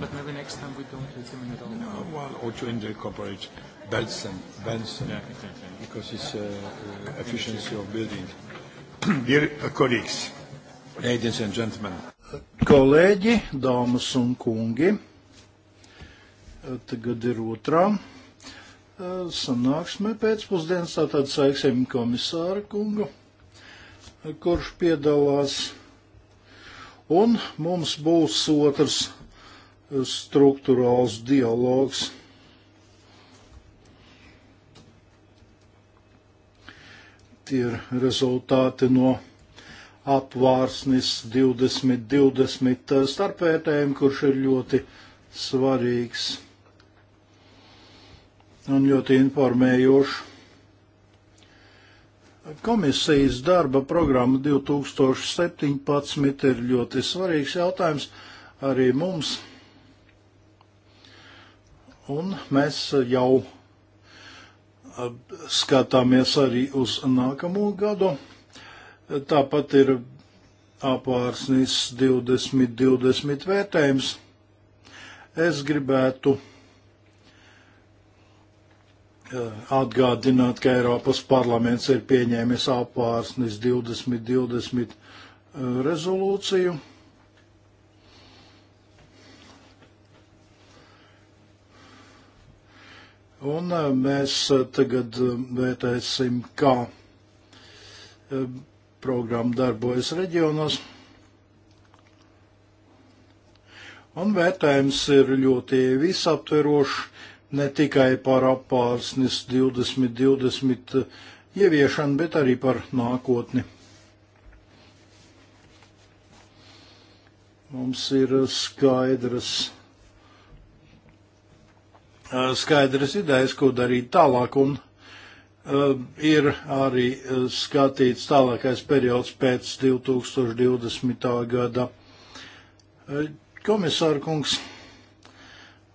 don't but know. But maybe next time we don't let him in at all. No, well, or to incorporate Benson, Benson yeah, exactly. because it's uh, uh, efficiency of building. Dear uh, colleagues, ladies and gentlemen. Kolēģi, dāmas un kungi, uh, tagad ir otrā uh, sanāksme pēcpusdienas, tātad saiksim komisāru kungu, kurš piedalās. Un mums būs otrs struktūrāls dialogs. Tie ir rezultāti no apvārsnis 2020 eh, starpvērtējumu, kurš ir ļoti svarīgs un ļoti informējošs. Komisijas darba programma 2017 ir ļoti svarīgs jautājums arī mums. Un mēs jau skatāmies arī uz nākamo gadu. Tāpat ir apvārsnis 2020 vērtējums. Es gribētu atgādināt, ka Eiropas parlaments ir pieņēmis apvārsnis 2020 rezolūciju Un eh, mēs eh, tagad eh, vērtēsim, kā programma darbojas reģionos. Un vērtējums ir ļoti visaptverošs, ne tikai par apārsnis 2020 ieviešanu, bet arī par nākotni. Mums ir skaidras Eh, skaidras idejas, ko darīt tālāk, un eh, ir arī eh, skatīts tālākais periods pēc 2020. gada. Komisāra kungs,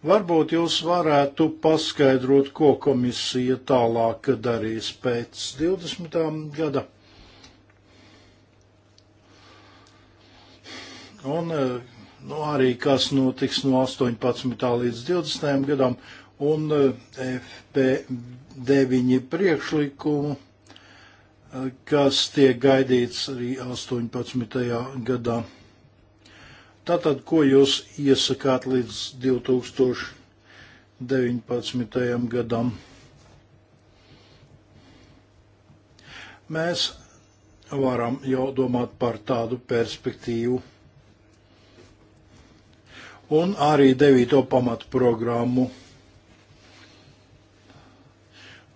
varbūt jūs varētu paskaidrot, ko komisija tālāk darīs pēc 20. gada. Un nu, arī kas notiks no 18. līdz 20. gadam. Uh, un eh, FP9 priekšlikumu, eh, kas tiek gaidīts arī 18. gadā. Tātad, ko jūs iesakāt līdz 2019. gadam? Mēs varam jau domāt par tādu perspektīvu. Un arī devīto pamatu programmu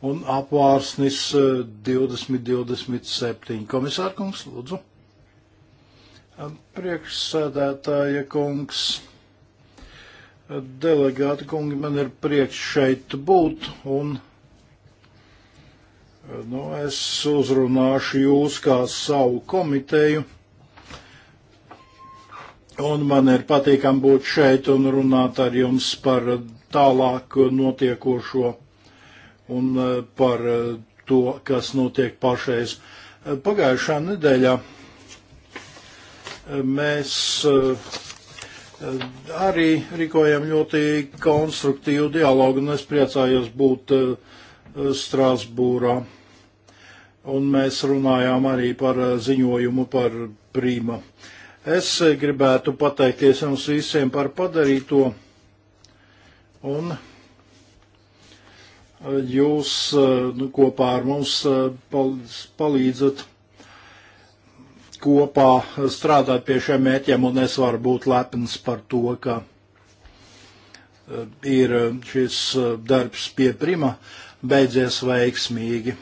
un apvārsnis 2027. Eh, Komisārkungs, lūdzu. Priekšsēdētāja kungs, eh, delegāti kungi, man ir prieks šeit būt, un eh, nu, es uzrunāšu jūs kā savu komiteju, un man ir patīkam būt šeit un runāt ar jums par tālāk notiekošo un e, par e, to, kas notiek pašreiz. E, pagājušā nedēļā mēs arī rīkojam ļoti konstruktīvu dialogu, un es priecājos būt Strasbūrā. Un mēs runājām arī par ziņojumu par prīma. Es gribētu pateikties jums visiem par padarīto. Un jūs eh, nu, kopā ar mums eh, palīdzat kopā strādāt pie šiem mēķiem, un es varu būt lepns par to, ka eh, ir šis darbs pie prima beidzies veiksmīgi.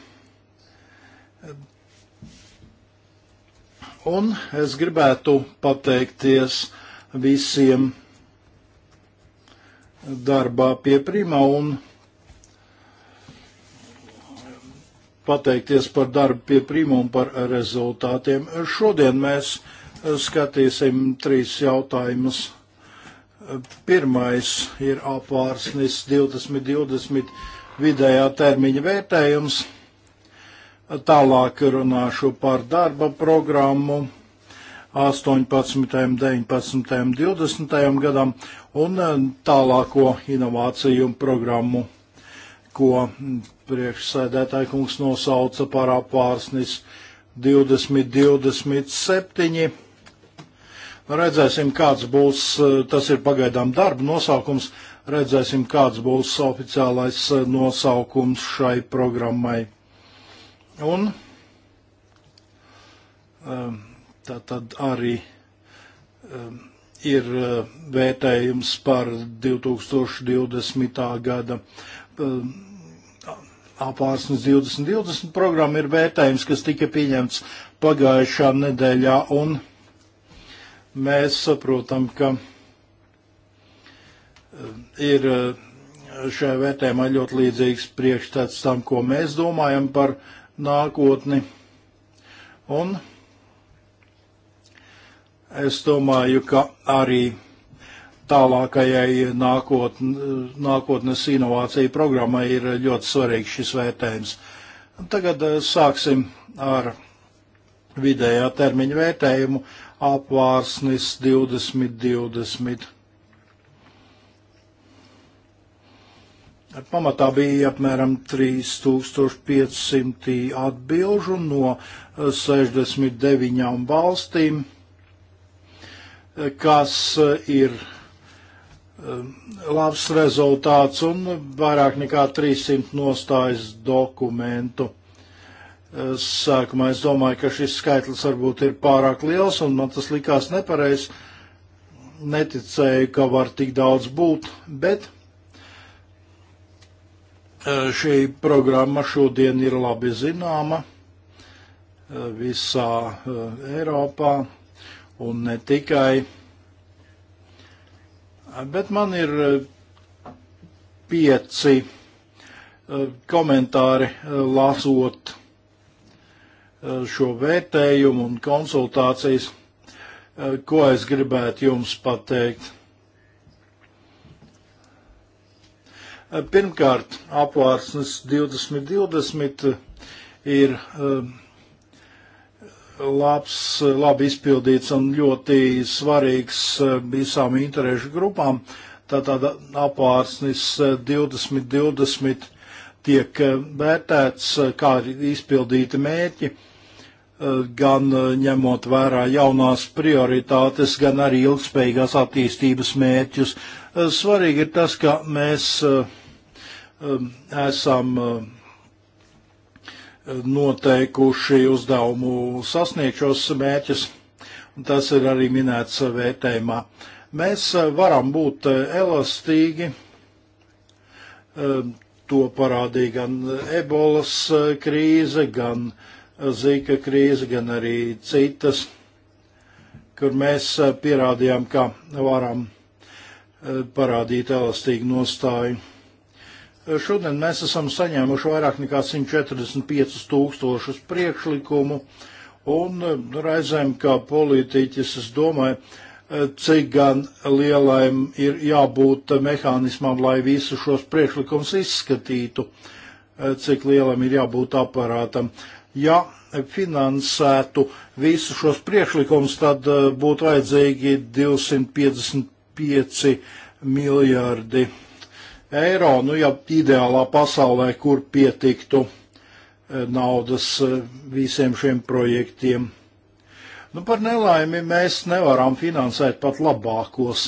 Un es gribētu pateikties visiem darbā pie prima un pateikties par darbu pie prīmu un par rezultātiem. Šodien mēs eh, skatīsim trīs jautājumus. Pirmais ir apvārsnis 2020 vidējā termiņa vērtējums. Tālāk runāšu par darba programmu 18, 19, 20 gadam un eh, tālāko inovāciju programmu, ko priekšsēdētāja kungs nosauca par apvārsnis 2027. Redzēsim, kāds būs, eh, tas ir pagaidām darba nosaukums, redzēsim, kāds būs oficiālais eh, nosaukums šai programmai. Un ehm, tā tad arī ehm, ir eh, vērtējums par 2020. gada ehm, apārsnes 2020 programma ir vērtējums, kas tika pieņemts pagājušā nedēļā, un mēs saprotam, ka eh, ir eh, šajā vērtējumā ļoti līdzīgs priekšstats tam, ko mēs domājam par nākotni. Un es domāju, ka arī tālākajai nākotne, nākotnes inovāciju programmai ir ļoti svarīgs šis vērtējums. Tagad eh, sāksim ar vidējā termiņa vērtējumu apvārsnis 2020. Pamatā bija apmēram 3500 atbilžu no 69 eh, valstīm, eh, kas ir Um, labs rezultāts un vairāk nekā 300 nostājas dokumentu. Uh, sākumā es domāju, ka šis skaitlis varbūt ir pārāk liels un man tas likās nepareiz. Neticēju, ka var tik daudz būt, bet uh, šī programma šodien ir labi zināma uh, visā Eiropā un ne tikai. Bet man ir eh, pieci eh, komentāri eh, lasot šo vērtējumu un konsultācijas, ko es gribētu jums pateikt. Pirmkārt, apvārsnes 2020 ir labs, labi izpildīts un ļoti svarīgs eh, visām interešu grupām. Tātad apvārsnis 2020 eh, tiek eh, vērtēts, kā ir izpildīti mērķi, gan ņemot vērā jaunās prioritātes, gan arī ilgspējīgās attīstības mērķus. Svarīgi ir tas, ka mēs esam noteikuši uzdevumu sasniegšos mērķus, un tas ir arī minēts vērtējumā. Mēs eh, varam būt eh, elastīgi, eh, to parādīja gan ebolas krīze, gan zika krīze, gan arī citas, kur mēs pierādījām, ka varam parādīt elastīgu nostāju. Šodien mēs esam saņēmuši vairāk nekā 145 tūkstošus priekšlikumu, un e, reizēm kā politiķis es domāju, e, cik gan lielajam ir jābūt mehānismam, lai visu šos priekšlikumus izskatītu, e, cik lielam ir jābūt aparātam. Ja finansētu visu šos priekšlikumus, tad būtu vajadzīgi 255 miljārdi eiro eiro, nu jau ideālā pasaulē, kur pietiktu eh, naudas eh, visiem šiem projektiem. Nu, par nelaimi mēs nevaram finansēt pat labākos.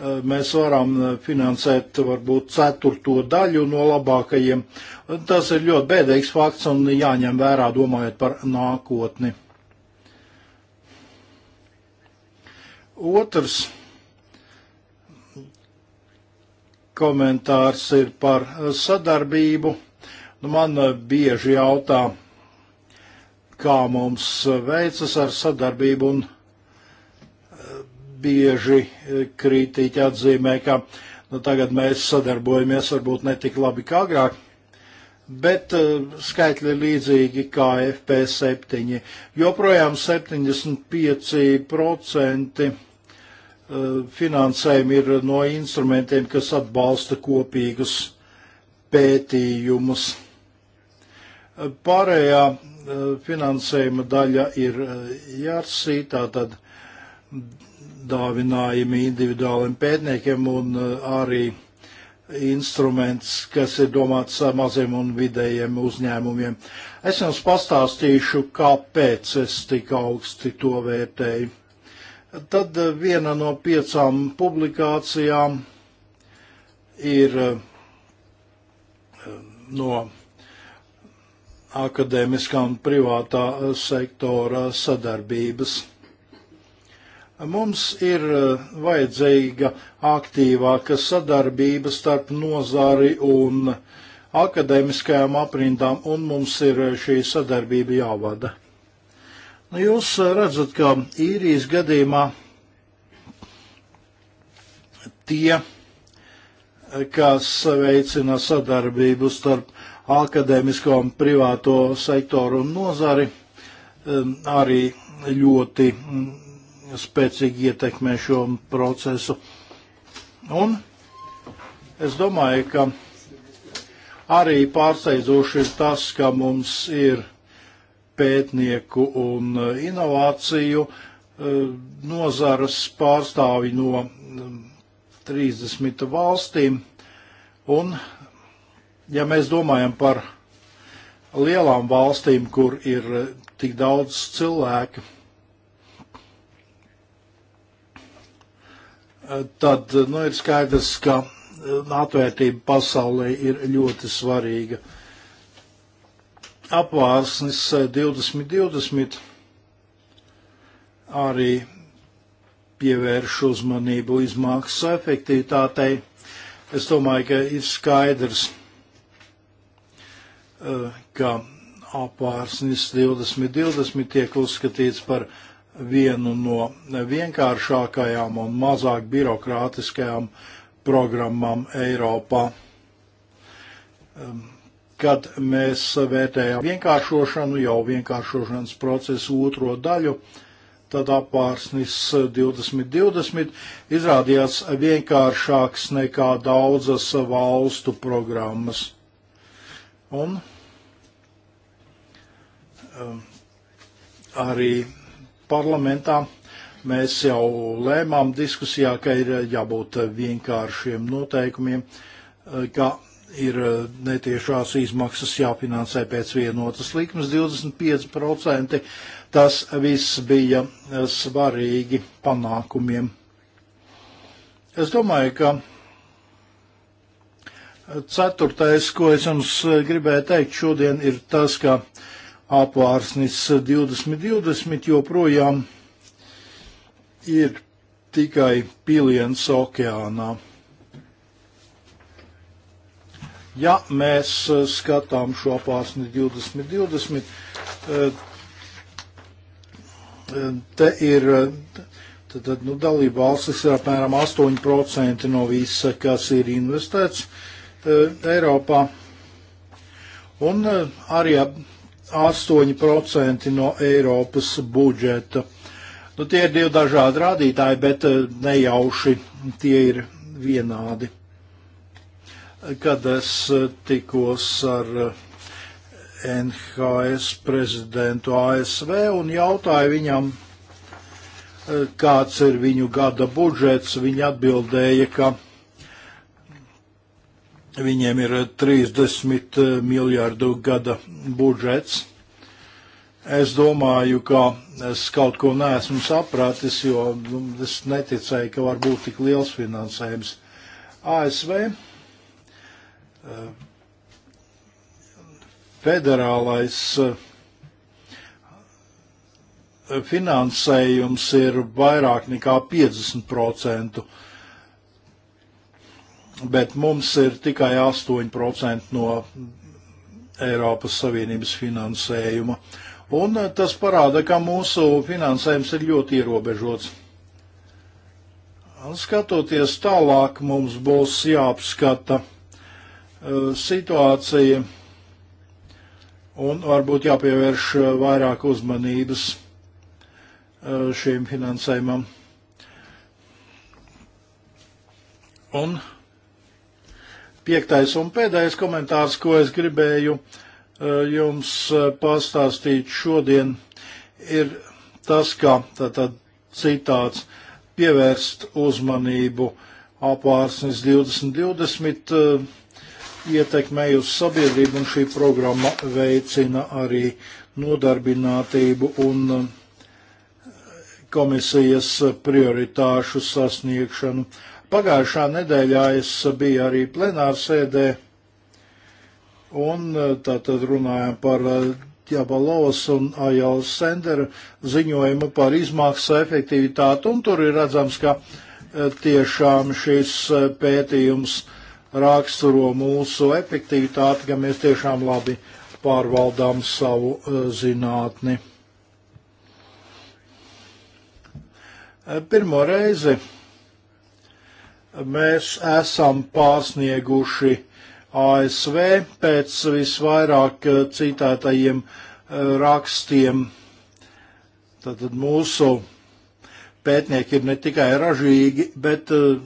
Eh, mēs varam finansēt varbūt ceturto daļu no labākajiem. Tas ir ļoti bēdīgs fakts un jāņem vērā domājot par nākotni. Otrs komentārs ir par eh, sadarbību. Nu, man eh, bieži jautā, kā mums eh, veicas ar sadarbību, un bieži kritiķi atzīmē, ka nu, tagad mēs sadarbojamies varbūt netik labi kā agrāk, bet uh, skaitļi līdzīgi kā FP7. Joprojām 75% Eh, finansējumi ir no instrumentiem, kas atbalsta kopīgus pētījumus. Eh, pārējā eh, finansējuma daļa ir jārsī, tātad dāvinājumi individuāliem pētniekiem un arī instruments, kas ir domāts maziem un vidējiem uzņēmumiem. Es jums pastāstīšu, kāpēc es tik augsti to vērtēju. Tad eh, viena no piecām publikācijām ir eh, no akadēmiskā un privātā eh, sektora sadarbības. Mums ir vajadzīga aktīvāka sadarbība starp nozari un akadēmiskajām aprindām, un mums ir šī sadarbība jāvada. Nu, jūs redzat, ka īrijas gadījumā tie, kas veicina sadarbību starp akadēmisko un privāto sektoru un nozari, arī ļoti spēcīgi ietekmē šo procesu. Un es domāju, ka arī pārsteidzoši ir tas, ka mums ir pētnieku un eh, inovāciju eh, nozaras pārstāvi no 30 mm, valstīm. Un, ja mēs domājam par lielām valstīm, kur ir eh, tik daudz cilvēku, tad nu, ir skaidrs, ka atvērtība pasaulē ir ļoti svarīga. Uh, apvārsnis 2020 eh, arī pievērš uzmanību izmaksu efektivitātei. Es domāju, ka ir skaidrs, eh, ka apvārsnis 2020 tiek uzskatīts par vienu no vienkāršākajām un mazāk birokrātiskajām programmām Eiropā. Um, kad mēs vērtējām vienkāršošanu, jau vienkāršošanas procesu otro daļu, tad apvārsnis 2020 izrādījās vienkāršāks nekā daudzas valstu programmas. Un um, arī parlamentā mēs jau lēmām diskusijā, ka ir jābūt vienkāršiem noteikumiem, uh, ka ir eh, netiešās izmaksas jāfinansē pēc vienotas likmes 25%. Tas viss bija eh, svarīgi panākumiem. Es domāju, ka eh, ceturtais, ko es jums gribēju teikt šodien, ir tas, ka apvārsnis 2020 joprojām ir tikai piliens okeānā. Ja mēs uh, skatām šo apvārsni 2020, uh, uh, te ir tad, tad, nu, dalība valstis ir apmēram 8% no visa, kas ir investēts Eiropā. Un arī 8% no Eiropas budžeta. Nu, tie ir divi dažādi rādītāji, bet nejauši tie ir vienādi kad es eh, tikos ar eh, NHS prezidentu ASV un jautāju viņam, eh, kāds ir viņu gada budžets, viņi atbildēja, ka viņiem ir 30 miljardu gada budžets. Es domāju, ka es kaut ko neesmu sapratis, jo nu, es neticēju, ka var būt tik liels finansējums. ASV Eh, federālais eh, finansējums ir vairāk nekā 50%, bet mums ir tikai 8% no Eiropas Savienības finansējuma. Un eh, tas parāda, ka mūsu finansējums ir ļoti ierobežots. Skatoties tālāk, mums būs jāapskata Eh, situācija un varbūt jāpievērš eh, vairāk uzmanības eh, šīm finansējumam. Un piektais un pēdējais komentārs, ko es gribēju jums pastāstīt šodien, ir tas, ka tātad citāts pievērst uzmanību apvārsnes 2020 ietekmei uz sabiedrību, un šī programma veicina arī nodarbinātību un um, komisijas prioritāšu sasniegšanu. Pagājušā nedēļā es biju arī plenārsēdē, un uh, tātad runājām par Jabalovas uh, un Ajala Sendera ziņojumu par izmaksu efektivitāti, un tur ir redzams, ka uh, tiešām šis pētījums uh, raksturo mūsu efektivitāti, ka mēs tiešām labi pārvaldām savu eh, zinātni. Eh, pirmo reizi eh, mēs esam pārsnieguši ASV pēc visvairāk citētajiem rakstiem. Tātad mūsu pētnieki ir ne tikai ražīgi, bet uh,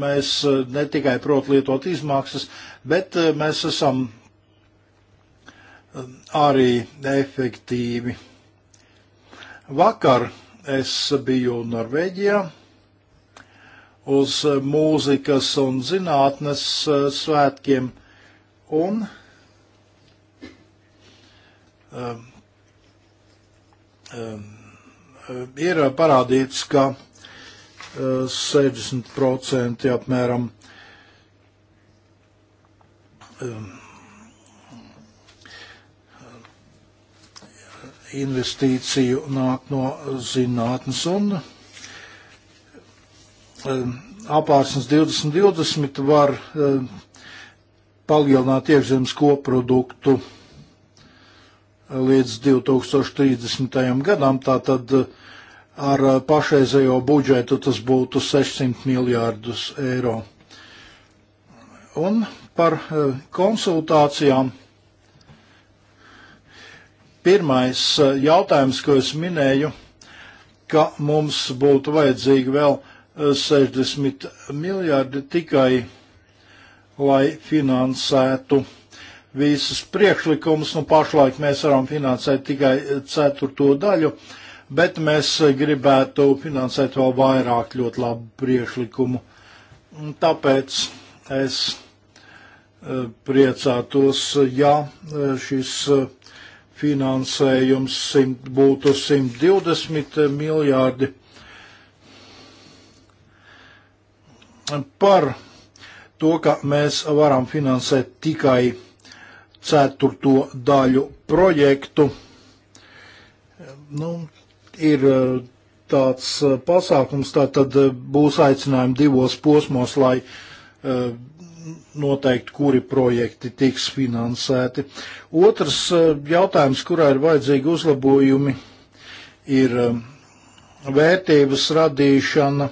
mēs eh, ne tikai prot lietot izmaksas, bet eh, mēs esam eh, arī efektīvi. Vakar es biju Norvēģijā uz mūzikas un zinātnes svētkiem un um, um, ir parādīts, ka 60% apmēram. Um, investīciju nāk no zinātnes un um, apārsnes 2020 var um, palielināt iekšzemes koproduktu uh, līdz 2030. gadam. Tātad uh, ar eh, pašreizējo budžetu tas būtu 600 miljārdus eiro. Un par eh, konsultācijām. Pirmais eh, jautājums, ko es minēju, ka mums būtu vajadzīgi vēl 60 miljārdi tikai, lai finansētu visas priekšlikumus. Nu, pašlaik mēs varam finansēt tikai ceturto daļu. Uh, bet mēs gribētu finansēt vēl vairāk ļoti labu priekšlikumu. Tāpēc es e, priecātos, ja e, šis e, finansējums simt, būtu 120 miljārdi par to, ka mēs varam finansēt tikai ceturto daļu projektu. Nu, ir eh, tāds eh, pasākums, tā tad eh, būs aicinājumi divos posmos, lai noteikti, kuri projekti tiks finansēti. Otrs jautājums, kurā ir vajadzīgi uzlabojumi, ir vērtības radīšana.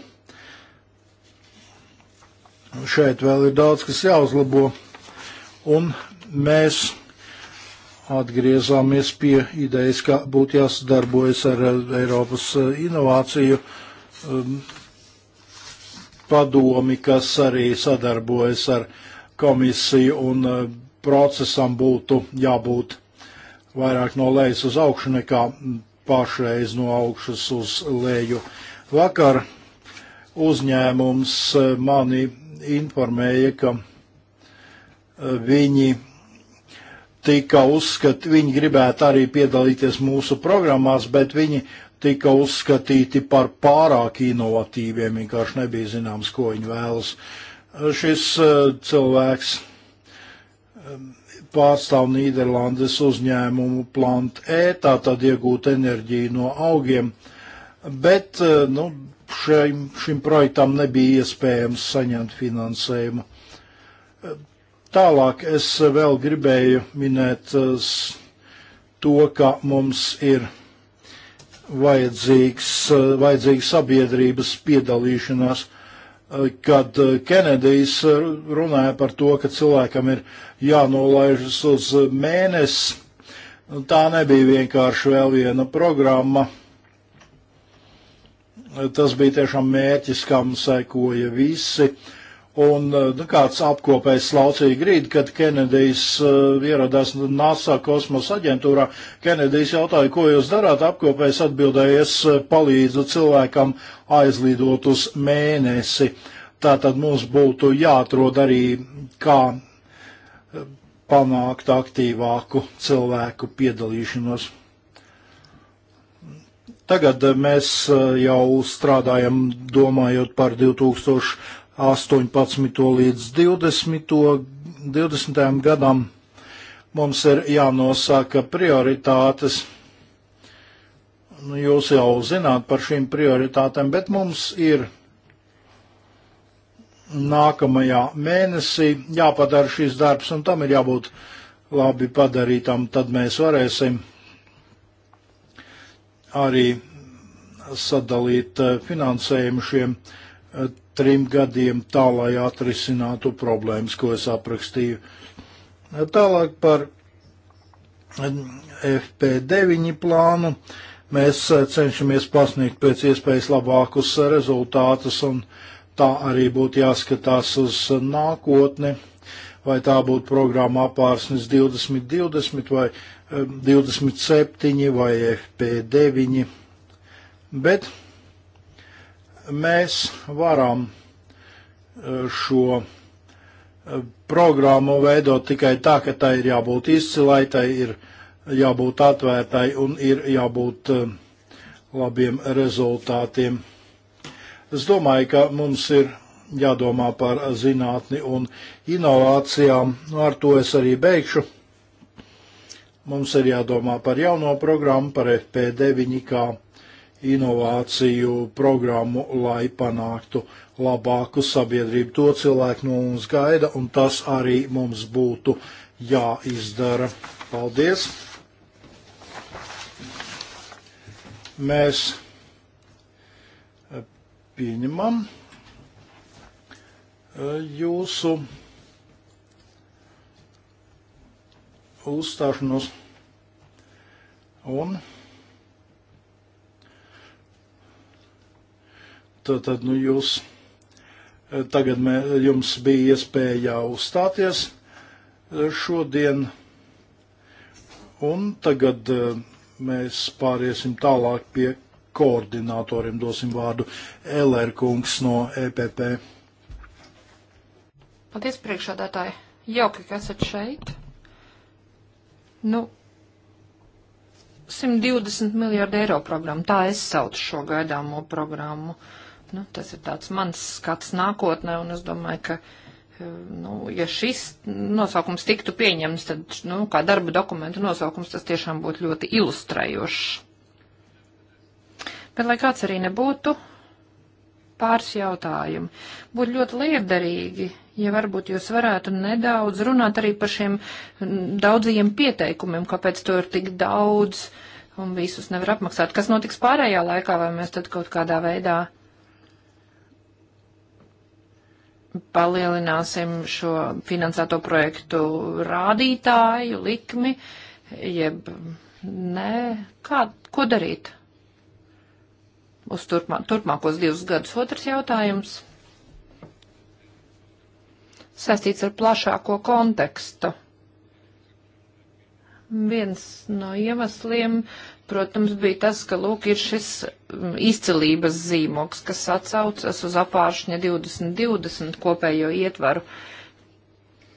Šeit vēl ir daudz, kas jāuzlabo, un mēs atgriezāmies pie idejas, ka būtu jāsadarbojas ar Eiropas eh, inovāciju um, padomi, kas arī sadarbojas ar komisiju un eh, procesam būtu jābūt vairāk no lejas uz augšu nekā pašreiz no augšas uz leju. Vakar uzņēmums eh, mani informēja, ka viņi tika uzskatīti, viņi gribētu arī piedalīties mūsu programmās, bet viņi tika uzskatīti par pārāk inovatīviem, vienkārši nebija zināms, ko viņi vēlas. Šis e, cilvēks e, pārstāv Nīderlandes uzņēmumu plant E, tā tad iegūt enerģiju no augiem, bet e, nu, šim, šim projektam nebija iespējams saņemt finansējumu. Tālāk es vēl gribēju minēt eh, to, ka mums ir vajadzīgs, eh, vajadzīga sabiedrības piedalīšanās. Eh, kad Kenedijs runāja par to, ka cilvēkam ir jānolaižas uz mēnesi, tā nebija vienkārši vēl viena programma. Tas bija tiešām mērķis, kam sekoja visi. Uh, Un eh, nu, kāds apkopējs slaucīja grīdu, kad Kenedijs uh, ieradās NASA kosmosa aģentūrā. Kenedijs jautāja, ko jūs darāt? Apkopējs atbildējies, eh, palīdzu cilvēkam aizlidot uz mēnesi. Tātad mums būtu jāatrod arī, kā panākt aktīvāku cilvēku piedalīšanos. Tagad mēs jau strādājam, domājot par 2000. 18. līdz 20. 20. gadam mums ir jānosaka prioritātes. Nu, jūs jau zināt par šīm prioritātēm, bet mums ir nākamajā mēnesī jāpadara šīs darbs, un tam ir jābūt labi padarītam, tad mēs varēsim arī sadalīt eh, finansējumu šiem eh, trim gadiem tā, lai atrisinātu problēmas, ko es aprakstīju. Tālāk par FP9 plānu. Mēs eh, cenšamies pasniegt pēc iespējas labākus eh, rezultātus, un tā arī būtu jāskatās uz eh, nākotni, vai tā būtu programma apārsnes 2020 vai 27 vai FP9. Bet mēs varam e, šo e, programmu veidot tikai tā, ka tai ir jābūt izcilai, tai ir jābūt atvērtai un ir jābūt e, labiem rezultātiem. Es domāju, ka mums ir jādomā par zinātni un inovācijām. Nu, ar to es arī beigšu. Mums ir jādomā par jauno programmu, par FP9, kā inovāciju programmu, lai panāktu labāku sabiedrību. To cilvēku no mums gaida, un tas arī mums būtu jāizdara. Paldies! Mēs eh, pieņemam eh, jūsu uzstāšanos un Tātad nu, jūs e, tagad mē, jums bija iespēja uzstāties e, šodien, un tagad e, mēs pāriesim tālāk pie koordinatoriem, dosim vārdu Elēr kungs no EPP. Paldies, priekšādātāji. Jauki, ka esat šeit. Nu, 120 miljārdu eiro programmu, tā es saucu šo gaidāmo programmu. Uh, Nu, tas ir tāds mans skats nākotnē, un es domāju, ka, eh, nu, ja šis nosaukums tiktu pieņemts, tad, nu, kā darba dokumentu nosaukums, tas tiešām būtu ļoti ilustrējošs. Bet, lai kāds arī nebūtu, pāris jautājumu. Būtu ļoti liederīgi, ja varbūt jūs varētu nedaudz runāt arī par šiem daudzajiem pieteikumiem, kāpēc to ir tik daudz un visus nevar apmaksāt. Kas notiks pārējā laikā, vai mēs tad kaut kādā veidā palielināsim šo finansēto projektu rādītāju likmi, jeb nē, kā, ko darīt uz turpmā, turpmākos divus gadus. Otrs jautājums saistīts ar plašāko kontekstu. Viens no iemesliem protams, bija tas, ka, lūk, ir šis mm, izcelības zīmoks, kas atsaucas uz apāršņa 2020 kopējo ietvaru.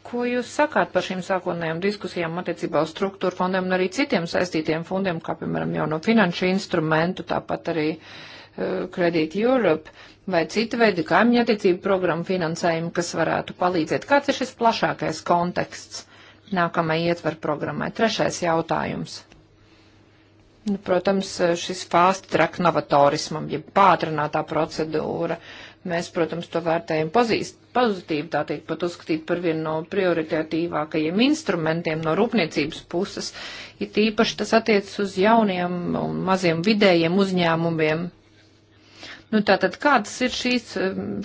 Ko jūs sakāt par šīm sākotnējām diskusijām attiecībā uz struktūra fondiem un arī citiem saistītiem fondiem, kā, piemēram, jau no finanšu instrumentu, tāpat arī uh, Credit Europe vai cita veida kaimiņa attiecību programmu finansējumu, kas varētu palīdzēt? Kāds ir šis plašākais konteksts nākamajai ietvaru programmai? Trešais jautājums. Nu, protams, šis fast track novatorismam, ja pātrinātā procedūra, mēs, protams, to vērtējam pozīst, pozitīvi, tā teikt, pat uzskatīt par vienu no prioritatīvākajiem instrumentiem no rūpniecības puses, ir ja tīpaši tas attiecas uz jauniem un maziem vidējiem uzņēmumiem. Nu, tātad, kādas ir šīs,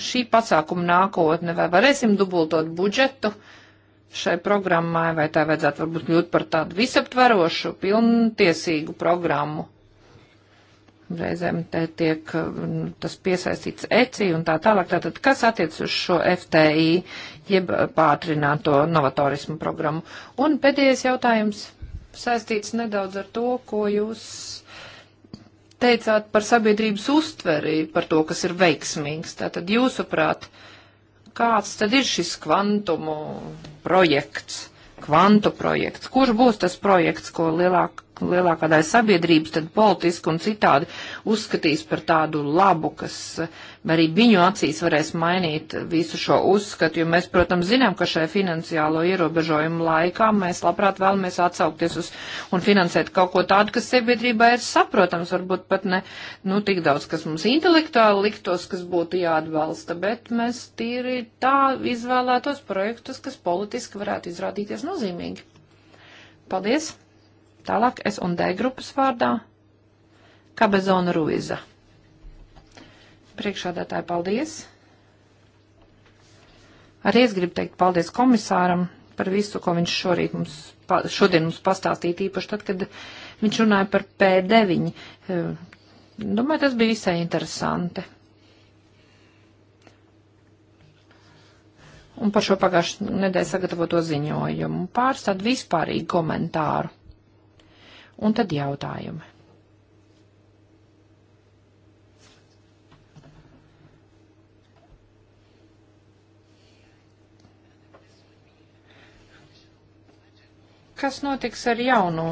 šī pasākuma nākotne, vai varēsim dubultot budžetu? Uh, šai programmai, vai tā vajadzētu varbūt kļūt par tādu visaptverošu, pilntiesīgu programmu. Reizēm te tiek mm, tas piesaistīts ECI un tā tālāk. Tātad, kas attiec uz šo FTI, jeb pātrināto novatorismu programmu? Un pēdējais jautājums saistīts nedaudz ar to, ko jūs teicāt par sabiedrības uztveri, par to, kas ir veiksmīgs. Tātad, jūsuprāt, uh, kāds tad ir šis kvantumu projekts, kvantu projekts? Kurš būs tas projekts, ko lielāk, lielākā daļa sabiedrības tad politiski un citādi uzskatīs par tādu labu, kas uh, arī viņu acīs varēs mainīt visu šo uzskatu, jo mēs, protams, zinām, ka šai finansiālo ierobežojumu laikā mēs labprāt vēlamies atsaukties uz un finansēt kaut ko tādu, kas sabiedrībā ir saprotams, varbūt pat ne, nu, tik daudz, kas mums intelektuāli liktos, kas būtu jāatbalsta, bet mēs tīri tā izvēlētos projektus, kas politiski varētu izrādīties nozīmīgi. Paldies! Tālāk es un D grupas vārdā. Kabezona Ruiza. Priekšādātāji, paldies! Arī es gribu teikt paldies komisāram par visu, ko viņš šorīt mums, šodien mums pastāstīja, īpaši tad, kad viņš runāja par P9. Eh, domāju, tas bija visai interesanti. Un par šo pagājušā nedēļa sagatavoto ziņojumu pāris tādu vispārīgu komentāru. Un tad jautājumi. Kas notiks ar jaunu,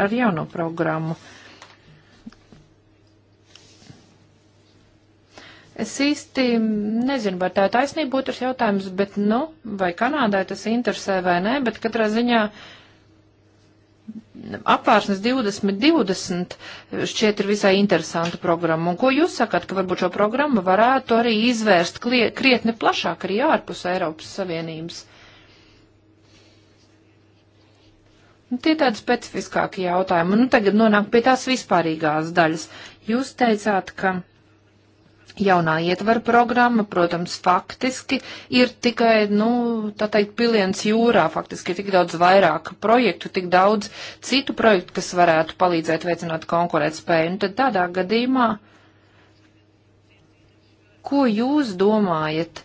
ar jaunu programmu? Es īsti nezinu, vai tā ir taisnība būtu šis jautājums, bet, nu, vai Kanādai tas interesē vai nē, bet katrā ziņā apvārsnes 2020 šķiet ir visai interesanta programma. Un ko jūs sakat, ka varbūt šo programmu varētu arī izvērst krietni plašāk arī ārpus Eiropas Savienības? Nu, tie tādi specifiskāki jautājumi. Nu, tagad nonāk pie tās vispārīgās daļas. Jūs teicāt, ka jaunā ietvara programma, protams, faktiski ir tikai, nu, tā teikt, piliens jūrā, faktiski ir tik daudz vairāk projektu, tik daudz citu projektu, kas varētu palīdzēt veicināt konkurētspēju. Un tad tādā gadījumā, ko jūs domājat?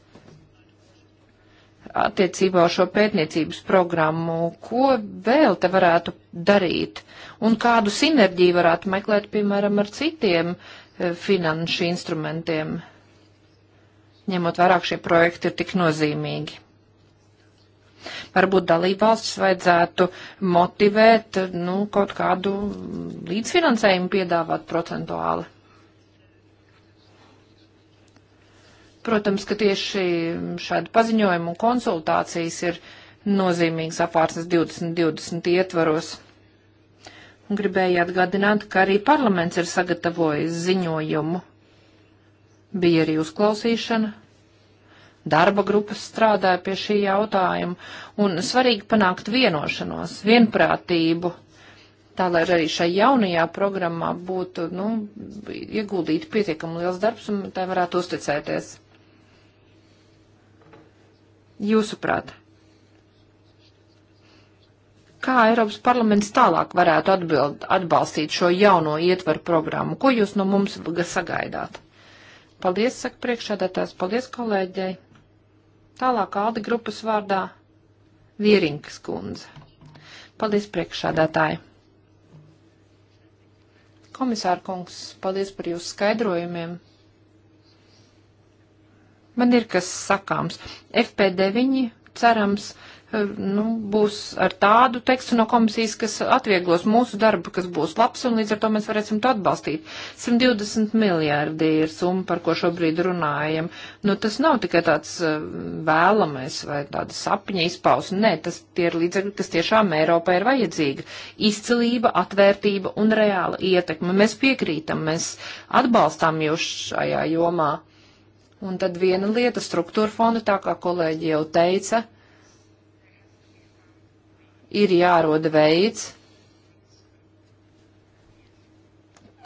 attiecībā uz šo pētniecības programmu, ko vēl te varētu darīt un kādu sinerģiju varētu meklēt, piemēram, ar citiem e, finanšu instrumentiem, ņemot vairāk šie projekti ir tik nozīmīgi. Varbūt dalībvalstis vajadzētu motivēt, nu, kaut kādu līdzfinansējumu piedāvāt procentuāli. Protams, ka tieši šādi paziņojumi un konsultācijas ir nozīmīgas apvārsnes 2020 ietvaros. Un gribēju atgādināt, ka arī parlaments ir sagatavojis ziņojumu. Bija arī uzklausīšana, darba grupas strādāja pie šī jautājuma, un svarīgi panākt vienošanos, vienprātību, tā lai arī šai jaunajā programmā būtu, nu, ieguldīti pietiekami liels darbs, un tai varētu uzticēties. Jūsuprāt, kā Eiropas parlaments tālāk varētu atbild, atbalstīt šo jauno ietvaru programmu? Ko jūs no mums sagaidāt? Paldies, saka priekšādātājs, paldies kolēģei. Tālāk Aldi grupas vārdā Vierinkas kundze. Paldies, priekšādātāji. Komisāra kungs, paldies par jūsu skaidrojumiem. Man ir kas sakāms. FP9 cerams eh, nu, būs ar tādu tekstu no komisijas, kas atvieglos mūsu darbu, kas būs labs, un līdz ar to mēs varēsim to atbalstīt. 120 miljārdi ir summa, par ko šobrīd runājam. Nu, tas nav tikai tāds eh, vēlamais vai tāda sapņa izpausme. Nē, tas tie ir līdzekļi, kas tiešām Eiropai ir vajadzīga. Izcilība, atvērtība un reāla ietekme. Mēs piekrītam, mēs atbalstām jūs šajā jomā Un tad viena lieta struktūra fonda, tā kā kolēģi jau teica, ir jāroda veids,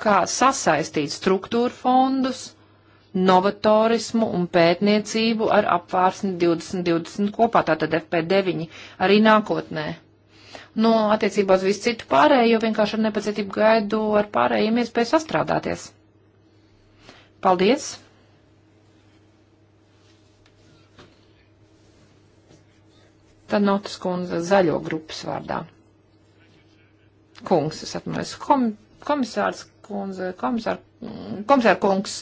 kā sasaistīt struktūra fondus, novatorismu un pētniecību ar apvārsni 2020 kopā, tātad FP9 arī nākotnē. Nu, no attiecībā uz visu citu pārējo vienkārši ar nepacietību gaidu ar pārējiem iespēju sastrādāties. Paldies! Tad notas kundze zaļo grupas vārdā. Kungs, es atmanies, kom, komisārs kundze, komisār, komisār kungs,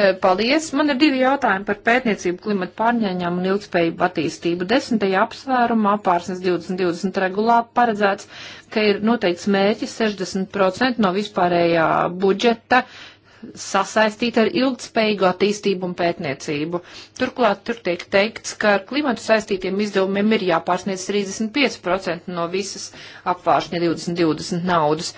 e, paldies. Man ir divi jautājumi par pētniecību, klimatu pārņēņām un ilgspējību attīstību. Desmitajā apsvērumā pārsnes 2020 regulā paredzēts, ka ir noteikts mērķis 60% no vispārējā budžeta uh, sasaistīta ar ilgtspējīgu attīstību un pētniecību. Turklāt tur tiek teikts, ka ar klimatu saistītiem izdevumiem ir jāpārsniec 35% no visas apvāršņa 2020 naudas.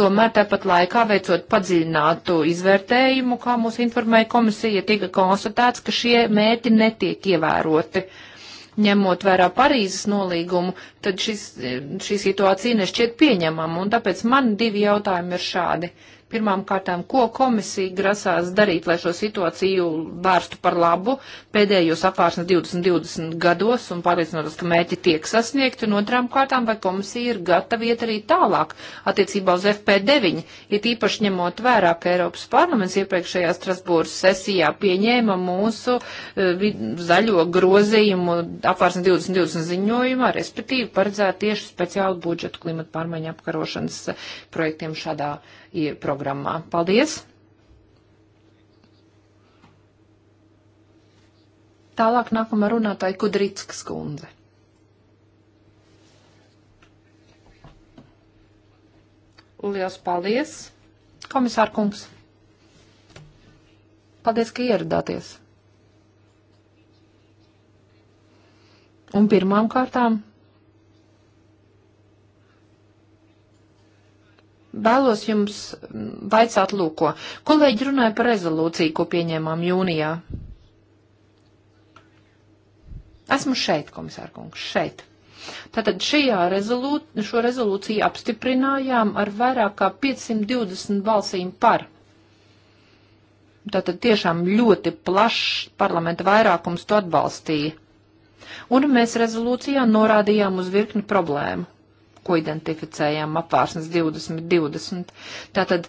Tomēr tāpat laikā veicot padziļinātu izvērtējumu, kā mūs informēja komisija, tika konstatēts, ka šie mērķi netiek ievēroti ņemot vērā Parīzes nolīgumu, tad šis, šī situācija nešķiet pieņemama. Un tāpēc man divi jautājumi ir šādi. Pirmām kārtām, ko komisija grasās darīt, lai šo situāciju vērstu par labu pēdējos apvārsnes 2020 gados un pārliecinoties, ka mērķi tiek sasniegti, un otrām kārtām, vai komisija ir gatava iet arī tālāk attiecībā uz FP9, ir īpaši ņemot vērā, ka Eiropas parlaments iepriekšējā Strasbūras sesijā pieņēma mūsu uh, zaļo grozījumu apvārsnes 2020 ziņojumā, respektīvi paredzēt tieši speciālu budžetu klimata pārmaiņu apkarošanas eh, projektiem šādā programmā. Paldies! Tālāk nākamā runātāja Kudrītskas kundze. Lielas paldies, komisārkungs! Paldies, ka ieradāties! Un pirmām kārtām vēlos jums vaicāt lūko. Kolēģi runāja par rezolūciju, ko pieņēmām jūnijā. Esmu šeit, komisārkungs, šeit. Tātad šajā rezolūciju, šo rezolūciju apstiprinājām ar vairāk kā 520 balsīm par. Tātad tiešām ļoti plašs parlamenta vairākums to atbalstīja. Un mēs rezolūcijā norādījām uz virkni problēmu ko identificējām apvārsnes 2020. Tātad,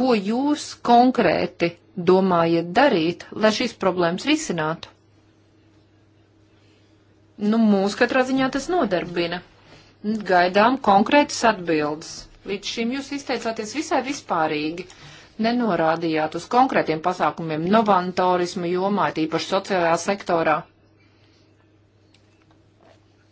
ko jūs konkrēti domājat darīt, lai šīs problēmas risinātu? Nu, mūs katrā ziņā tas nodarbina. Gaidām konkrētas atbildes. Līdz šim jūs izteicāties visai vispārīgi nenorādījāt uz konkrētiem pasākumiem novantorismu jomā, tīpaši sociālajā sektorā.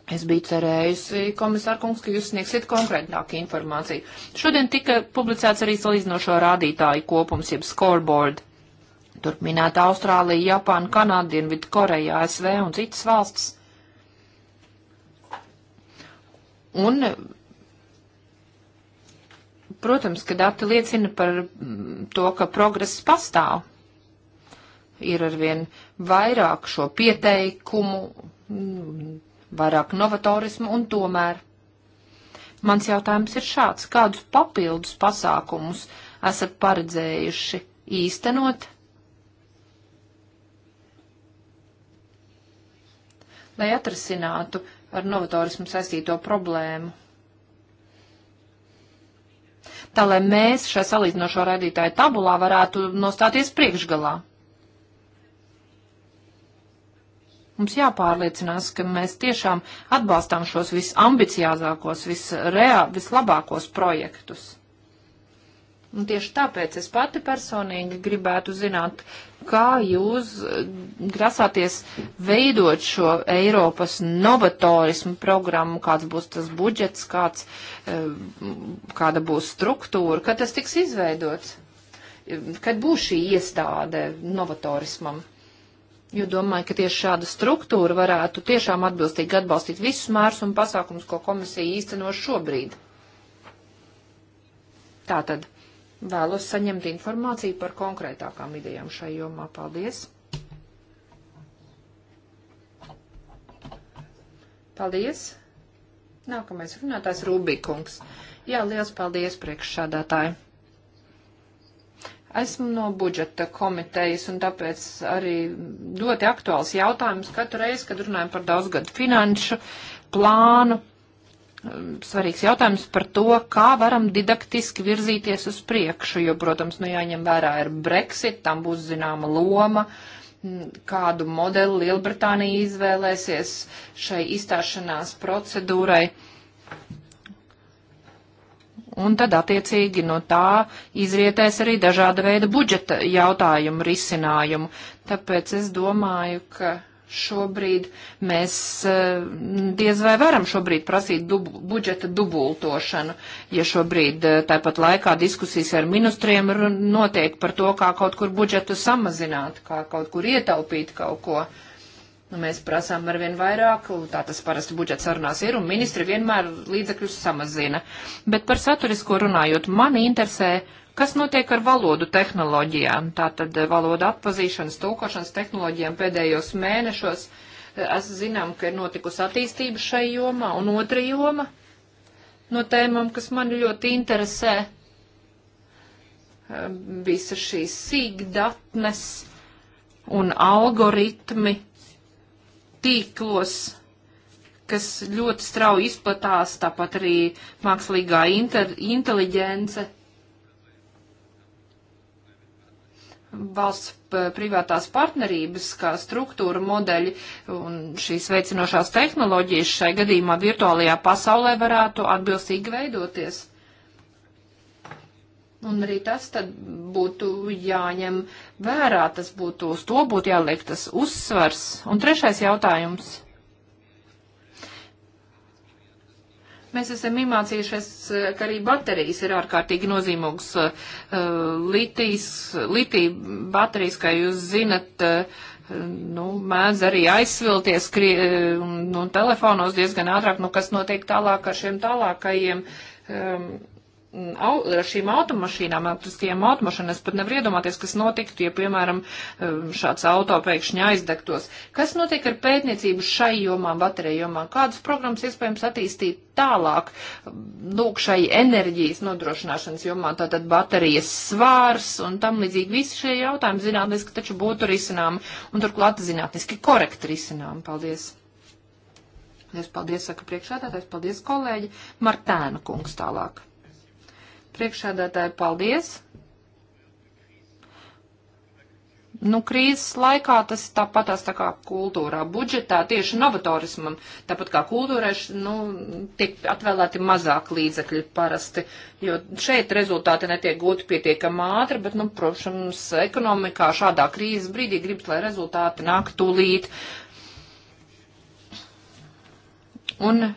Es biju cerējusi, komisārkungs, ka jūs sniegsiet konkrētāku informāciju. Šodien tika publicēts arī salīdzinošo rādītāju kopums, jeb scoreboard. Tur minēta Austrālija, Japāna, Kanāda, Dienvidu Koreja, ASV un citas valsts. Un, protams, ka dati liecina par mm, to, ka progress pastāv. Ir arvien vairāk šo pieteikumu mm, vairāk novatorismu un tomēr. Mans jautājums ir šāds. Kādus papildus pasākumus esat paredzējuši īstenot? Lai atrasinātu ar novatorismu saistīto problēmu. Tā lai mēs šajā salīdzinošo radītāju tabulā varētu nostāties priekšgalā. Mums jāpārliecinās, ka mēs tiešām atbalstām šos visambiciozākos, visreā, vislabākos projektus. Un tieši tāpēc es pati personīgi gribētu zināt, kā jūs eh, grasāties veidot šo Eiropas novatorismu programmu, kāds būs tas budžets, kāds, eh, kāda būs struktūra, kad tas tiks izveidots, kad būs šī iestāde novatorismam. Jo domāju, ka tieši šāda struktūra varētu tiešām atbilstīgi atbalstīt visus mērus un pasākums, ko komisija īsteno šobrīd. Tātad vēlos saņemt informāciju par konkrētākām idejām šai jomā. Paldies! Paldies! Nākamais runātājs Rubikungs. Jā, liels paldies priekšsādātāji! Esmu no budžeta komitejas un tāpēc arī ļoti aktuāls jautājums katru reizi, kad runājam par daudzgadu finanšu plānu. Um, svarīgs jautājums par to, kā varam didaktiski virzīties uz priekšu, jo, protams, nu jāņem vērā ir Brexit, tam būs zināma loma, mm, kādu modeli Lielbritānija izvēlēsies šai izstāšanās procedūrai. Un tad, attiecīgi, no tā izrietēs arī dažāda veida budžeta jautājumu risinājumu. Tāpēc es domāju, ka šobrīd mēs eh, diez vai varam šobrīd prasīt dubu, budžeta dubultošanu, ja šobrīd eh, tāpat laikā diskusijas ar ministriem notiek par to, kā kaut kur budžetu samazināt, kā kaut kur ietaupīt kaut ko. Uh, Nu, mēs prasām arvien vairāk, tā tas parasti budžets sarunās ir, un ministri vienmēr līdzekļus samazina. Bet par saturisko runājot, mani interesē, kas notiek ar valodu tehnoloģijām, tātad valoda atpazīšanas, tulkošanas tehnoloģijām pēdējos mēnešos. Es zinām, ka ir notikusi attīstība šai jomā, un otra joma no tēmām, kas mani ļoti interesē, eh, visa šīs sīkdatnes un algoritmi tīklos, kas ļoti strauji izplatās, tāpat arī mākslīgā inter, inteliģence. Valsts privātās partnerības, kā struktūra modeļi un šīs veicinošās tehnoloģijas šai gadījumā virtuālajā pasaulē varētu atbilstīgi veidoties. Un arī tas tad būtu jāņem vērā, tas būtu, uz to būtu jāliek tas uzsvars. Un trešais jautājums. Mēs esam iemācījušies, ka arī baterijas ir ārkārtīgi nozīmīgs uh, litijas, litija baterijas, kā jūs zinat, uh, nu, mēdz arī aizsvilties kri, uh, nu, telefonos diezgan ātrāk, nu, kas notiek tālāk ar šiem tālākajiem um, au, ar šīm automašīnām, elektriskajām automašīnām. Es pat nevaru iedomāties, kas notiktu, ja, piemēram, šāds auto pēkšņi aizdegtos. Kas notiek ar pētniecību šai jomā, bateriju jomā? Kādas programmas iespējams attīstīt tālāk, lūk, šai enerģijas nodrošināšanas jomā, tātad baterijas svārs un tam līdzīgi visi šie jautājumi zinātniski taču būtu risināmi un turklāt zinātniski korekti risināmi. Paldies! Es paldies, saka priekšādātājs, paldies kolēģi Martēna kungs tālāk. Priekšādātāji, paldies! Nu, krīzes laikā tas tāpat tā kā kultūrā, budžetā, tieši novatorismam, tāpat kā kultūrai, nu, tiek atvēlēti mazāk līdzekļi parasti, jo šeit rezultāti netiek gūti pietiekam ātri, bet, nu, protams, ekonomikā šādā krīzes brīdī gribas, lai rezultāti nāk tūlīt. Un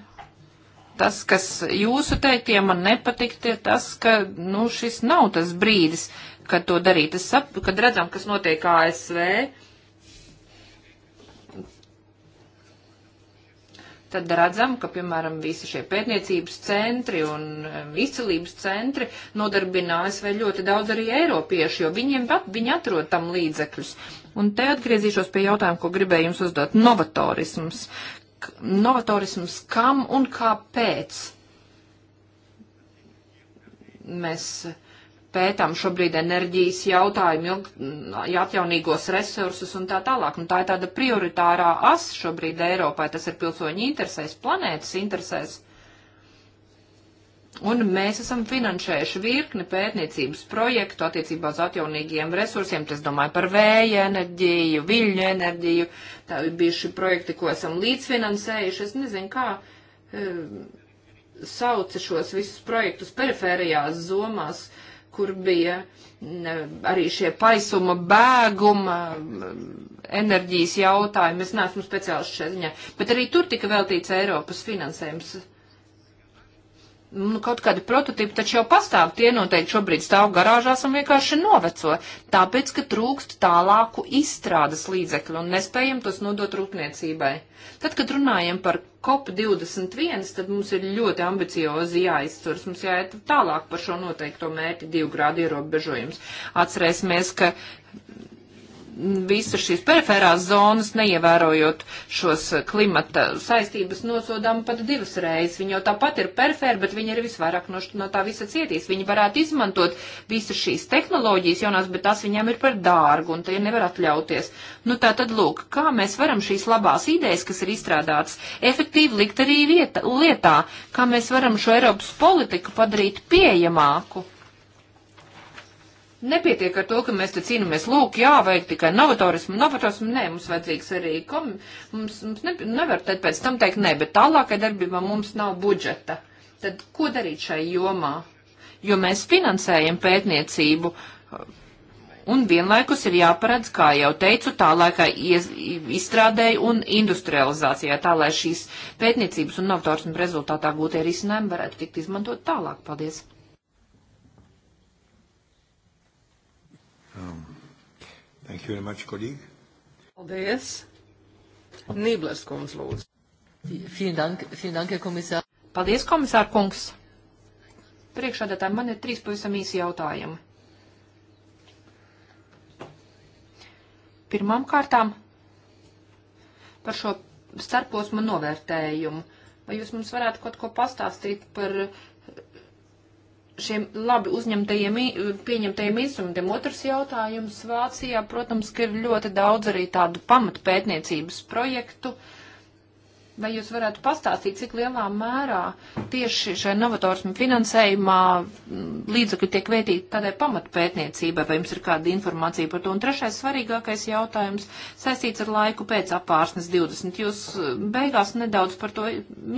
tas, kas jūsu teiktie man nepatika, tie tas, ka, nu, šis nav tas brīdis, kad to darīt. Es sap, kad redzam, kas notiek ASV, tad redzam, ka, piemēram, visi šie pētniecības centri un um, izcilības centri nodarbinās vai ļoti daudz arī eiropiešu, jo viņiem pat viņi atrod tam līdzekļus. Un te atgriezīšos pie jautājuma, ko gribēju jums uzdot. Novatorisms novatorisms kam un kāpēc. Mēs pētām šobrīd enerģijas jautājumu, atjaunīgos resursus un tā tālāk. Un nu, tā ir tāda prioritārā as šobrīd Eiropai, tas ir pilsoņu interesēs, planētas interesēs. Un mēs esam finansējuši virkni pētniecības projektu attiecībā uz atjaunīgiem resursiem, tas domāju par vēja enerģiju, viļņu enerģiju, tā ir bijuši projekti, ko esam līdzfinansējuši, es nezinu, kā e, eh, sauca šos visus projektus perifērijās zomās, kur bija ne, mm, arī šie paisuma bēguma mm, enerģijas jautājumi, es neesmu speciālists šeit ziņā, bet arī tur tika veltīts Eiropas finansējums nu, kaut kādi prototipi taču jau pastāv, tie noteikti šobrīd stāv garāžās un vienkārši noveco, tāpēc, ka trūkst tālāku izstrādes līdzekļu un nespējam tos nodot rūpniecībai. Tad, kad runājam par COP21, tad mums ir ļoti ambiciozi jāizturas, mums jāiet tālāk par šo noteikto mērķi divu grādu ierobežojums. Atcerēsimies, ka visas šīs periferās zonas, neievērojot šos eh, klimata saistības, nosodām pat divas reizes. Viņa jau tāpat ir perifēra, bet viņa ir visvairāk no, no tā visa cietīs. Viņa varētu izmantot visas šīs tehnoloģijas jaunās, bet tās viņām ir par dārgu un tie nevar atļauties. Nu tā tad lūk, kā mēs varam šīs labās idejas, kas ir izstrādātas, efektīvi likt arī vieta, lietā, kā mēs varam šo Eiropas politiku padarīt pieejamāku. Nepietiek ar to, ka mēs te cīnāmies, lūk, jā, vajag tikai novatorismu, novatorismu, nē, mums vajadzīgs arī, kom, mums, mums ne, nevar tad pēc tam teikt, nē, bet tālākai darbībā mums nav budžeta. Tad ko darīt šai jomā? Jo mēs finansējam pētniecību un vienlaikus ir jāparedz, kā jau teicu, tā laikā izstrādēja un industrializācijā, tā lai šīs pētniecības un novatorismu rezultātā gūtie risinājumi varētu tikt izmantot tālāk. Paldies! Um, thank you very much, kolīgi. Paldies. Nīblers kungs lūdzu. Vielen Dank, vielen Dank, Herr Kommissar. Paldies, komisār kungs. Priekšādātāji, man ir trīs pavisam īsi jautājumi. Pirmām kārtām par šo starposmu novērtējumu. Vai jūs mums varētu kaut ko pastāstīt par uh, šiem labi uzņemtajiem, pieņemtajiem instrumentiem. Otrs jautājums Vācijā, protams, ka ir ļoti daudz arī tādu pamatpētniecības projektu. Uh, Vai jūs varētu pastāstīt, cik lielā mērā tieši šajā novatorismu finansējumā mm, līdzekļi tiek vētīti tādai pamatpētniecībai, vai jums ir kāda informācija par to? Un trešais svarīgākais jautājums saistīts ar laiku pēc apārsnes 20. Jūs mm, beigās nedaudz par to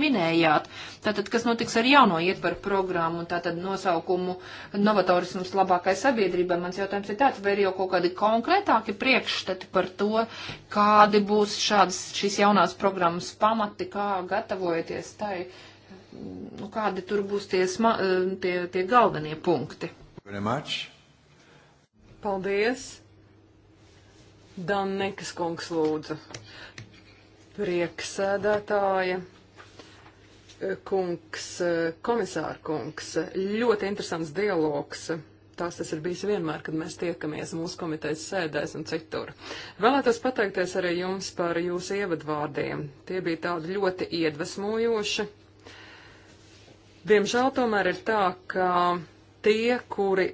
minējāt. Tātad, kas notiks ar jauno ietvaru programmu un tātad nosaukumu novatorisms labākai sabiedrībai? Mans jautājums ir tāds, vai ir jau kaut kādi konkrētāki priekšstati par to, kādi būs šādas šīs jaunās programmas pamati? panākti, kā gatavojaties tai, nu, kādi tur būs tie, sma, eh, tie, tie galvenie punkti. Paldies! Dannekas kungs lūdzu. Prieksēdētāja eh, kungs, eh, komisāra kungs, ļoti interesants dialogs Tas tas ir bijis vienmēr, kad mēs tiekamies mūsu komitejas sēdēs un citur. Vēlētos pateikties arī jums par jūsu ievadvārdiem. Tie bija tādi ļoti iedvesmojoši. Diemžēl tomēr ir tā, ka tie, kuri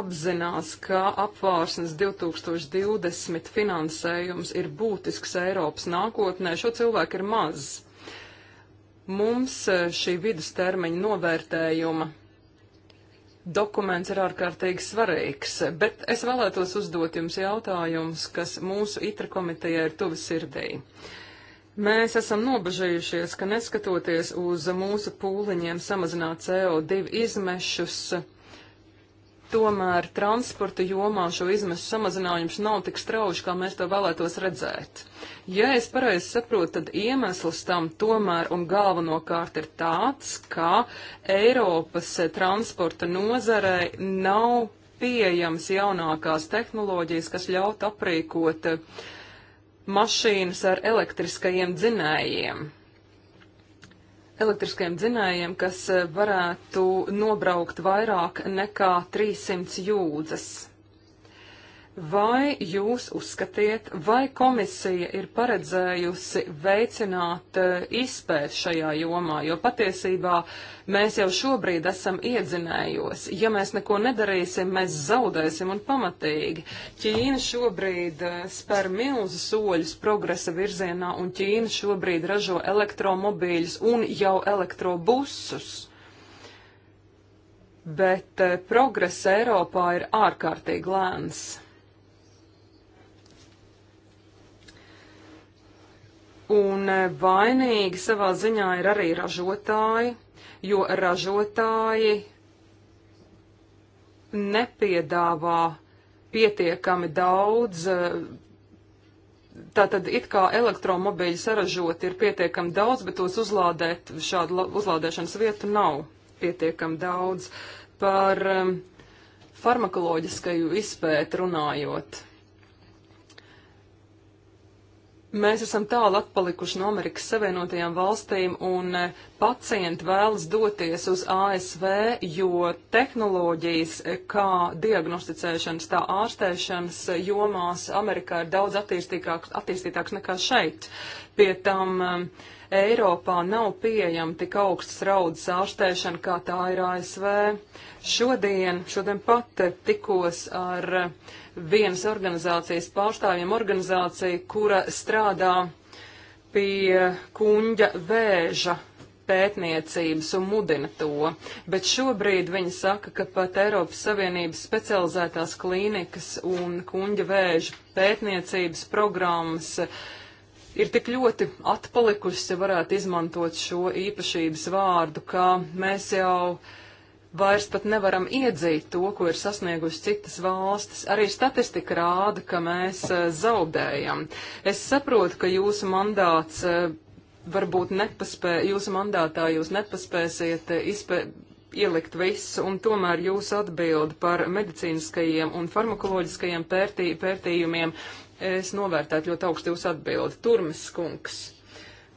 apzinās, ka apvārsnes 2020 finansējums ir būtisks Eiropas nākotnē, šo cilvēku ir maz. Mums eh, šī vidustermiņa novērtējuma dokuments ir ārkārtīgi svarīgs, bet es vēlētos uzdot jums jautājumus, kas mūsu itra komitejai ir tuvi sirdī. Mēs esam nobežījušies, ka neskatoties uz mūsu pūliņiem samazināt CO2 izmešus, tomēr transporta jomā šo izmešu samazinājums nav tik strauji, kā mēs to vēlētos redzēt. Ja es pareizi saprotu, tad iemesls tam tomēr un galvenokārt ir tāds, ka Eiropas transporta nozarei nav pieejams jaunākās tehnoloģijas, kas ļaut aprīkot mašīnas ar elektriskajiem dzinējiem elektriskiem dzinējiem, kas eh, varētu nobraukt vairāk nekā 300 jūdzes. Vai jūs uzskatiet, vai komisija ir paredzējusi veicināt uh, eh, izpēt šajā jomā, jo patiesībā mēs jau šobrīd esam iedzinējos. Ja mēs neko nedarīsim, mēs zaudēsim un pamatīgi. Ķīna šobrīd uh, spēr milzu soļus progresa virzienā, un Ķīna šobrīd ražo elektromobīļus un jau elektrobusus bet eh, progress Eiropā ir ārkārtīgi lēns. Un e, vainīgi savā ziņā ir arī ražotāji, jo ražotāji nepiedāvā pietiekami daudz e, Tātad it kā elektromobīļi saražot ir pietiekami daudz, bet tos uzlādēt, šādu uzlādēšanas vietu nav pietiekami daudz. Par um, farmakoloģiskaju izpēti runājot. Mēs esam tālu atpalikuši no Amerikas Savienotajām valstīm, un eh, pacienti vēlas doties uz ASV, jo tehnoloģijas, eh, kā diagnosticēšanas, tā ārstēšanas eh, jomās Amerikā ir daudz attīstītāks, attīstītāks nekā šeit. Pie tam Eiropā nav pieejama tik augsts raudas ārstēšana, kā tā ir ASV. Šodien, šodien pat tikos ar uh, vienas organizācijas pārstāvjiem, organizācija, kura strādā pie kuņģa vēža pētniecības un mudina to, bet šobrīd viņi saka, ka pat Eiropas Savienības specializētās klīnikas un kuņģa vēža pētniecības programmas ir tik ļoti atpalikušas, ja varētu izmantot šo īpašības vārdu, kā mēs jau uh, vairs pat nevaram iedzīt to, ko ir sasniegusi citas valstis. Arī statistika rāda, ka mēs eh, zaudējam. Es saprotu, ka jūsu mandāts eh, varbūt nepaspē, jūsu mandātā jūs nepaspēsiet eh, izpē, ielikt visu, un tomēr jūs atbildi par medicīniskajiem un farmakoloģiskajiem pērtī, pērtījumiem. Es novērtētu ļoti augstu jūsu atbildi. Turmes kungs.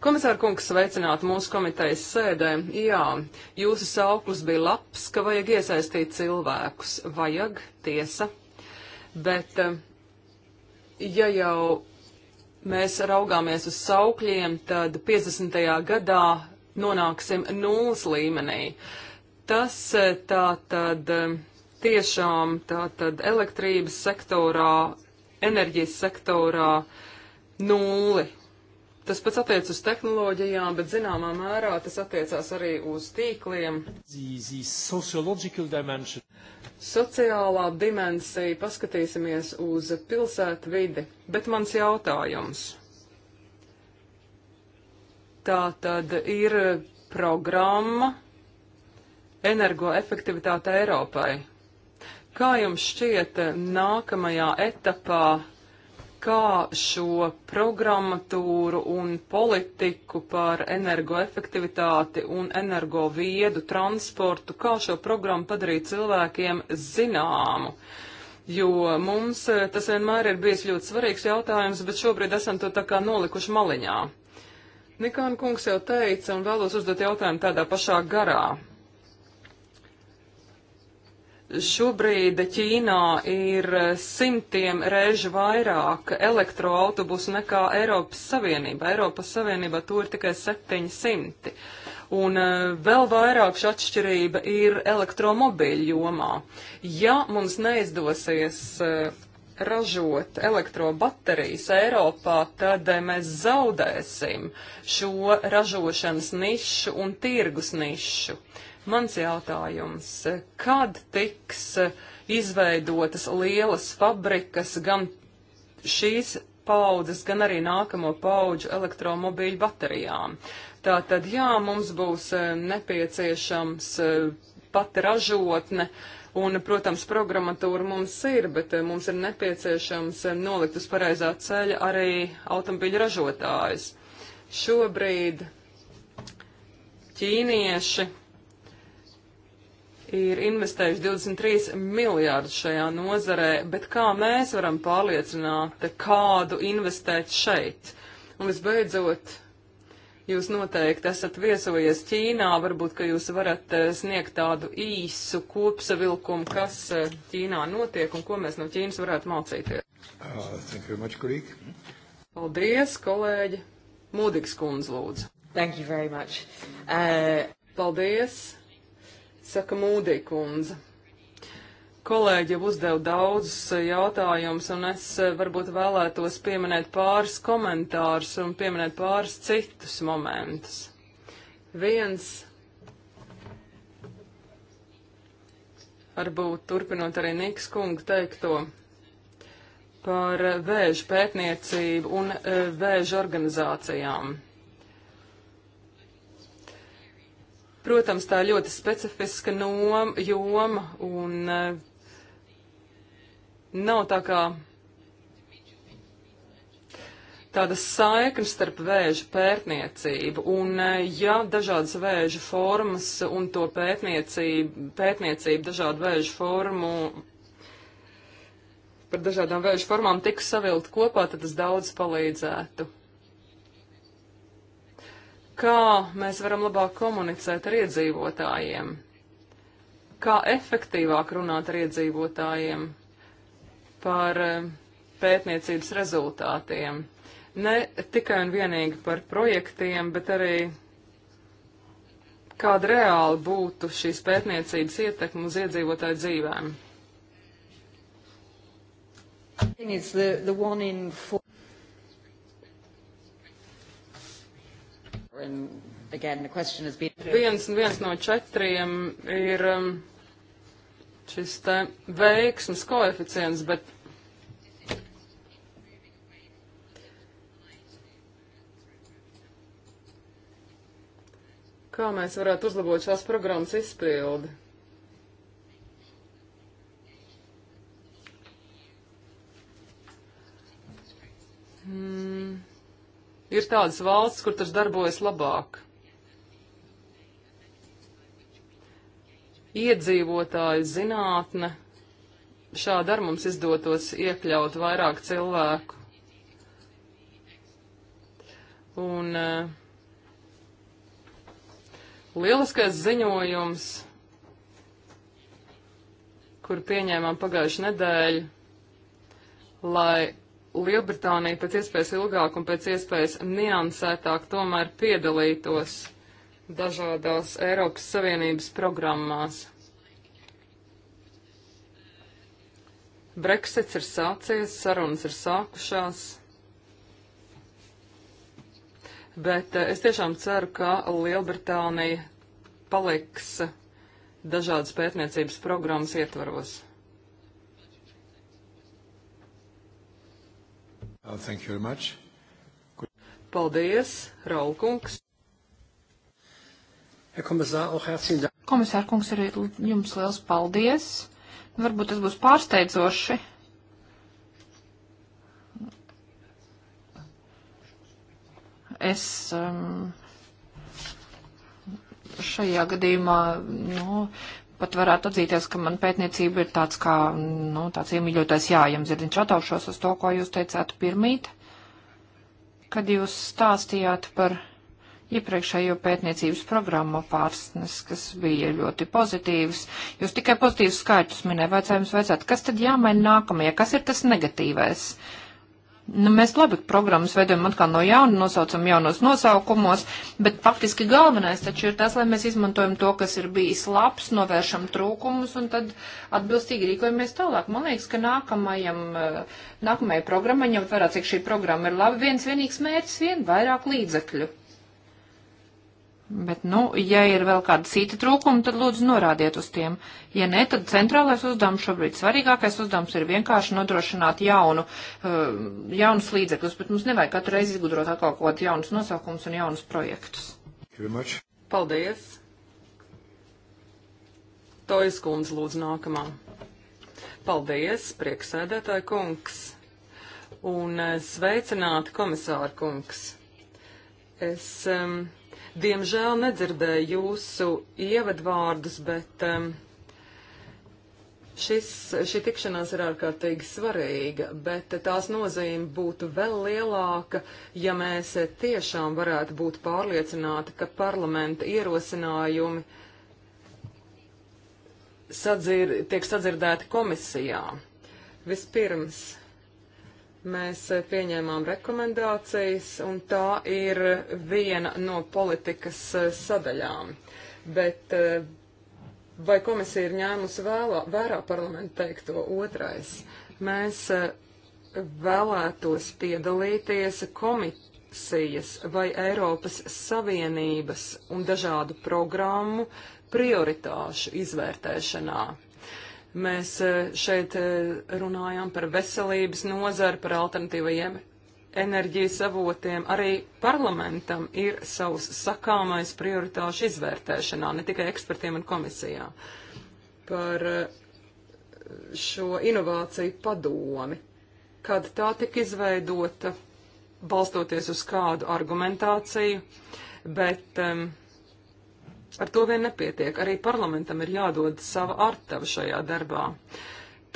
Komisāra kungs sveicināt mūsu komitejas sēdē. Jā, jūsu sauklis bija labs, ka vajag iesaistīt cilvēkus. Vajag, tiesa. Bet, eh, ja jau mēs raugāmies uz saukļiem, tad 50. gadā nonāksim nulles līmenī. Tas eh, tā tad eh, tiešām tā tad elektrības sektorā, enerģijas sektorā nulli Tas pats attiec uz tehnoloģijām, bet zināmā mērā tas attiecās arī uz tīkliem. The, the Sociālā dimensija, paskatīsimies uz pilsētu vidi, bet mans jautājums. Tā tad ir programma energoefektivitāte Eiropai. Kā jums šķiet nākamajā etapā kā šo programmatūru un politiku par energoefektivitāti un energoviedu transportu, kā šo programmu padarīt cilvēkiem zināmu. Jo mums eh, tas vienmēr ir bijis ļoti svarīgs jautājums, bet šobrīd esam to tā kā nolikuši maliņā. Nikāna kungs jau teica un vēlos uzdot jautājumu tādā pašā garā. Šobrīd Ķīnā ir simtiem reižu vairāk elektroautobusu nekā Eiropas Savienībā. Eiropas Savienībā to ir tikai 700. Un e, vēl vairāk šī atšķirība ir elektromobīļu jomā. Ja mums neizdosies e, ražot elektrobaterijas Eiropā, tad e, mēs zaudēsim šo ražošanas nišu un tirgus nišu. Uh, Mans jautājums, kad tiks eh, izveidotas lielas fabrikas gan šīs paudzes, gan arī nākamo paudžu elektromobīļu baterijām? Tātad, jā, mums būs eh, nepieciešams eh, pati ražotne, Un, protams, programmatūra mums ir, bet mums ir nepieciešams nolikt uz pareizā ceļa arī automobiļu ražotājs. Šobrīd ķīnieši ir investējuši 23 miljārdus šajā nozarē, bet kā mēs varam pārliecināt kādu investēt šeit? Un visbeidzot, jūs noteikti esat viesojies Ķīnā, varbūt, ka jūs varat eh, sniegt tādu īsu kopsavilkumu, kas eh, Ķīnā notiek un ko mēs no Ķīnas varētu mācīties. Uh, much, Paldies, kolēģi! Mūdīgs kundze lūdzu. Thank you very much. Uh... Paldies! saka Mūdī kundze. Kolēģi jau uzdeva daudzus eh, jautājumus, un es eh, varbūt vēlētos pieminēt pāris komentārus un pieminēt pāris citus momentus. Viens, varbūt turpinot arī Niks kungu teikto, par eh, vēža pētniecību un vēža organizācijām. Protams, tā ir ļoti specifiska nom, joma un eh, nav tā kā tādas saiknes starp vēža pētniecību. Un eh, ja dažādas vēža formas un to pētniecību, pētniecību dažādu vēža formu par dažādām vēža formām tiks savilkt kopā, tad tas daudz palīdzētu kā mēs varam labāk komunicēt ar iedzīvotājiem, kā efektīvāk runāt ar iedzīvotājiem par eh, pētniecības rezultātiem. Ne tikai un vienīgi par projektiem, bet arī kāda reāli būtu šīs pētniecības ietekme uz iedzīvotāju dzīvēm. The, the in... Again, been... Viens, viens no četriem ir um, šis te veiksmes koeficients, bet kā mēs varētu uzlabot šās programmas izpildi. Mm. Ir tādas valsts, kur tas darbojas labāk. Iedzīvotāju zinātne šādi ar mums izdotos iekļaut vairāk cilvēku. Un uh, lieliskais ziņojums, kur pieņēmām pagājušu nedēļu, lai Lielbritānija pēc iespējas ilgāk un pēc iespējas niansētāk tomēr piedalītos dažādās Eiropas Savienības programmās. Brexits ir sācies, sarunas ir sākušās. Bet eh, es tiešām ceru, ka Lielbritānija paliks dažādas pētniecības programmas ietvaros. Oh, thank you very much. Good. Paldies, Raulkungs. Komisār kungs, arī jums liels paldies. Varbūt tas būs pārsteidzoši. Es um, šajā gadījumā nu, pat varētu atzīties, ka man pētniecība ir tāds kā, nu, tāds iemīļotais jājams. Zirdiņš ataušos uz to, ko jūs teicāt pirmīt, kad jūs stāstījāt par iepriekšējo pētniecības programmu pārsnes, kas bija ļoti pozitīvs. Jūs tikai pozitīvus skaitļus minēja, vajadzējums vajadzētu. Kas tad jāmaina nākamajā? Kas ir tas negatīvais? Uh, Nu, mēs labi programmas veidojam atkal no jauna, nosaucam jaunos nosaukumos, bet faktiski galvenais taču ir tas, lai mēs izmantojam to, kas ir bijis labs, novēršam trūkumus un tad atbilstīgi rīkojamies tālāk. Man liekas, ka nākamajam, eh, nākamajai programmai, ņemot vērā, cik šī programma ir laba, viens vienīgs mērķis, vien vairāk līdzekļu. Bet, nu, ja ir vēl kāda cita trūkuma, tad lūdzu norādiet uz tiem. Ja ne, tad centrālais uzdevums šobrīd svarīgākais uzdevums ir vienkārši nodrošināt jaunu, uh, jaunus līdzekļus, bet mums nevajag katru reizi izgudrot atkal kaut kādus jaunus nosaukumus un jaunus projektus. Paldies! Tojas kundze lūdzu nākamā. Paldies, prieksēdētāji kungs! Un eh, sveicināti komisāri kungs! Es. Um, Diemžēl nedzirdēju jūsu ievadvārdus, bet um, šis, šī tikšanās ir ārkārtīgi svarīga, bet tās nozīme būtu vēl lielāka, ja mēs tiešām varētu būt pārliecināti, ka parlamenta ierosinājumi sadzir, tiek sadzirdēti komisijā. Vispirms Mēs eh, pieņēmām rekomendācijas, un tā ir viena no politikas eh, sadaļām. Bet eh, vai komisija ir ņēmusi vēlā, vērā parlamentu teikto otrais? Mēs vēlētos piedalīties komisijas vai Eiropas Savienības un dažādu programmu prioritāšu izvērtēšanā. Mēs e, šeit e, runājam par veselības nozari, par alternatīvajiem enerģijas avotiem. Arī parlamentam ir savs sakāmais prioritāšu izvērtēšanā, ne tikai ekspertiem un komisijā. Par e, šo inovāciju padomi, kad tā tika izveidota, balstoties uz kādu argumentāciju, bet um, Ar to vien nepietiek, arī parlamentam ir jādod sava artava šajā darbā.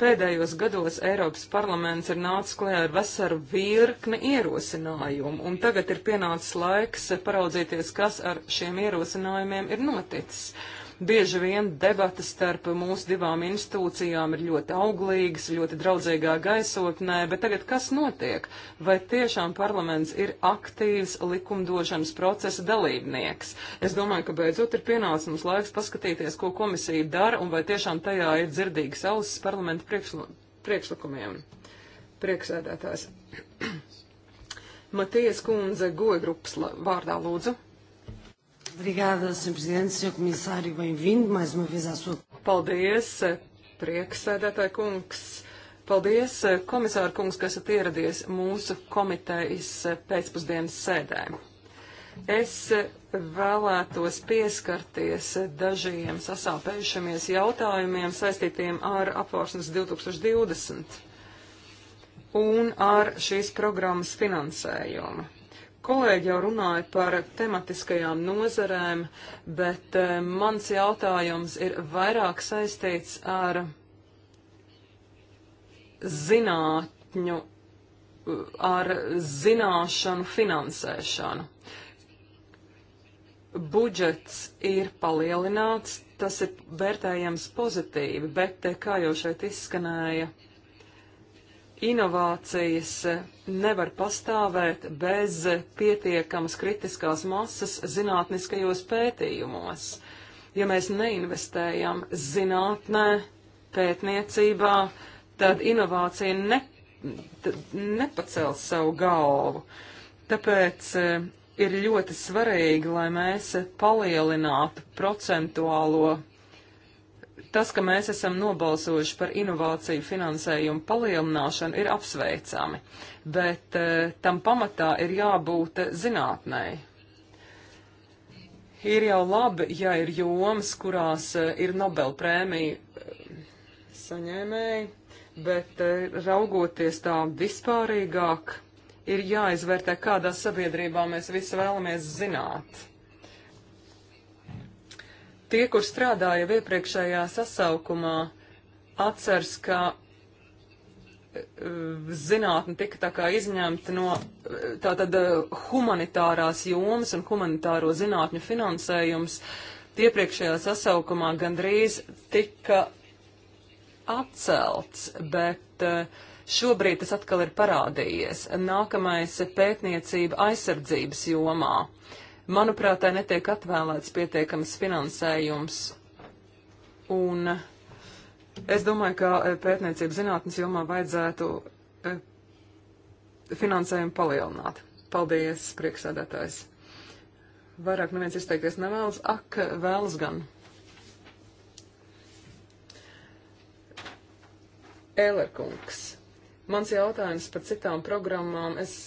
Pēdējos gados Eiropas parlaments ir nācis klajā ar vesaru virkni ierosinājumu, un tagad ir pienācis laiks paraudzīties, kas ar šiem ierosinājumiem ir noticis. Bieži vien debatas starp mūsu divām institūcijām ir ļoti auglīgas, ļoti draudzīgā gaisotnē, bet tagad kas notiek? Vai tiešām parlaments ir aktīvs likumdošanas procesa dalībnieks? Es domāju, ka beidzot ir pienācis mums laiks paskatīties, ko komisija dara un vai tiešām tajā ir dzirdīgas ausis parlamenta priekšl priekšlikumiem. Prieksēdētājs. Matijas kundze, goja grupas vārdā lūdzu. Obrigada, Sr. Presidente, Sr. Komisāri, bem-vindo mais uma vez à sua. Paldies, prieksēdētāji kungs. Paldies, komisāra kungs, kas esat ieradies mūsu komitejas pēcpusdienas sēdē. Es vēlētos pieskarties dažiem sasāpējušamies jautājumiem saistītiem ar apvārsnes 2020 un ar šīs programmas finansējumu. Kolēģi jau runāja par tematiskajām nozarēm, bet eh, mans jautājums ir vairāk saistīts ar zinātņu, ar zināšanu finansēšanu. Budžets ir palielināts, tas ir vērtējams pozitīvi, bet, eh, kā jau šeit izskanēja, Inovācijas nevar pastāvēt bez pietiekamas kritiskās masas zinātniskajos pētījumos. Ja mēs neinvestējam zinātnē, pētniecībā, tad inovācija ne, nepacels savu galvu. Tāpēc e, ir ļoti svarīgi, lai mēs palielinātu procentuālo Tas, ka mēs esam nobalsojuši par inovāciju finansējumu palielināšanu, ir apsveicami, bet eh, tam pamatā ir jābūt zinātnēji. Ir jau labi, ja ir jomas, kurās eh, ir Nobelprēmija eh, saņēmēji, bet e, raugoties tā vispārīgāk, ir jāizvērtē, kādā sabiedrībā mēs visi vēlamies zināt. Tie, kur strādāja iepriekšējā sasaukumā, atceras, ka e, zinātne tika tā kā izņemta no e, tātad e, humanitārās jomas un humanitāro zinātņu finansējums. Iepriekšējā sasaukumā gandrīz tika atcelts, bet šobrīd tas atkal ir parādījies. Nākamais pētniecība aizsardzības jomā. Uh, Manuprāt, tai netiek atvēlēts pietiekams finansējums. Un eh, es domāju, ka eh, pētniecības zinātnes jomā vajadzētu eh, finansējumu palielināt. Paldies, priekšsēdētājs. Vairāk neviens izteikties nevēlas. Ak, vēlas gan. Ēlerkungs. Mans jautājums par citām programmām. Es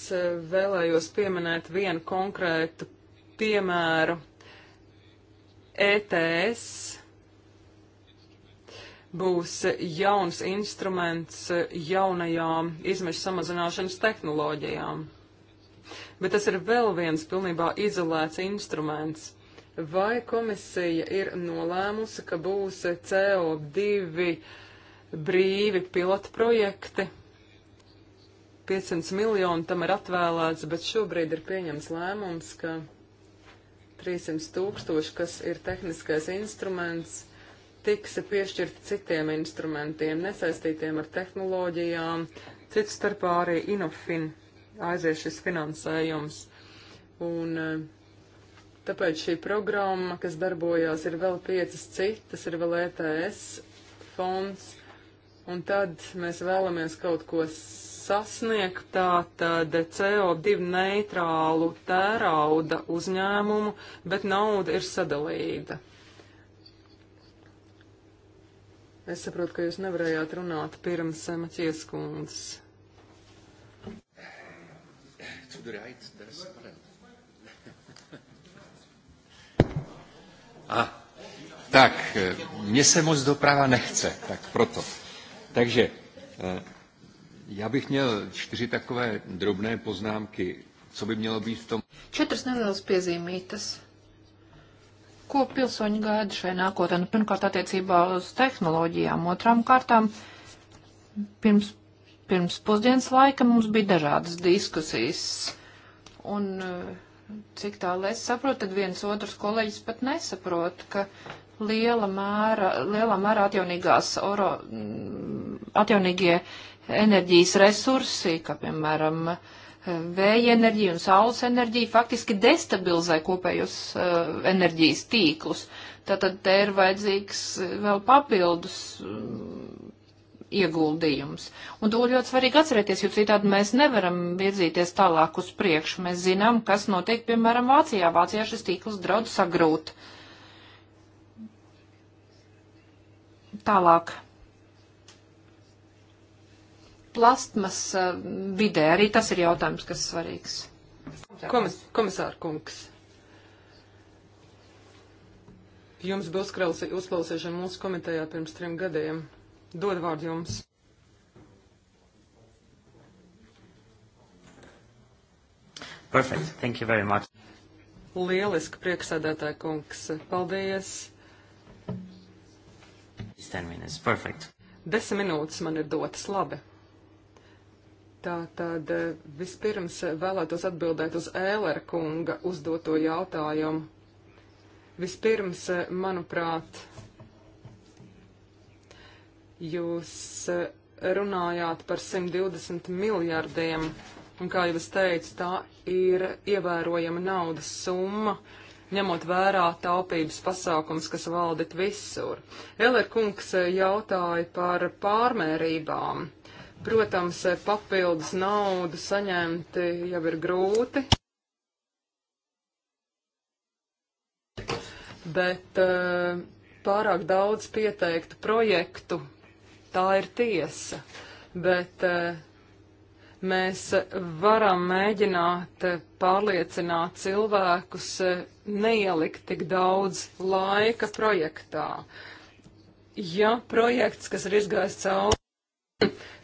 vēlējos pieminēt vienu konkrētu piemēru ETS būs jauns instruments jaunajām izmešu samazināšanas tehnoloģijām. Bet tas ir vēl viens pilnībā izolēts instruments. Vai komisija ir nolēmusi, ka būs CO2 brīvi pilotu projekti? 500 miljoni tam ir atvēlēts, bet šobrīd ir pieņems lēmums, ka 300 tūkstoši, kas ir tehniskais instruments, tiks piešķirti citiem instrumentiem, nesaistītiem ar tehnoloģijām, cits starpā arī Inofin aizies šis finansējums. Un eh, tāpēc šī programma, kas darbojās, ir vēl piecas citas, ir vēl ETS fonds, un tad mēs vēlamies kaut ko sasniegt tātad CO2 neitrālu tērauda uzņēmumu, bet nauda ir sadalīta. Es saprotu, ka jūs nevarējāt runāt pirms Maķies kundzes. A, tak, eh, mně se moc doprava nechce, tak proto. Takže eh, Já bych měl čtyři takové drobné poznámky, co by mělo být v tom. Četras nelielas piezīmītas. Ko pilsoņi gaida šai nākotnē? Nu, pirmkārt, attiecībā uz tehnoloģijām, otrām kārtām, pirms, pirms pusdienas laika mums bija dažādas diskusijas. Un, cik tālu es saprotu, tad viens otrs kolēģis pat nesaprot, ka liela mēra, lielā mērā atjaunīgās oro, atjaunīgie enerģijas resursi, kā piemēram vēja enerģija un saules enerģija, faktiski destabilizē kopējos uh, enerģijas tīklus. Tātad te ir vajadzīgs eh, vēl papildus mm, ieguldījums. Un to ļoti svarīgi atcerēties, jo citādi mēs nevaram virzīties tālāk uz priekšu. Mēs zinām, kas notiek, piemēram, Vācijā. Vācijā šis tīkls draudz sagrūt. Tālāk plastmas eh, vidē. Arī tas ir jautājums, kas svarīgs. Komis, komisāra kungs. Jums būs uzklausīšana mūsu komitejā pirms trim gadiem. Dod vārdu jums. Perfect. Thank you very much. Lieliski priekšsēdētāja kungs. Paldies. 10 minutes. Perfect. 10 minūtes man ir dotas labi. Tā tad eh, vispirms eh, vēlētos atbildēt uz Ēlera kunga uzdoto jautājumu. Vispirms, eh, manuprāt, jūs runājāt par 120 miljardiem, un kā jau es teicu, tā ir ievērojama naudas summa, ņemot vērā taupības pasākums, kas valdit visur. Ēlera kungs jautāja par pārmērībām Protams, papildus naudu saņemt jau ir grūti, bet eh, pārāk daudz pieteiktu projektu, tā ir tiesa, bet eh, mēs varam mēģināt pārliecināt cilvēkus eh, neielikt tik daudz laika projektā. Ja projekts, kas ir izgājis cauri,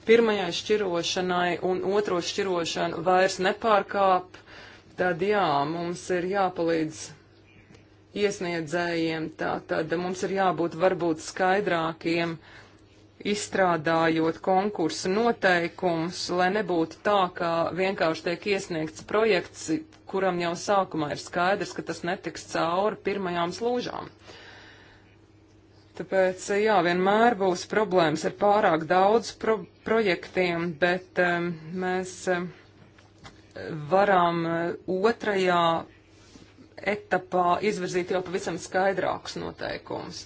pirmajai šķirošanai un otro šķirošanu vairs nepārkāp, tad jā, mums ir jāpalīdz iesniedzējiem, tā tad mums ir jābūt varbūt skaidrākiem, izstrādājot konkursu noteikums, lai nebūtu tā, ka vienkārši tiek iesniegts projekts, kuram jau sākumā ir skaidrs, ka tas netiks cauri pirmajām slūžām. Uh, Tāpēc, eh, jā, vienmēr būs problēmas ar pārāk daudz pro projektiem, bet um, mēs um, varam eh, otrajā etapā izvirzīt jau pavisam skaidrākus noteikumus.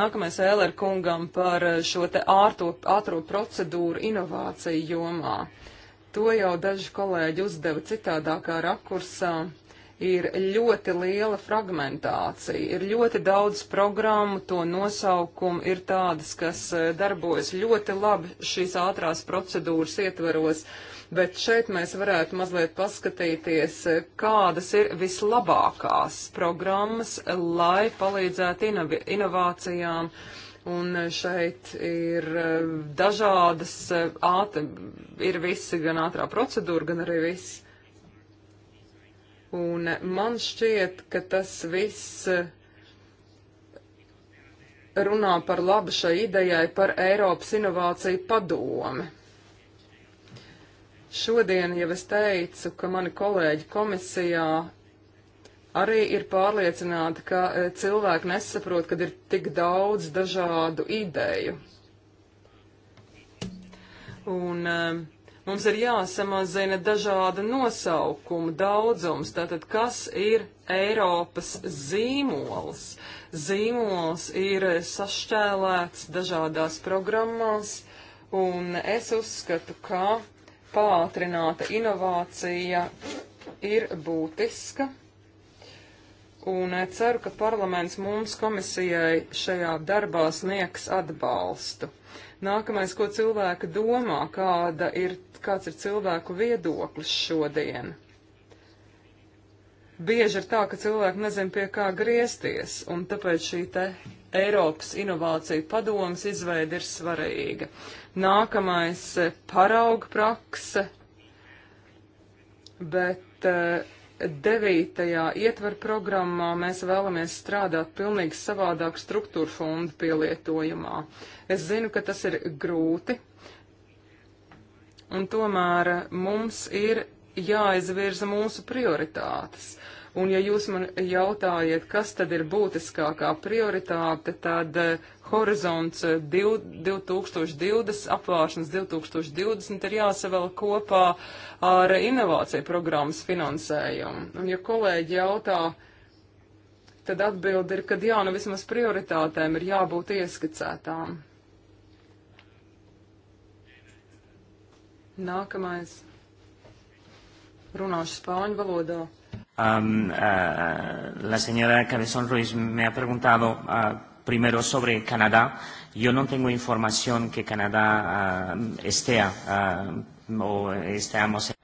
Nākamais Ēler kungam par eh, šo te ārto, ātro procedūru inovāciju jomā. To jau daži kolēģi uzdeva citādākā rakursā. Uh, ir ļoti liela fragmentācija, ir ļoti daudz programmu, to nosaukumi ir tādas, kas e, darbojas ļoti labi šīs ātrās procedūras ietvaros, bet šeit mēs varētu mazliet paskatīties, e, kādas ir vislabākās programmas, lai palīdzētu inov inovācijām. Un e, šeit ir dažādas, ātri, ir visi gan ātrā procedūra, gan arī viss Un man šķiet, ka tas viss eh, runā par labu šai idejai par Eiropas inovāciju padomi. Šodien jau es teicu, ka mani kolēģi komisijā arī ir pārliecināti, ka eh, cilvēki nesaprot, kad ir tik daudz dažādu ideju. Un, um, Mums ir jāsamazina dažāda nosaukuma daudzums, tātad kas ir Eiropas zīmols. Zīmols ir sašķēlēts dažādās programmās, un es uzskatu, ka pātrināta inovācija ir būtiska un ceru, ka parlaments mums komisijai šajā darbā sniegs atbalstu nākamais, ko cilvēki domā, kāda ir, kāds ir cilvēku viedoklis šodien. Bieži ir tā, ka cilvēki nezin pie kā griezties, un tāpēc šī te Eiropas inovācija padomas izveida ir svarīga. Nākamais eh, parauga prakse, bet uh, devītajā ietver programmā mēs vēlamies strādāt pilnīgi savādāk struktūra fondu pielietojumā. Es zinu, ka tas ir grūti, un tomēr mums ir jāizvirza mūsu prioritātes. Un ja jūs man jautājiet, kas tad ir būtiskākā prioritāte, tad eh, horizonts 2020, eh, apvāršanas 2020 ir jāsavēl kopā ar inovāciju programmas finansējumu. Un ja kolēģi jautā, tad atbildi ir, ka jā, nu vismaz prioritātēm ir jābūt ieskicētām. Nākamais. Runāšu spāņu valodā. Um, uh, la señora Cabezón Ruiz me ha preguntado uh, primero sobre Canadá. Yo no tengo información que Canadá uh, esté. Uh, O,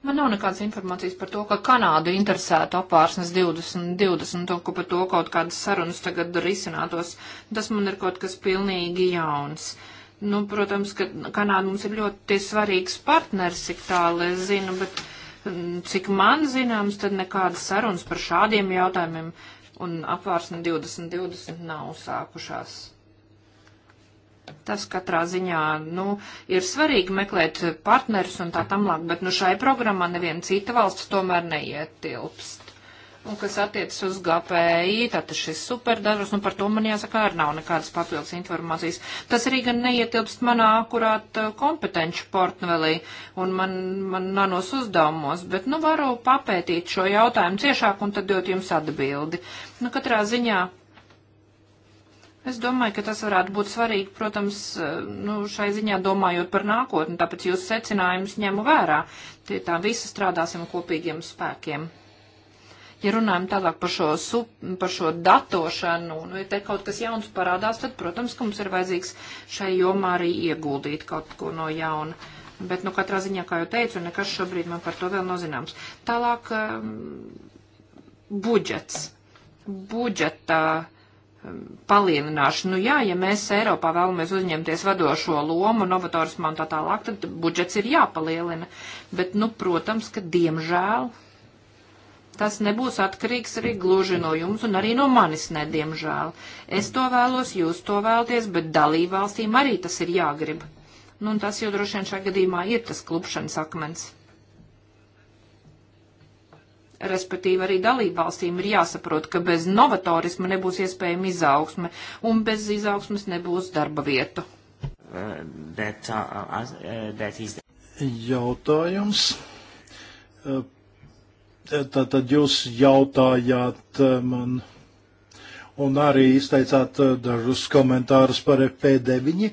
Man nav nekādas informācijas par to, ka Kanādu interesētu apvārsnes 2020 un ka par to kaut kādas sarunas tagad risinātos. Tas man ir kaut kas pilnīgi jauns. Nu, protams, ka Kanāda mums ir ļoti svarīgs partners, cik tālu es zinu, bet Cik man zināms, tad nekādas sarunas par šādiem jautājumiem un apvārsne 2020 nav sākušās. Tas katrā ziņā, nu, ir svarīgi meklēt partnerus un tā tamlāk, bet, nu, šai programmā neviena cita valsts tomēr neietilpst un kas attiecas uz GPI, tātad šis superdažus, un nu, par to man jāsaka, arī nav nekādas papildus informācijas. Tas arī gan neietilpst manā akurāt eh, kompetenču portvelī un man, man nanos uzdevumos, bet nu varu papētīt šo jautājumu ciešāk un tad dot jums atbildi. Nu, katrā ziņā. Es domāju, ka tas varētu būt svarīgi, protams, eh, nu, šai ziņā domājot par nākotni, tāpēc jūs secinājumus ņemu vērā. Tie tā visi strādāsim kopīgiem spēkiem. Ja runājam tālāk par šo, sup, par šo datošanu, nu, ja te kaut kas jauns parādās, tad, protams, ka mums ir vajadzīgs šai jomā arī ieguldīt kaut ko no jauna. Bet, nu, katrā ziņā, kā jau teicu, nekas šobrīd man par to vēl nav zināms. Tālāk um, budžets. Budžeta um, palielināšanu. Nu, jā, ja mēs Eiropā vēlamies uzņemties vadošo lomu, novatorismā un tā tālāk, tad budžets ir jāpalielina. Bet, nu, protams, ka diemžēl Tas nebūs atkarīgs arī gluži no jums un arī no manis, nediemžēl. Es to vēlos, jūs to vēlties, bet dalībvalstīm arī tas ir jāgrib. Nu, un tas jau droši vien šajā gadījumā ir tas klupšanas akmens. Respektīvi arī dalībvalstīm ir jāsaprot, ka bez novatorisma nebūs iespējama izaugsme, un bez izaugsmes nebūs darba vietu. Uh, that, uh, uh, uh that is... Jautājums uh, Tātad jūs jautājāt eh, man un arī izteicāt eh, dažus komentārus par FP9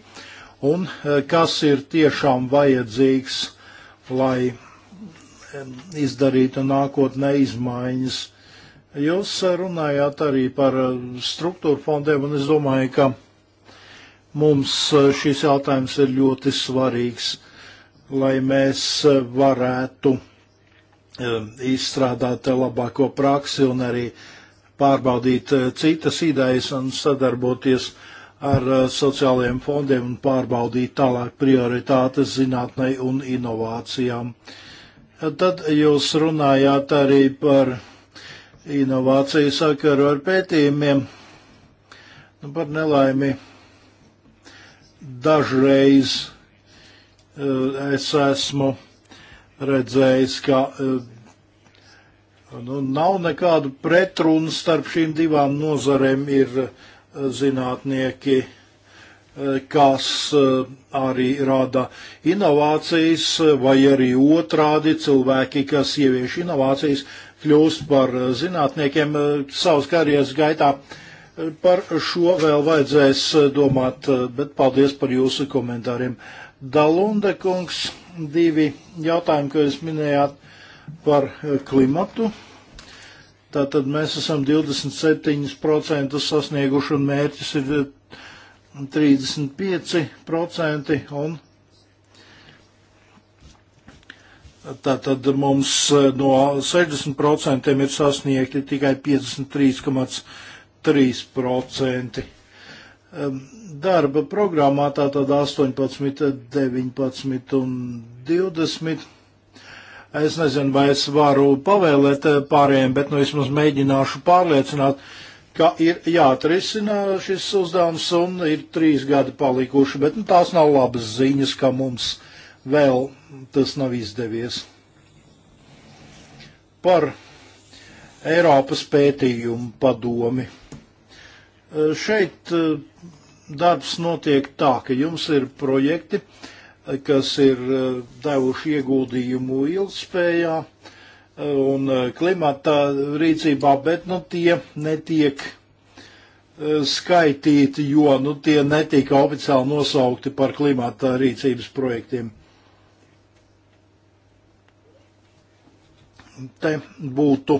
un eh, kas ir tiešām vajadzīgs, lai izdarītu nākotnē izmaiņas. Jūs runājāt arī par struktūru fondiem un es domāju, ka mums šis jautājums ir ļoti svarīgs, lai mēs varētu Um, izstrādāt labāko praksi un arī pārbaudīt uh, citas idejas un sadarboties ar uh, sociālajiem fondiem un pārbaudīt tālāk prioritātes zinātnei un inovācijām. Uh, tad jūs runājāt arī par inovāciju sakaru ar pētījumiem. Nu, par nelaimi dažreiz es esmu redzējis, ka eh, nu, nav nekādu pretrunu starp šīm divām nozarēm. Ir eh, zinātnieki, eh, kas arī rada inovācijas, vai arī otrādi cilvēki, kas ievieš inovācijas, kļūst par zinātniekiem savas karjeras gaitā. Par šo vēl vajadzēs domāt, bet paldies par jūsu komentāriem. Dalunde kungs divi jautājumi, ko jūs minējāt par eh, klimatu. Tātad mēs esam 27% sasnieguši un mērķis ir 35% eh, un Tātad mums eh, no 60% ir sasniegti tikai 53,3%. Ehm, darba programmā tātad 18, 19 un 20. Es nezinu, vai es varu pavēlēt eh, pārējiem, bet nu vismaz mēģināšu pārliecināt, ka ir jāatrisina šis uzdevums un ir trīs gadi palikuši, bet nu, tās nav labas ziņas, ka mums vēl tas nav izdevies. Par Eiropas pētījumu padomi. Eh, šeit eh, darbs notiek tā, ka jums ir projekti, uh, Eh, kas ir eh, devuši ieguldījumu ilgspējā eh, un klimata rīcībā, bet nu, tie netiek skaitīti, jo nu, tie netika oficiāli nosaukti par klimata rīcības projektiem. Te būtu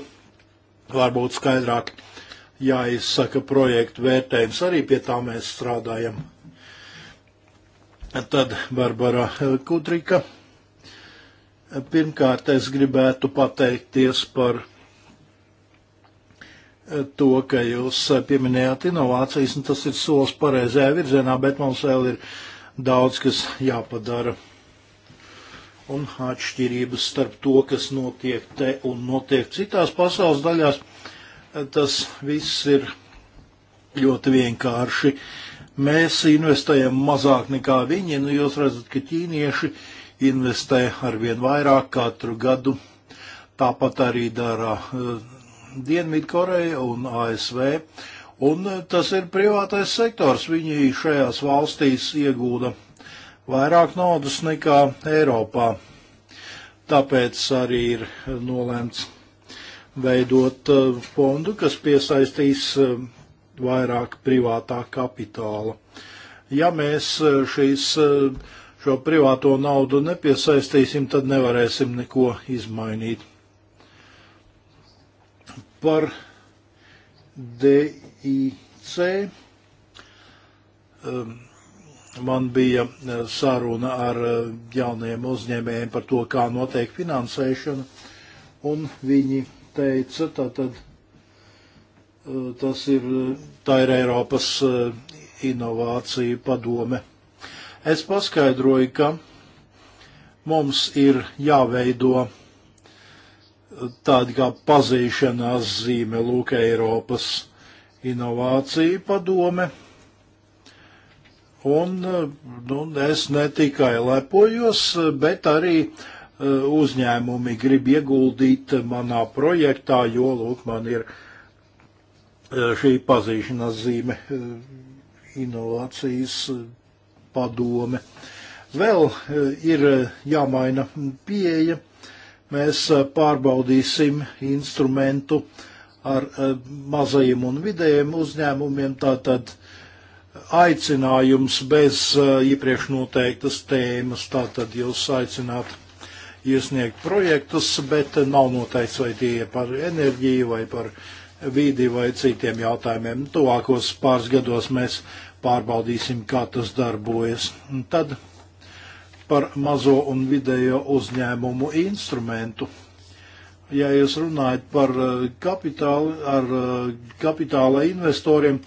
varbūt skaidrāk jāizsaka projektu vērtējums, arī pie tā mēs strādājam. Tad Barbara Kudrika. Pirmkārt, es gribētu pateikties par eh, to, ka jūs eh, pieminējāt inovācijas, un tas ir solis pareizajā virzienā, bet mums vēl ir daudz, kas jāpadara. Un atšķirības starp to, kas notiek te un notiek citās pasaules daļās, eh, tas viss ir ļoti vienkārši. Uh, mēs investējam mazāk nekā viņi. Nu, jūs redzat, ka ķīnieši investē arvien vairāk katru gadu. Tāpat arī dara eh, Dienvidkoreja un ASV. Un eh, tas ir privātais sektors. Viņi šajās valstīs iegūda vairāk naudas nekā Eiropā. Tāpēc arī ir eh, nolēmts veidot fondu, kas piesaistīs vairāk privātā kapitāla. Ja mēs eh, šīs, eh, šo privāto naudu nepiesaistīsim, tad nevarēsim neko izmainīt. Par DIC ehm, man bija eh, saruna ar jauniem uzņēmējiem par to, kā notiek finansēšana, un viņi teica, tātad Tas ir, tā ir Eiropas eh, inovācija padome. Es paskaidroju, ka mums ir jāveido eh, tāda kā pazīšanās zīme, lūk, Eiropas inovācija padome. Un eh, nu, es ne tikai lepojos, bet arī uzņēmumi grib ieguldīt manā projektā, jo, lūk, man ir uh, šī pazīšanās zīme, inovācijas padome. Vēl ir jāmaina pieeja. Mēs pārbaudīsim instrumentu ar mazajiem un vidējiem uzņēmumiem, tātad aicinājums bez iepriekš noteiktas tēmas, tātad jūs aicināt iesniegt projektus, bet nav noteikts, vai tie ir par enerģiju vai par uh, vīdi vai citiem jautājumiem. Tuvākos pāris gados mēs pārbaudīsim, kā tas darbojas. Un tad par mazo un vidējo uzņēmumu instrumentu. Ja jūs runājat par uh, kapitālu, ar uh, kapitāla investoriem,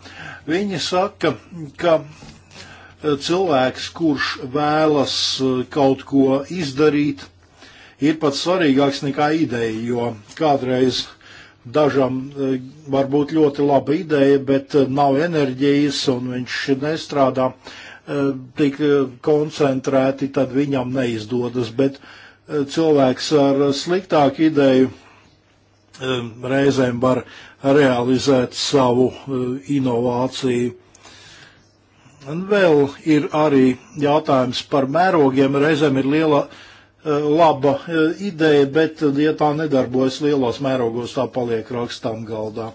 viņi saka, ka uh, cilvēks, kurš vēlas kaut ko izdarīt, ir pats svarīgāks nekā ideja, jo kādreiz uh, dažam e, var būt ļoti laba ideja, bet e, nav enerģijas un viņš nestrādā e, tik koncentrēti, tad viņam neizdodas. Bet cilvēks ar sliktāku ideju reizēm var realizēt savu inovāciju. Un vēl ir arī jautājums par mērogiem. Reizēm ir liela uh, Eh, laba eh, ideja, bet, eh, ja tā nedarbojas lielos mērogos, tā paliek rakstām galdā.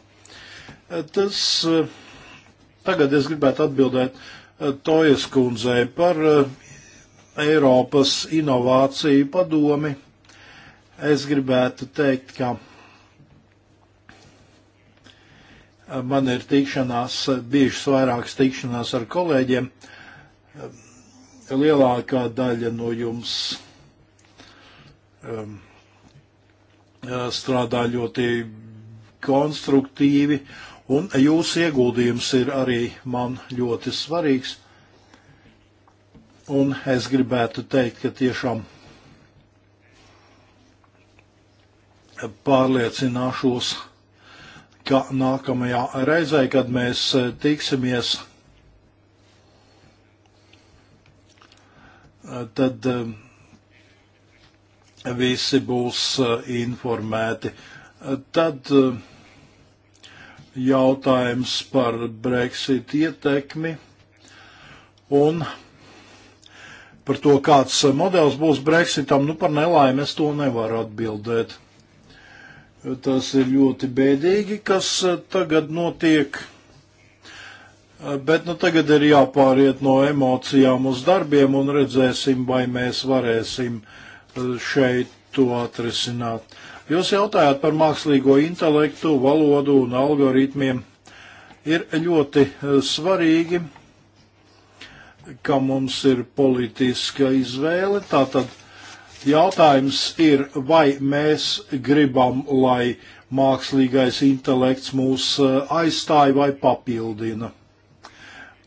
Tas, tagad es gribētu atbildēt Tojas kundzei par Eiropas inovāciju padomi. Es gribētu teikt, ka man ir tikšanās, bijušas vairākas tikšanās ar kolēģiem. Lielākā daļa no jums Um, strādā ļoti konstruktīvi, un jūsu ieguldījums ir arī man ļoti svarīgs. Un es gribētu teikt, ka tiešām pārliecināšos, ka nākamajā reizē, kad mēs eh, tiksimies, eh, tad uh, visi būs eh, informēti. Tad eh, jautājums par Brexit ietekmi un par to, kāds modelis būs Brexitam. Nu, par nelaimi es to nevaru atbildēt. Tas ir ļoti bēdīgi, kas eh, tagad notiek. Bet nu, tagad ir jāpāriet no emocijām uz darbiem un redzēsim, vai mēs varēsim uh, šeit to atrisināt. Jūs jautājāt par mākslīgo intelektu, valodu un algoritmiem. Ir ļoti eh, svarīgi, ka mums ir politiska izvēle. Tātad jautājums ir, vai mēs gribam, lai mākslīgais intelekts mūs eh, aizstāja vai papildina.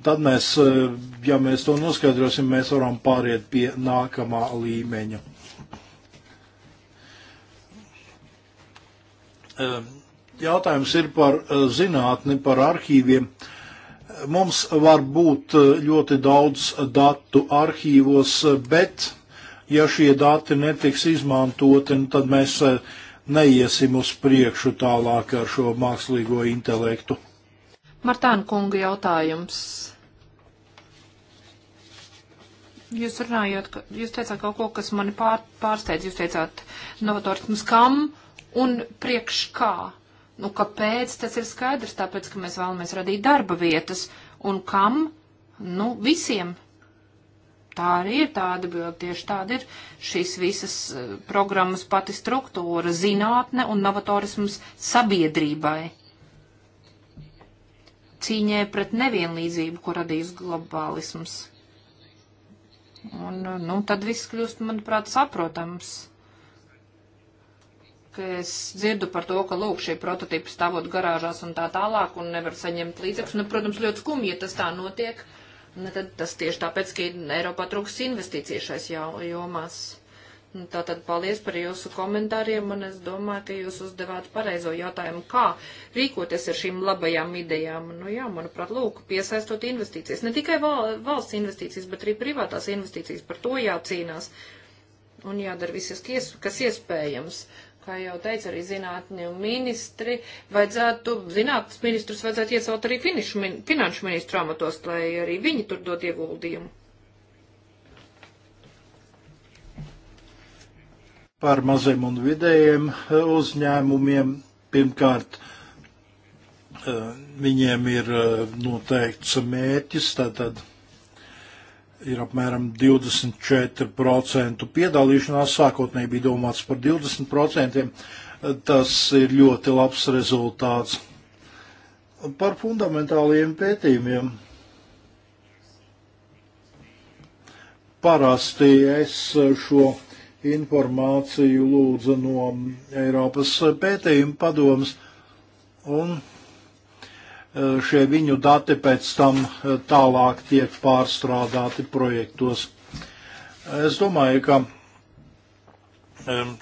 Tad mēs, eh, ja mēs to noskaidrosim, mēs varam pāriet pie nākamā līmeņa. Ehm, jautājums ir par eh, zinātni, par arhīviem. Mums var būt eh, ļoti daudz datu arhīvos, eh, bet ja šie dati netiks izmantoti, nu, tad mēs neiesim uz priekšu tālāk ar šo mākslīgo intelektu. Martāna kunga jautājums. Jūs runājot, jūs teicāt kaut ko, kas mani pār, pārsteidz. Jūs teicāt novatorisms kam un priekš kā. Nu, kāpēc tas ir skaidrs? Tāpēc, ka mēs vēlamies radīt darba vietas. Un kam? Nu, visiem. Tā arī ir tā atbilde. Tieši tāda ir šīs visas eh, programmas pati struktūra - zinātne un novatorisms sabiedrībai. Cīņē pret nevienlīdzību, ko radīs globālisms. Un, nu, tad viss kļūst, manuprāt, saprotams ka es dzirdu par to, ka lūk, šie prototipi stāvot garāžās un tā tālāk un nevar saņemt līdzekļus. Nu, protams, ļoti skumji, ja tas tā notiek. Nu, tad tas tieši tāpēc, ka Eiropā trūks investīcijas šais jomās. Nu, tātad paldies par jūsu komentāriem un es domāju, ka jūs uzdevāt pareizo jautājumu, kā rīkoties ar šīm labajām idejām. Nu jā, manuprāt, lūk, piesaistot investīcijas. Ne tikai val valsts investīcijas, bet arī privātās investīcijas. Par to jācīnās un jādara viss, kas iespējams kā jau teica arī zinātņu ministri, vajadzētu, zinātnes ministrus vajadzētu iesaukt arī finišu, min, finanšu ministru amatos, lai arī viņi tur dod ieguldījumu. Par maziem un vidējiem e, uzņēmumiem pirmkārt e, viņiem ir e, noteikts mērķis, tātad ir apmēram 24% piedalīšanās. Sākotnēji bija domāts par 20%. Tas ir ļoti labs rezultāts. Par fundamentāliem pētījumiem. Parasti es šo informāciju lūdzu no Eiropas pētījuma padomas un Eh, šie viņu dati pēc tam eh, tālāk tiek pārstrādāti projektos. Es domāju, ka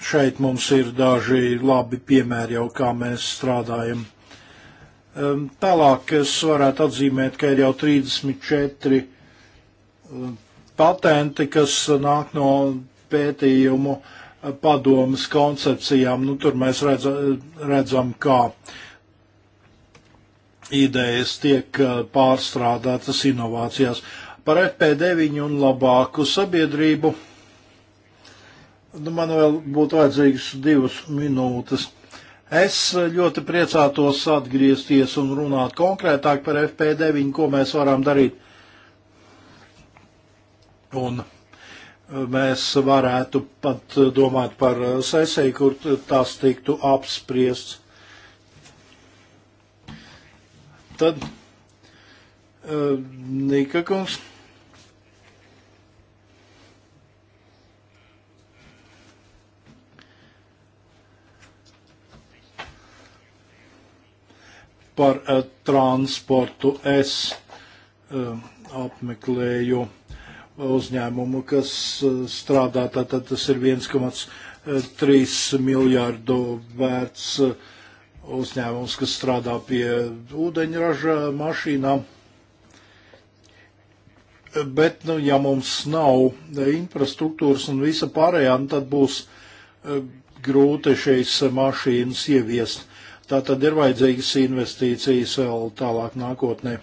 šeit mums ir daži labi piemēri jau, kā mēs strādājam. Tālāk es varētu atzīmēt, ka ir jau 34 eh, patenti, kas nāk no pētījumu padomas koncepcijām. Nu, tur mēs redzam, redzam kā uh, idejas tiek eh, pārstrādātas inovācijās. Par FP9 un labāku sabiedrību nu, man vēl būtu vajadzīgas divas minūtes. Es ļoti priecātos atgriezties un runāt konkrētāk par FP9, ko mēs varam darīt. Un eh, mēs varētu pat eh, domāt par sesiju, kur tās tiktu apspriests. Tad Nika kungs. Par transportu es apmeklēju uzņēmumu, kas strādā, tātad tas ir 1,3 miljārdu vērts uh, uzņēmums, kas strādā pie ūdeņraža mašīnām. Bet, nu, ja mums nav infrastruktūras un visa pārējā, nu, tad būs e, grūti šīs mašīnas ieviest. Tā tad ir vajadzīgas investīcijas vēl tālāk nākotnē.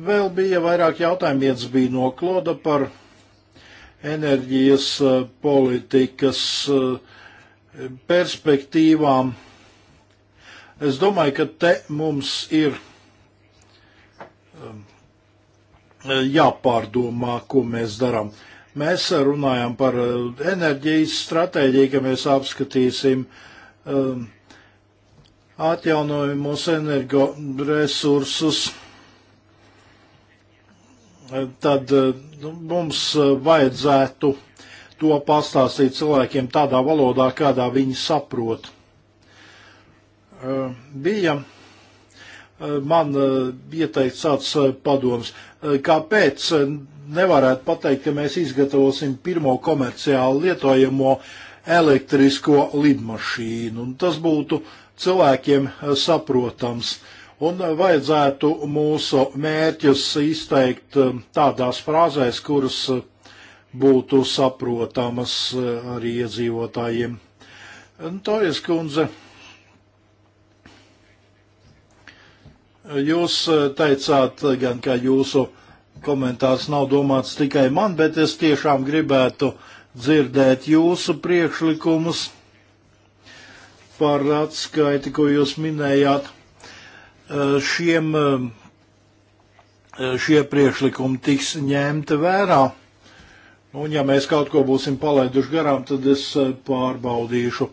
Vēl bija vairāk jautājumu, viens bija no Kloda par enerģijas e, politikas e, perspektīvām Es domāju, ka te mums ir um, jāpārdomā, ko mēs darām. Mēs runājam par uh, enerģijas stratēģiju, ka mēs apskatīsim um, atjaunojumus energoresursus. Tad uh, mums uh, vajadzētu to pastāstīt cilvēkiem tādā valodā, kādā viņi saprot. Eh, bija eh, man eh, ieteikts tāds padoms, kāpēc nevarētu pateikt, ka mēs izgatavosim pirmo komerciāli lietojamo elektrisko lidmašīnu. Un tas būtu cilvēkiem saprotams. Un vajadzētu mūsu mērķus izteikt tādās frāzēs, kuras būtu saprotamas arī iedzīvotājiem. Tojas kundze Jūs eh, teicāt, eh, gan ka jūsu komentārs nav domāts tikai man, bet es tiešām gribētu dzirdēt jūsu priekšlikumus par atskaiti, ko jūs minējāt. Eh, šiem, šie priekšlikumi tiks ņemti vērā. Un ja mēs kaut ko būsim palaiduši garām, tad es pārbaudīšu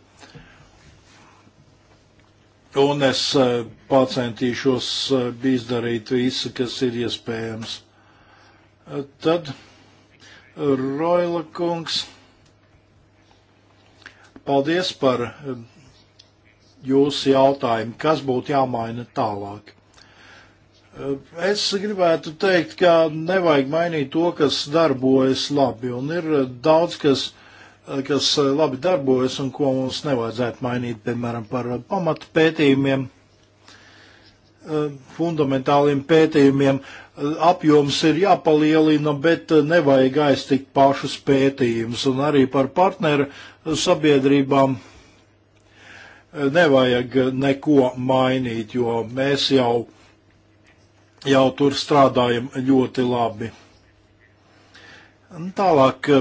un es eh, pacentīšos eh, izdarīt visu, kas ir iespējams. Eh, tad Roila kungs, paldies par jūsu jautājumu, kas būtu jāmaina tālāk. Es gribētu teikt, ka nevajag mainīt to, kas darbojas labi, un ir daudz, kas Eh, kas eh, labi darbojas un ko mums nevajadzētu mainīt, piemēram, par eh, pamatu pētījumiem, fundamentāliem pētījumiem. Apjoms ir jāpalielina, bet nevajag aiztikt pašus pētījumus un arī par partneru sabiedrībām nevajag neko mainīt, jo mēs jau, jau tur strādājam ļoti labi. Tālāk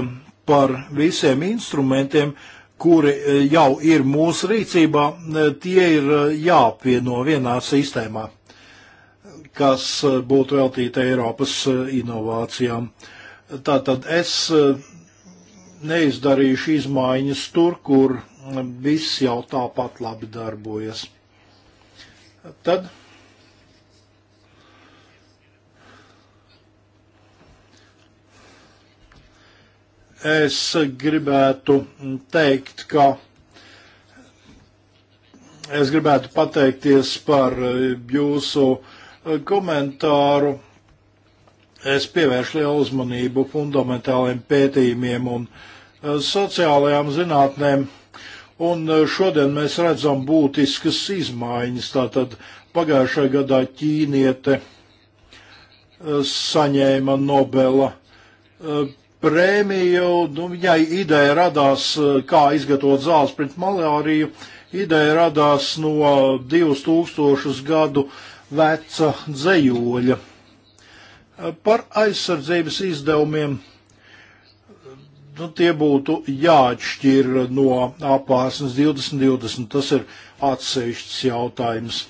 par visiem instrumentiem, kuri e, jau ir mūsu rīcībā, e, tie ir e, jāapvieno vienā sistēmā, kas būtu veltīta Eiropas inovācijām. Tātad es neizdarīšu izmaiņas tur, kur viss jau tāpat labi darbojas. Tad es gribētu teikt, ka es gribētu pateikties par jūsu komentāru. Es pievēršu lielu uzmanību fundamentāliem pētījumiem un eh, sociālajām zinātnēm, un eh, šodien mēs redzam būtiskas izmaiņas. Tātad pagājušajā gadā ķīniete eh, saņēma Nobela prēmiju, nu, viņai ideja radās, eh, kā izgatavot zāles pret malāriju, ideja radās no 2000 gadu veca dzējoļa. Eh, par aizsardzības izdevumiem nu, tie būtu jāatšķir no apvārsnes 2020. Tas ir atsevišķs jautājums.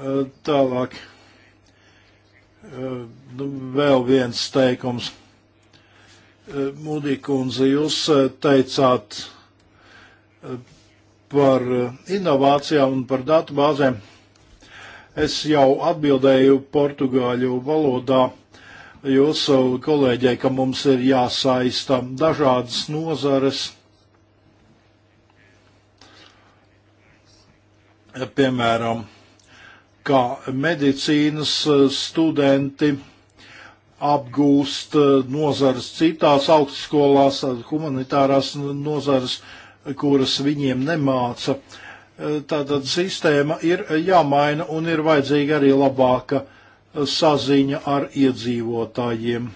Eh, tālāk. Uh, Eh, nu, vēl viens teikums. Eh, Mūdīkundze, jūs eh, teicāt par inovācijām un par datubāzēm. Es jau atbildēju portugāļu valodā jūsu kolēģei, ka mums ir jāsaista dažādas nozares. Piemēram, kā medicīnas eh, studenti apgūst eh, nozares citās augstskolās, eh, humanitārās nozares, kuras viņiem nemāca. Tātad sistēma ir jāmaina un ir vajadzīga arī labāka saziņa ar iedzīvotājiem.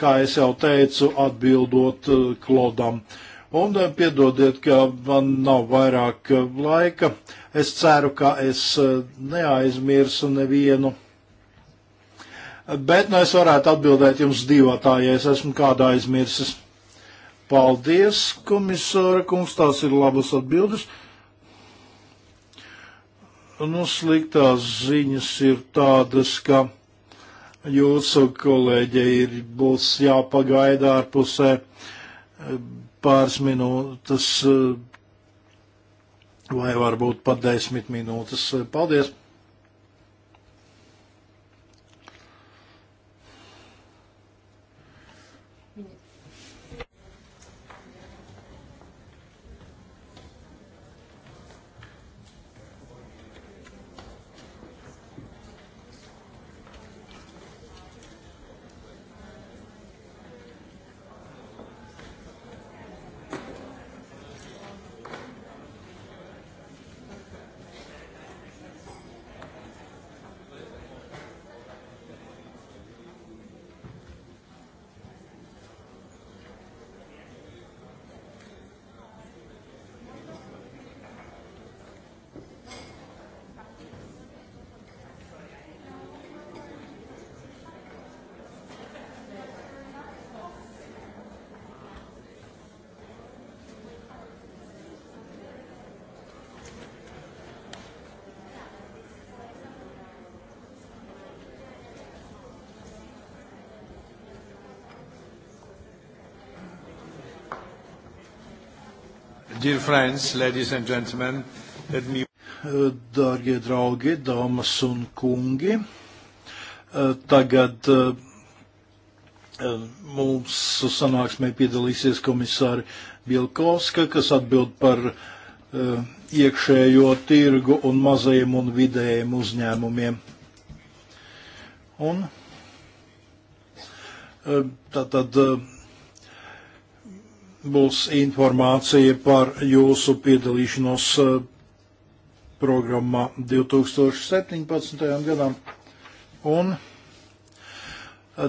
Kā es jau teicu, atbildot Klodam. Uh, Un eh, piedodiet, ka man nav vairāk eh, laika. Es ceru, ka es eh, neaizmirsu nevienu. Bet nu, es varētu atbildēt jums divatā, ja es esmu kādā aizmirsis. Paldies, komisāra kungs, tās ir labas atbildes. Nu, sliktās ziņas ir tādas, ka jūsu kolēģe ir būs jāpagaida ārpusē pāris minūtes eh, vai varbūt pat desmit minūtes. Paldies! Dear friends, ladies and gentlemen, let me... Dārgie draugi, dāmas un kungi, tagad eh, mūsu sanāksmē piedalīsies komisāri Bielkovska, kas atbild par eh, iekšējo tirgu un mazajiem un vidējiem uzņēmumiem. Un eh, tātad būs informācija par jūsu piedalīšanos e, programmā 2017. gadam. Un e,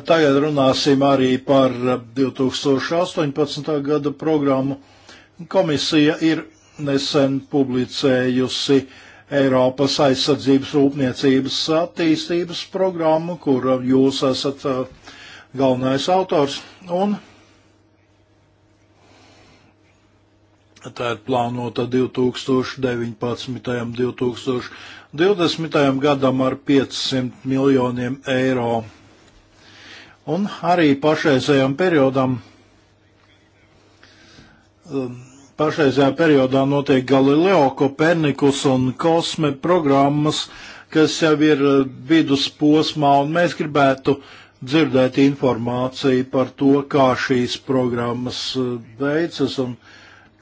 tagad runāsim arī par 2018. gada programmu. Komisija ir nesen publicējusi Eiropas aizsardzības rūpniecības attīstības programmu, kur jūs esat e, galvenais autors. Un Tā ir plānota 2019. un 2020. gadam ar 500 miljoniem eiro. Un arī pašreizējam periodam, um, pašreizējā periodā notiek Galileo, Kopernikus un Kosme programmas, kas jau ir uh, vidusposmā, un mēs gribētu dzirdēt informāciju par to, kā šīs programmas uh, veicas. Un,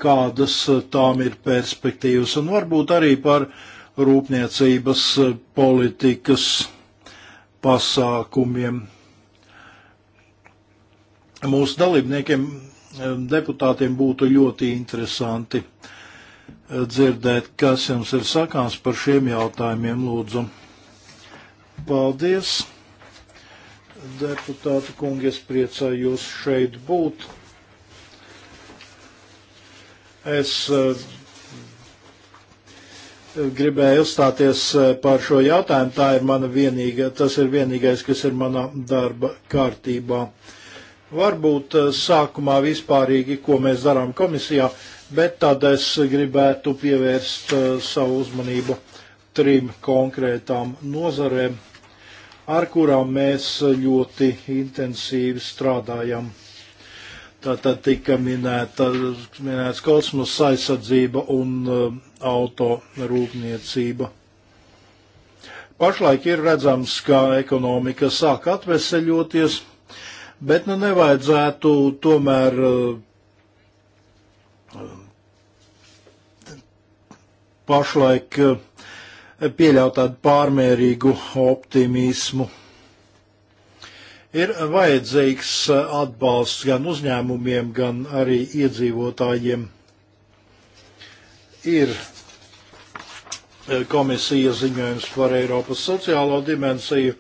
kādas eh, tām ir perspektīvas, un varbūt arī par rūpniecības eh, politikas pasākumiem. Mūsu dalībniekiem, eh, deputātiem būtu ļoti interesanti dzirdēt, kas jums ir sakāms par šiem jautājumiem, lūdzu. Paldies, deputāti kungi, es priecājos šeit būt. Es eh, gribēju uzstāties eh, par šo jautājumu. Tā ir mana vienīgā, tas ir vienīgais, kas ir manā darba kārtībā. Varbūt eh, sākumā vispārīgi, ko mēs darām komisijā, bet tad es gribētu pievērst savu uzmanību trim konkrētām nozarēm, ar kurām mēs ļoti intensīvi strādājam. Tātad tika minēta, minēts kosmosa aizsardzība un uh, eh, auto rūpniecība. Pašlaik ir redzams, ka ekonomika sāk atveseļoties, bet nu nevajadzētu tomēr uh, pašlaik uh, pieļaut tādu pārmērīgu optimismu ir vajadzīgs eh, atbalsts gan uzņēmumiem, gan arī iedzīvotājiem. Ir eh, komisijas ziņojums par Eiropas sociālo dimensiju.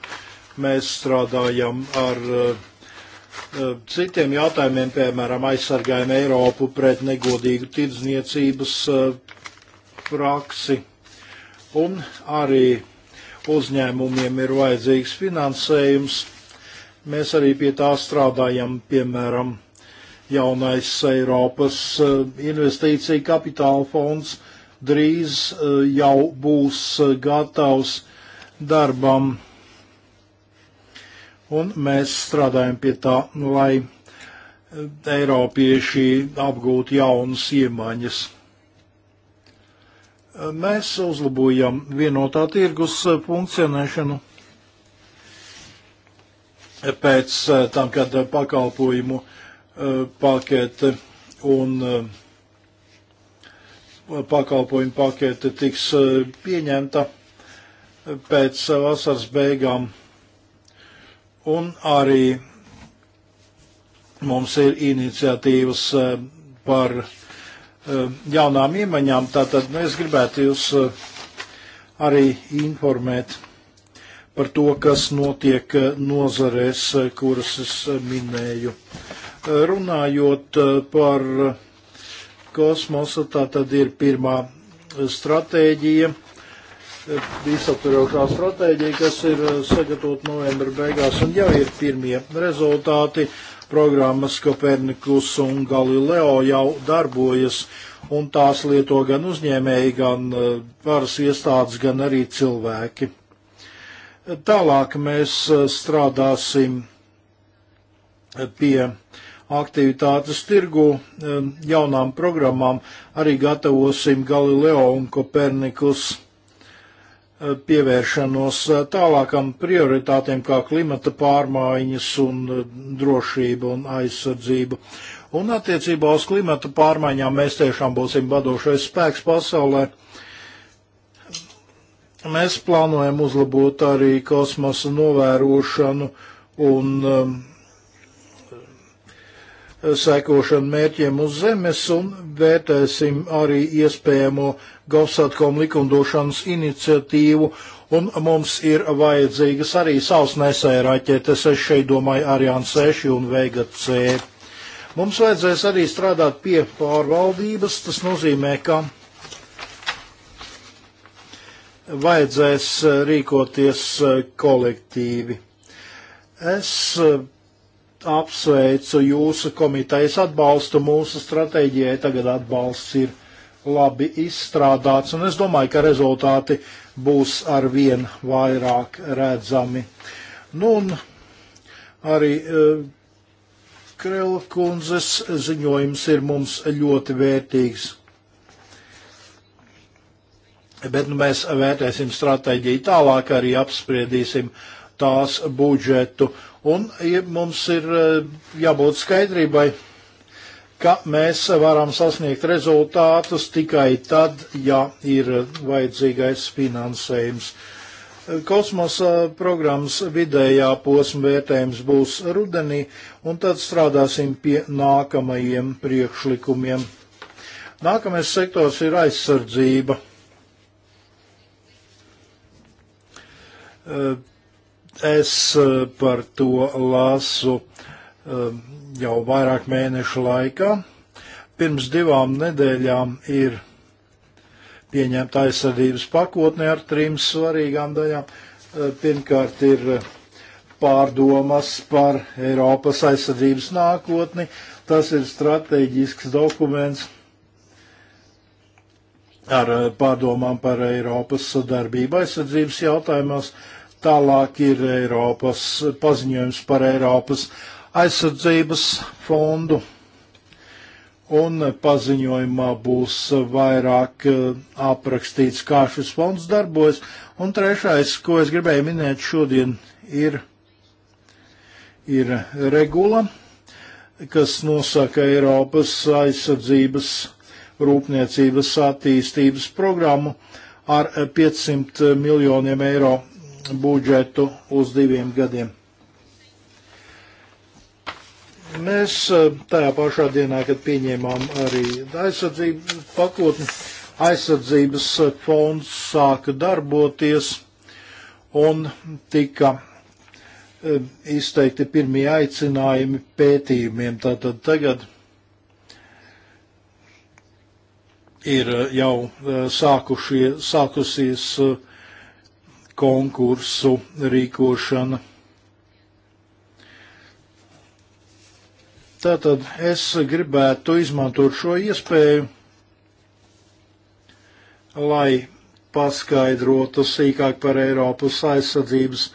Mēs strādājam ar eh, citiem jautājumiem, piemēram, aizsargājam Eiropu pret negodīgu tirdzniecības praksi. Un arī uzņēmumiem ir vajadzīgs finansējums Mēs arī pie tā strādājam, piemēram, jaunais Eiropas eh, investīcija kapitāla fonds drīz eh, jau būs eh, gatavs darbam. Un mēs strādājam pie tā, lai Eiropieši apgūtu jaunas iemaņas. Mēs uzlabojam vienotā tirgus funkcionēšanu pēc eh, tam, kad eh, pakalpojumu eh, pakete un pakalpojumu pakete tiks pieņemta pēc vasaras beigām. Un arī mums ir iniciatīvas par jaunām iemaņām, tātad es gribētu jūs arī informēt par to, kas notiek nozarēs, kuras es minēju. Runājot eh, par kosmosu, tā tad ir pirmā stratēģija, visaptvarošā stratēģija, kas ir eh, sagatavot novembra beigās, un jau ir pirmie rezultāti. Programmas Kopernikus un Galileo jau darbojas, un tās lieto gan uzņēmēji, gan eh, varas iestādes, gan arī cilvēki. Tālāk mēs eh, strādāsim eh, pie aktivitātes tirgu eh, jaunām programmām, arī gatavosim Galileo un Kopernikus pievēršanos tālākam prioritātiem kā klimata pārmaiņas un drošība un aizsardzība. Un attiecībā uz klimata pārmaiņām mēs tiešām būsim vadošais spēks pasaulē. Uh, Mēs plānojam uzlabot arī kosmosa novērošanu un um, sekošanu mērķiem uz Zemes un vērtēsim arī iespējamo Gausatkom likumdošanas iniciatīvu. Un mums ir vajadzīgas arī savs nesēja raķetes, es šeit domāju Ariane 6 un Vega C. Mums vajadzēs arī strādāt pie pārvaldības, tas nozīmē, ka vajadzēs eh, rīkoties eh, kolektīvi. Es eh, apsveicu jūsu komitejas atbalstu mūsu stratēģijai. Tagad atbalsts ir labi izstrādāts, un es domāju, ka rezultāti būs ar vien vairāk redzami. Nu, un arī Krelkundzes ziņojums ir mums ļoti vērtīgs bet nu, mēs vērtēsim stratēģiju tālāk, arī apspriedīsim tās budžetu. Un ja mums ir eh, jābūt skaidrībai, ka mēs varam sasniegt rezultātus tikai tad, ja ir vajadzīgais finansējums. Kosmosa programmas vidējā posma vērtējums būs rudenī, un tad strādāsim pie nākamajiem priekšlikumiem. Nākamais sektors ir aizsardzība. Eh, es eh, par to lasu eh, jau vairāk mēnešu laikā. Pirms divām nedēļām ir pieņemta aizsardzības pakotne ar trim svarīgām daļām. Pirmkārt ir pārdomas par Eiropas aizsardzības nākotni. Tas ir strateģisks dokuments ar pārdomām par Eiropas sadarbību aizsardzības jautājumos. Uh, Tālāk ir Eiropas paziņojums par Eiropas aizsardzības fondu. Un paziņojumā būs vairāk eh, aprakstīts, kā šis fonds darbojas. Un trešais, ko es gribēju minēt šodien, ir, ir regula, kas nosaka Eiropas aizsardzības rūpniecības attīstības programmu ar 500 miljoniem eiro budžetu uz diviem gadiem. Mēs eh, tajā pašā dienā, kad pieņēmām arī aizsardzības pakotni, aizsardzības fonds sāka darboties un tika eh, izteikti pirmie aicinājumi pētījumiem. Tātad tagad ir eh, jau sākušie, sākusies uh, konkursu rīkošana. Tātad es gribētu izmantot šo iespēju, lai paskaidrotu sīkāk par Eiropas aizsardzības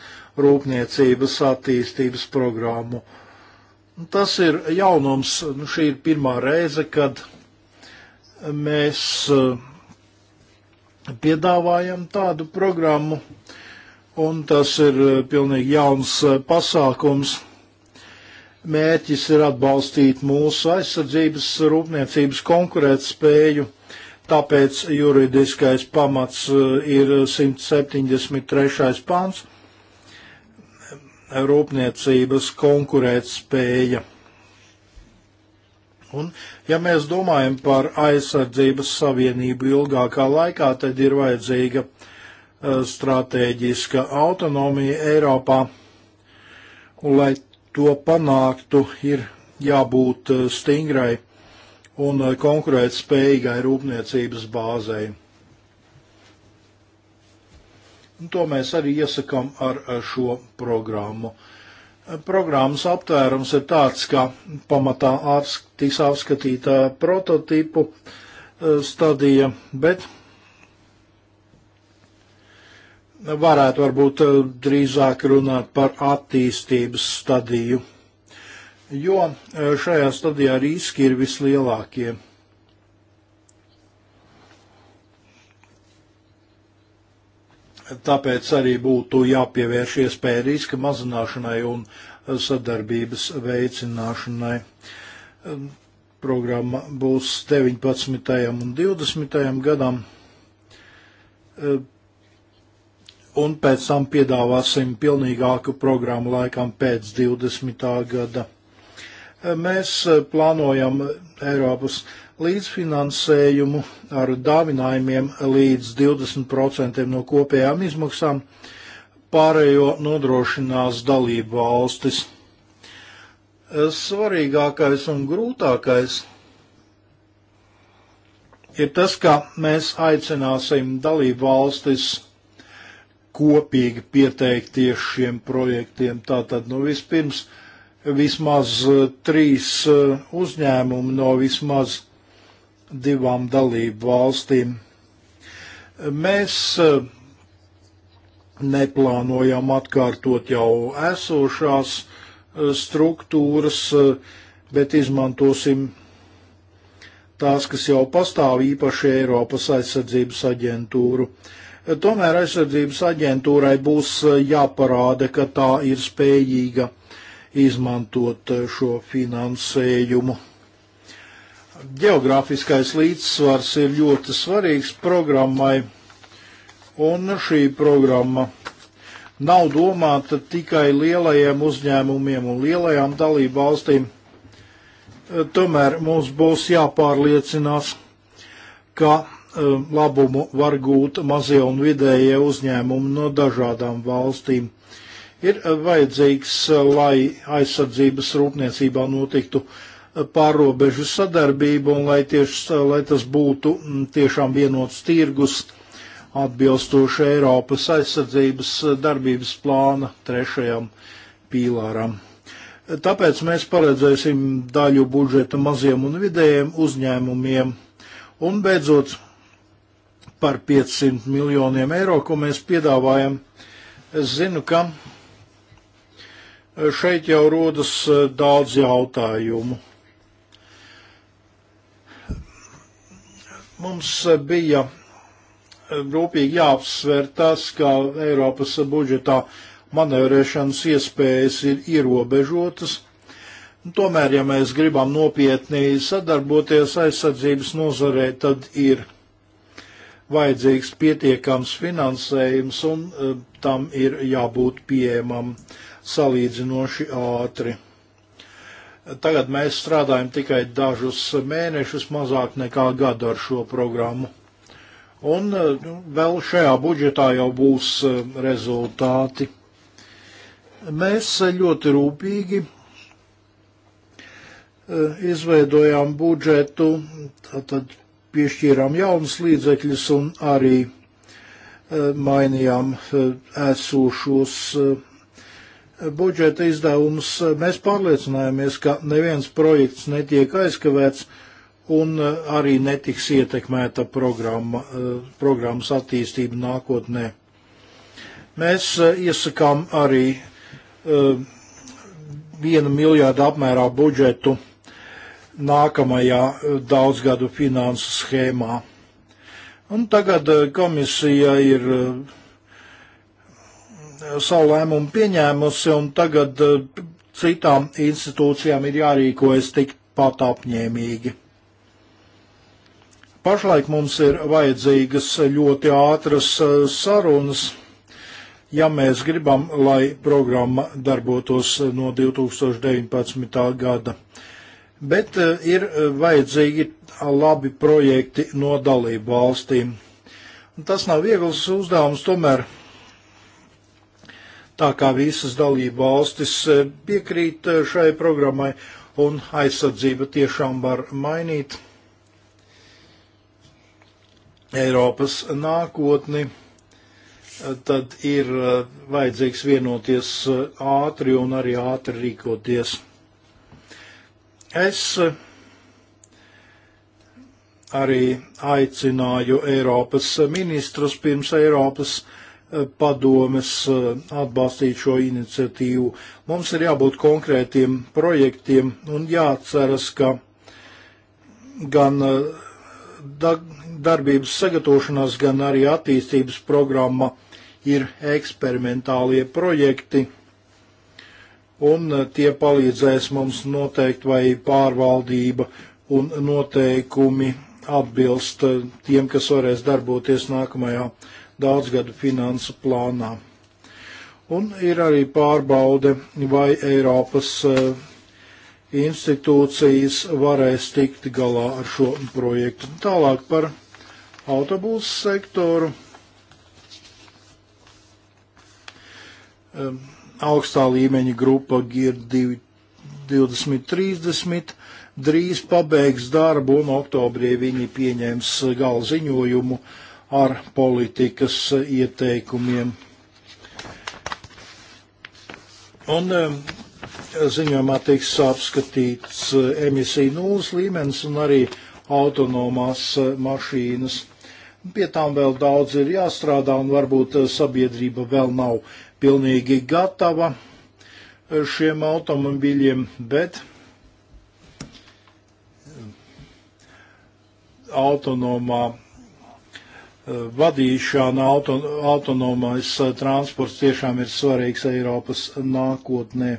rūpniecības attīstības programmu. Tas ir jaunums, nu, šī ir pirmā reize, kad mēs eh, piedāvājam tādu programmu, un tas ir eh, pilnīgi jauns eh, pasākums. Mērķis ir atbalstīt mūsu aizsardzības rūpniecības konkurētspēju, tāpēc juridiskais pamats eh, ir 173. pāns - rūpniecības konkurētspēja. Un, ja mēs domājam par aizsardzības savienību ilgākā laikā, tad ir vajadzīga uh, Eh, stratēģiska autonomija Eiropā. Un, lai to panāktu, ir jābūt eh, stingrai un eh, konkurētspējīgai rūpniecības bāzei. Un to mēs arī iesakām ar šo programmu. Programmas aptvērums ir tāds, ka pamatā tiks apskatīta prototipu stadija, bet varētu varbūt eh, drīzāk runāt par attīstības stadiju, jo eh, šajā stadijā riski ir vislielākie. Tāpēc arī būtu jāpievērš iespēja riska mazināšanai un eh, sadarbības veicināšanai. Ehm, programma būs 19. un 20. gadam ehm, un pēc tam piedāvāsim pilnīgāku programmu laikam pēc 20. gada. Mēs eh, plānojam eh, Eiropas līdzfinansējumu ar dāvinājumiem līdz 20% no kopējām izmaksām, pārējo nodrošinās dalību valstis. Eh, svarīgākais un grūtākais ir tas, ka mēs aicināsim dalību valstis kopīgi pieteikties šiem projektiem. Tātad, nu, vispirms vismaz eh, trīs eh, uzņēmumi no vismaz divām dalību valstīm. Mēs eh, neplānojam atkārtot jau esošās struktūras, bet izmantosim tās, kas jau pastāv īpaši Eiropas aizsardzības aģentūru. Uh, Tomēr aizsardzības aģentūrai būs eh, jāparāda, ka tā ir spējīga izmantot eh, šo finansējumu. Geogrāfiskais līdzsvars ir ļoti svarīgs programmai, un šī programma nav domāta tikai lielajiem uzņēmumiem un lielajām dalību valstīm. Eh, tomēr mums būs jāpārliecinās, ka Eh, labumu var gūt mazie un vidējie uzņēmumi no dažādām valstīm. Ir eh, vajadzīgs, eh, lai aizsardzības rūpniecībā notiktu pārobežu sadarbība un lai, tieši, lai tas būtu mm, tiešām vienots tirgus atbilstoši Eiropas aizsardzības darbības plāna trešajam pīlāram. Tāpēc mēs paredzēsim daļu budžeta maziem un vidējiem uzņēmumiem. Un beidzot, par 500 miljoniem eiro, ko mēs piedāvājam. Es zinu, ka šeit jau rodas e, daudz jautājumu. Mums bija e, rūpīgi jāapsver tas, ka Eiropas budžetā manevrēšanas iespējas ir ierobežotas. Tomēr, ja mēs gribam nopietni sadarboties aizsardzības nozarē, tad ir jāatbalsta vajadzīgs pietiekams finansējums un e, tam ir jābūt pieejamam salīdzinoši ātri. Tagad mēs strādājam tikai dažus mēnešus, mazāk nekā gadu ar šo programmu. Un e, nu, vēl šajā budžetā jau būs e, rezultāti. Mēs ļoti rūpīgi izveidojām budžetu, tad piešķīrām jaunus līdzekļus un arī eh, mainījām eh, esošos eh, budžeta izdevumus. Mēs pārliecinājāmies, ka neviens projekts netiek aizkavēts un arī netiks ietekmēta programma, programmas attīstība nākotnē. Mēs iesakām arī vienu miljārdu apmērā budžetu nākamajā eh, daudzgadu finansu schēmā. Un tagad eh, komisija ir eh, savu lēmumu pieņēmusi, un tagad citām institūcijām ir jārīkojas tikpat apņēmīgi. Pašlaik mums ir vajadzīgas ļoti ātras sarunas, ja mēs gribam, lai programma darbotos no 2019. gada bet e, ir e, vajadzīgi labi projekti no dalību valstīm. Tas nav viegls uzdevums, tomēr tā kā visas dalību valstis e, piekrīt šai programmai un aizsardzība tiešām var mainīt Eiropas nākotni, tad ir vajadzīgs vienoties ātri un arī ātri rīkoties. Es eh, arī aicināju Eiropas ministrus pirms Eiropas eh, padomes eh, atbalstīt šo iniciatīvu. Mums ir jābūt konkrētiem projektiem un jāatceras, ka gan darbības sagatavošanās, gan arī attīstības programma ir eksperimentālie projekti un eh, tie palīdzēs mums noteikt, vai pārvaldība un noteikumi atbilst eh, tiem, kas varēs darboties nākamajā daudzgadu finansu plānā. Un ir arī pārbaude, vai Eiropas eh, institūcijas varēs tikt galā ar šo projektu. Tālāk par autobūsu sektoru. Um, augstā līmeņa grupa GIR 2030 drīz pabeigs darbu un oktobrī viņi pieņems gala ziņojumu ar politikas ieteikumiem. Un um, ziņojumā tiks apskatīts uh, emisiju nulles līmenis un arī autonomās uh, mašīnas. Pie tām vēl daudz ir jāstrādā un varbūt uh, sabiedrība vēl nav pilnīgi gatava e, šiem automobiļiem, bet e, autonomā e, vadīšana, auto, autonomais transports tiešām ir svarīgs Eiropas nākotnē.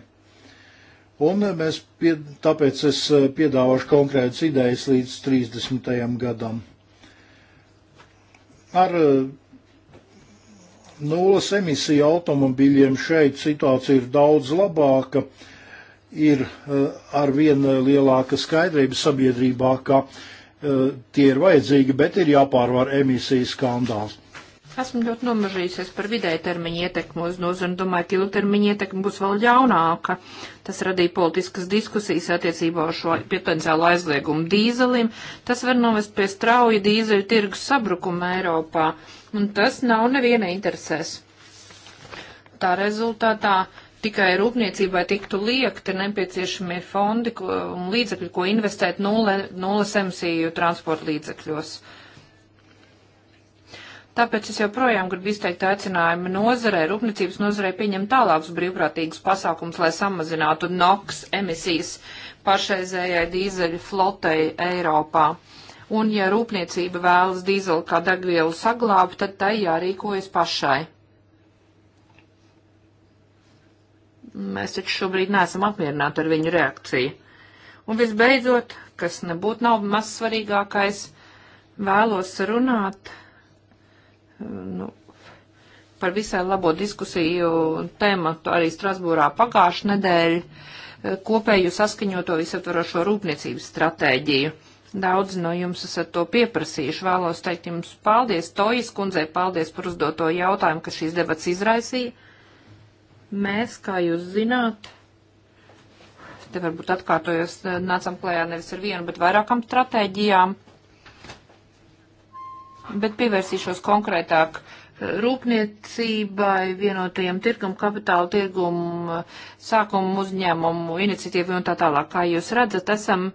Un mēs, pie, tāpēc es piedāvāšu konkrētas idejas līdz 30. gadam. Ar nulles emisiju automobīļiem šeit situācija ir daudz labāka. Ir eh, ar vien lielāka skaidrība sabiedrībā, ka eh, tie ir vajadzīgi, bet ir jāpārvar emisiju skandāls. Esmu ļoti nomažījusies par vidēja termiņa ietekmu uz nozu un domāju, ka ilgtermiņa ietekme būs vēl ļaunāka. Tas radīja politiskas diskusijas attiecībā uz šo potenciālu aizliegumu dīzelim. Tas var novest pie strauja dīzeļu tirgus sabrukuma Eiropā, un tas nav neviena interesēs. Tā rezultātā tikai rūpniecībai tiktu liekti nepieciešamie fondi ko, un līdzekļi, ko investēt nulle, nulles emisiju transporta līdzekļos. Uh, Tāpēc es joprojām gribu izteikt aicinājumu nozarē, rūpniecības nozarē pieņemt tālākus brīvprātīgus pasākums, lai samazinātu NOx emisijas pašreizējai dīzeļu flotei Eiropā. Un, ja rūpniecība vēlas dīzeli kā degvielu saglābt, tad tai jārīkojas pašai. Mēs taču šobrīd neesam apmierināti ar viņu reakciju. Un visbeidzot, kas nebūtu nav maz svarīgākais, vēlos runāt nu, par visai labo diskusiju tēmatu arī Strasbūrā pagājušā nedēļa e, kopēju saskaņoto visaptvarošo rūpniecības stratēģiju. Daudz no jums esat to pieprasījuši. Vēlos teikt jums paldies Tojas kundzei, paldies par uzdoto jautājumu, ka šīs debats izraisīja. Mēs, kā jūs zināt, te varbūt atkārtojos, e, nācam klējā nevis ar vienu, bet vairākam stratēģijām bet pievērsīšos konkrētāk eh, rūpniecībai, vienotajam tirgum, kapitāla eh, tirgumu, sākumu uzņēmumu, iniciatīvu un tā tālāk. Kā jūs redzat, esam,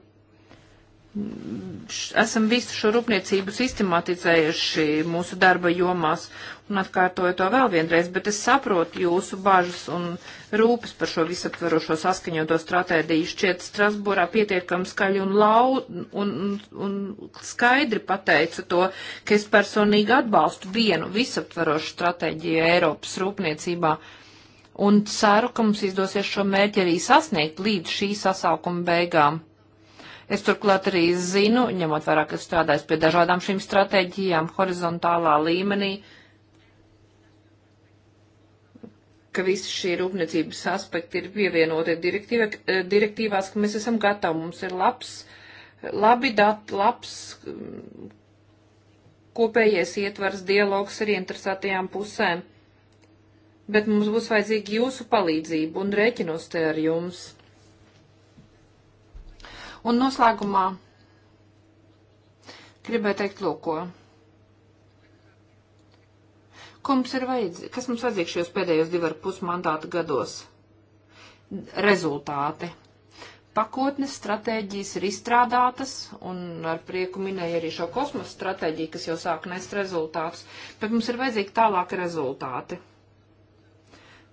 esam visu šo rūpniecību sistematizējuši mūsu darba jomās un atkārtoju to vēl vienreiz, bet es saprotu jūsu bažas un uh, rūpes par šo visaptverošo saskaņoto stratēdiju šķiet Strasbūrā pietiekami skaļi un, lau, un, un skaidri pateica to, ka es personīgi atbalstu vienu visaptverošu stratēģiju Eiropas rūpniecībā un ceru, ka mums izdosies šo mērķi arī sasniegt līdz šī sasaukuma beigām. Es turklāt arī zinu, ņemot vērā, ka strādājis pie dažādām šīm stratēģijām horizontālā līmenī, uh, ka visi šie rūpniecības aspekti ir pievienoti direktīvās, ka mēs esam gatavi, mums ir labs, labi dati, labs mm, kopējais ietvars dialogs ar interesētajām pusēm. Bet mums būs vajadzīga jūsu palīdzība un rēķinos te ar jums. Un noslēgumā gribēju teikt lūko. Ko mums ir vajadzīgs, kas mums vajadzīgs šajos pēdējos divar pusmandāta gados? Rezultāti. Pakotnes stratēģijas ir izstrādātas, un ar prieku minēja arī šo kosmosa stratēģiju, kas jau sāk nest rezultātus, bet mums ir vajadzīgi tālāki rezultāti.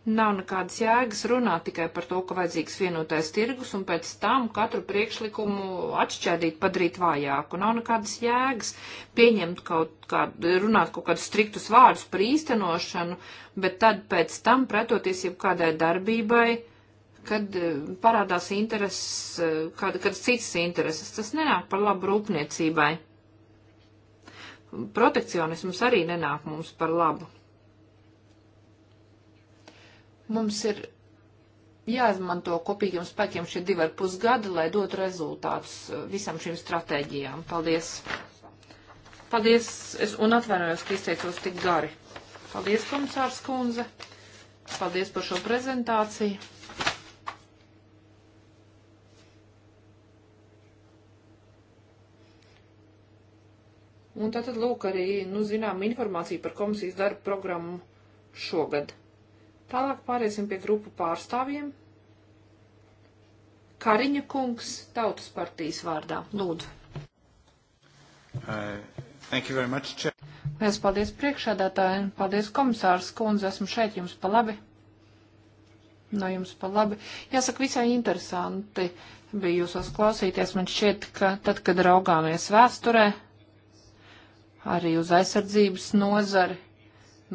Nav nekādas jēgas runāt tikai par to, ka vajadzīgs vienotais tirgus un pēc tam katru priekšlikumu atšķēdīt, padarīt vājāku. Nav nekādas jēgas pieņemt kaut kādu, runāt kaut kādus striktus vārdus par īstenošanu, bet tad pēc tam pretoties jau kādai darbībai, kad eh, parādās intereses, eh, kāda, kad citas intereses. Tas nenāk par labu rūpniecībai. Protekcionisms arī nenāk mums par labu Mums ir jāizmanto kopīgiem spēkiem šie divi ar pus gadi, lai dotu rezultātus uh, visam šīm stratēģijām. Paldies! Paldies! Es un atvainojos, ka izteicos tik gari. Paldies, komisārs Kunze! Paldies par šo prezentāciju! Un tātad lūk arī, nu, zinām, informācija par komisijas darbu programmu šogad. Tālāk pāriesim pie grupu pārstāvjiem. Kariņa kungs, Tautas partijas vārdā. Lūdzu. Uh, thank you very much, Chair. Mēs paldies priekšādātājiem, paldies komisārs kundze, esmu šeit jums pa labi. No jums pa labi. Jāsaka, visai interesanti bija jūsos klausīties. Man šķiet, ka tad, kad raugāmies vēsturē, arī uz aizsardzības nozari,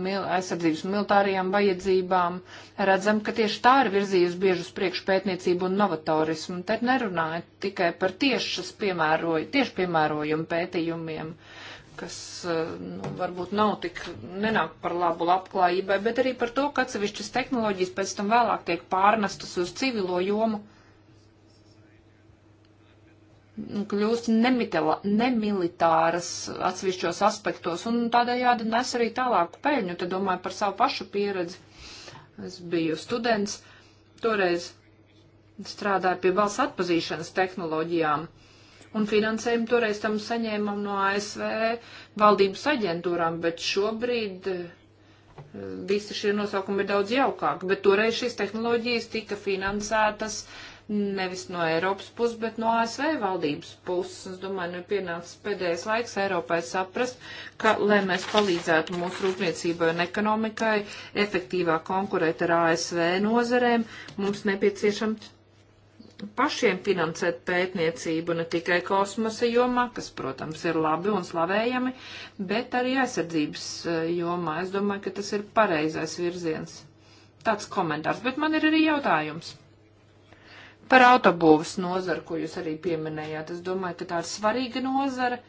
mil, aizsardzības militārajām vajadzībām, redzam, ka tieši tā ir virzījusi bieži uz priekšu pētniecību un novatorismu. Tad nerunājot tikai par tiešas piemēroju, tieši piemērojumu pētījumiem, kas eh, nu, varbūt nav tik nenāk par labu labklājībai, bet arī par to, ka atsevišķas tehnoloģijas pēc tam vēlāk tiek pārnestas uz civilo jomu kļūst nemitela, nemilitāras atsevišķos aspektos un tādējādi nes arī tālāku peļņu. Te domāju par savu pašu pieredzi. Es biju students, toreiz strādāju pie balss atpazīšanas tehnoloģijām un finansējumu toreiz tam saņēmām no ASV valdības aģentūrām, bet šobrīd eh, visi šie nosaukumi ir daudz jaukāki, bet toreiz šīs tehnoloģijas tika finansētas uh, nevis no Eiropas puses, bet no ASV valdības puses. Es domāju, nu ir pienācis pēdējais laiks Eiropai saprast, ka, lai mēs palīdzētu mūsu rūpniecībai un ekonomikai efektīvāk konkurēt ar ASV nozerēm, mums nepieciešams pašiem finansēt pētniecību ne tikai kosmosa jomā, kas, protams, ir labi un slavējami, bet arī aizsardzības e, jomā. Es domāju, ka tas ir pareizais virziens. Tāds komentārs, bet man ir arī jautājums. Par autobūvas nozaru, ko jūs arī pieminējāt, es domāju, ka tā ir svarīga nozara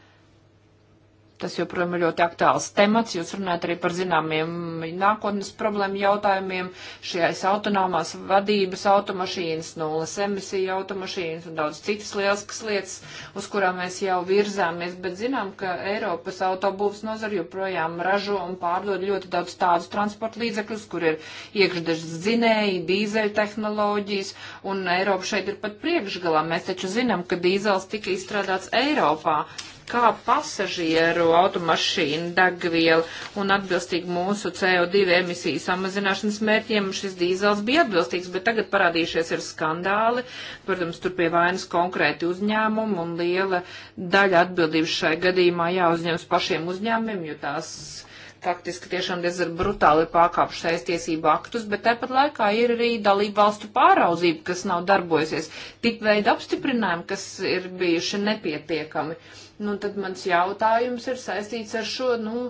Tas joprojām ir ļoti aktuāls temats. Jūs runājat arī par zināmiem nākotnes problēmu jautājumiem. Šajās autonomās vadības automašīnas, nulles emisija automašīnas un daudz citas lielas lietas, uz kurām mēs jau virzāmies. Bet zinām, ka Eiropas autobūvs nozara joprojām ražo un pārdod ļoti daudz tādus transporta līdzekļus, kur ir iekšdežas dzinēji, dīzeļtehnoloģijas. Un Eiropa šeit ir pat priekšgalā. Mēs taču zinām, ka dīzels tika izstrādāts Eiropā kā pasažieru automašīnu degvielu un atbilstīgi mūsu CO2 emisiju samazināšanas mērķiem šis dīzels bija atbilstīgs, bet tagad parādījušies ir skandāli. Protams, tur pie vainas konkrēti uzņēmumi un liela daļa atbildības šai gadījumā jāuzņems pašiem uzņēmumiem, jo tās faktiski tiešām diezgan brutāli pārkāpušais tiesību aktus, bet tāpat laikā ir arī dalība valstu pāraudzība, kas nav darbojusies. Tik veida apstiprinājumi, kas ir bijuši nepietiekami. Nu, tad mans jautājums ir saistīts ar šo nu,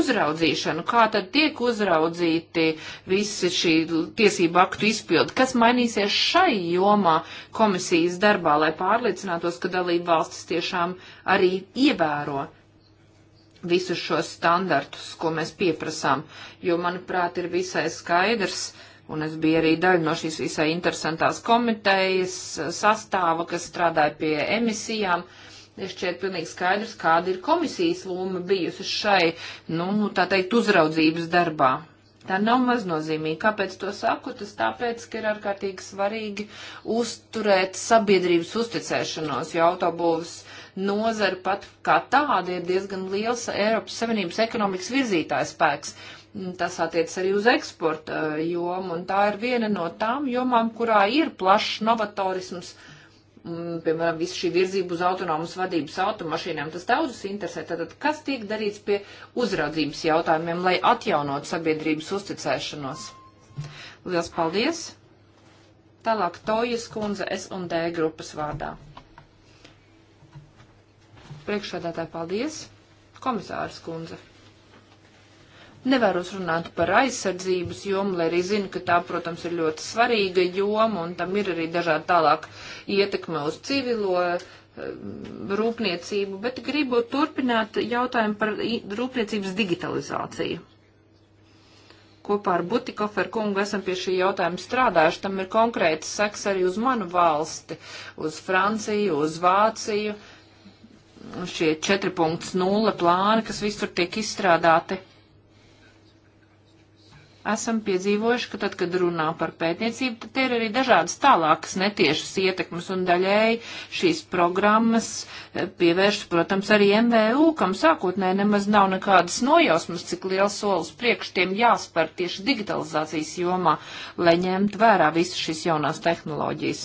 uzraudzīšanu. Kā tad tiek uzraudzīti visi šī tiesību aktu izpildi? Kas mainīsies šai jomā komisijas darbā, lai pārliecinātos, ka dalība valstis tiešām arī ievēro? visus šos standartus, ko mēs pieprasām, jo, manuprāt, ir visai skaidrs, un es biju arī daļa no šīs visai interesantās komitejas sastāva, kas strādāja pie emisijām. Es šķiet pilnīgi skaidrs, kāda ir komisijas loma bijusi šai, nu, tā teikt, uzraudzības darbā. Tā nav maznozīmīga. Kāpēc to saku? Tas tāpēc, ka ir ārkārtīgi svarīgi uzturēt sabiedrības uzticēšanos, jo autobūvas nozara pat kā tāda ir diezgan liels Eiropas Savienības ekonomikas virzītājs spēks. Tas attiec arī uz eksporta eh, jomu, un tā ir viena no tām jomām, kurā ir plašs novatorisms mm, piemēram, visu šī virzību uz autonomas vadības automašīnām, tas daudzus interesē. Tātad, kas tiek darīts pie uzraudzības jautājumiem, lai atjaunot sabiedrības uzticēšanos? Lielas paldies! Tālāk Tojas kundze S un D grupas vārdā. Priekšādātāji, paldies. Komisārs kundze. Nevēros runāt par aizsardzības jomu, lai arī zinu, ka tā, protams, ir ļoti svarīga joma un tam ir arī dažādi tālāk ietekme uz civilo eh, rūpniecību, bet gribu turpināt jautājumu par rūpniecības digitalizāciju kopā ar Butikoferu kungu esam pie šī jautājuma strādājuši. Tam ir konkrēts seks arī uz manu valsti, uz Franciju, uz Vāciju. Uh, šie 4.0 plāni, kas visur tiek izstrādāti. Esam piedzīvojuši, ka tad, kad runā par pētniecību, tad ir arī dažādas tālākas netiešas ietekmes un daļēji šīs programmas eh, pievēršas, protams, arī MVU, kam sākotnē nemaz nav nekādas nojausmas, cik liels solis priekš tiem jāspēr tieši digitalizācijas jomā, lai ņemtu vērā visas šīs jaunās tehnoloģijas.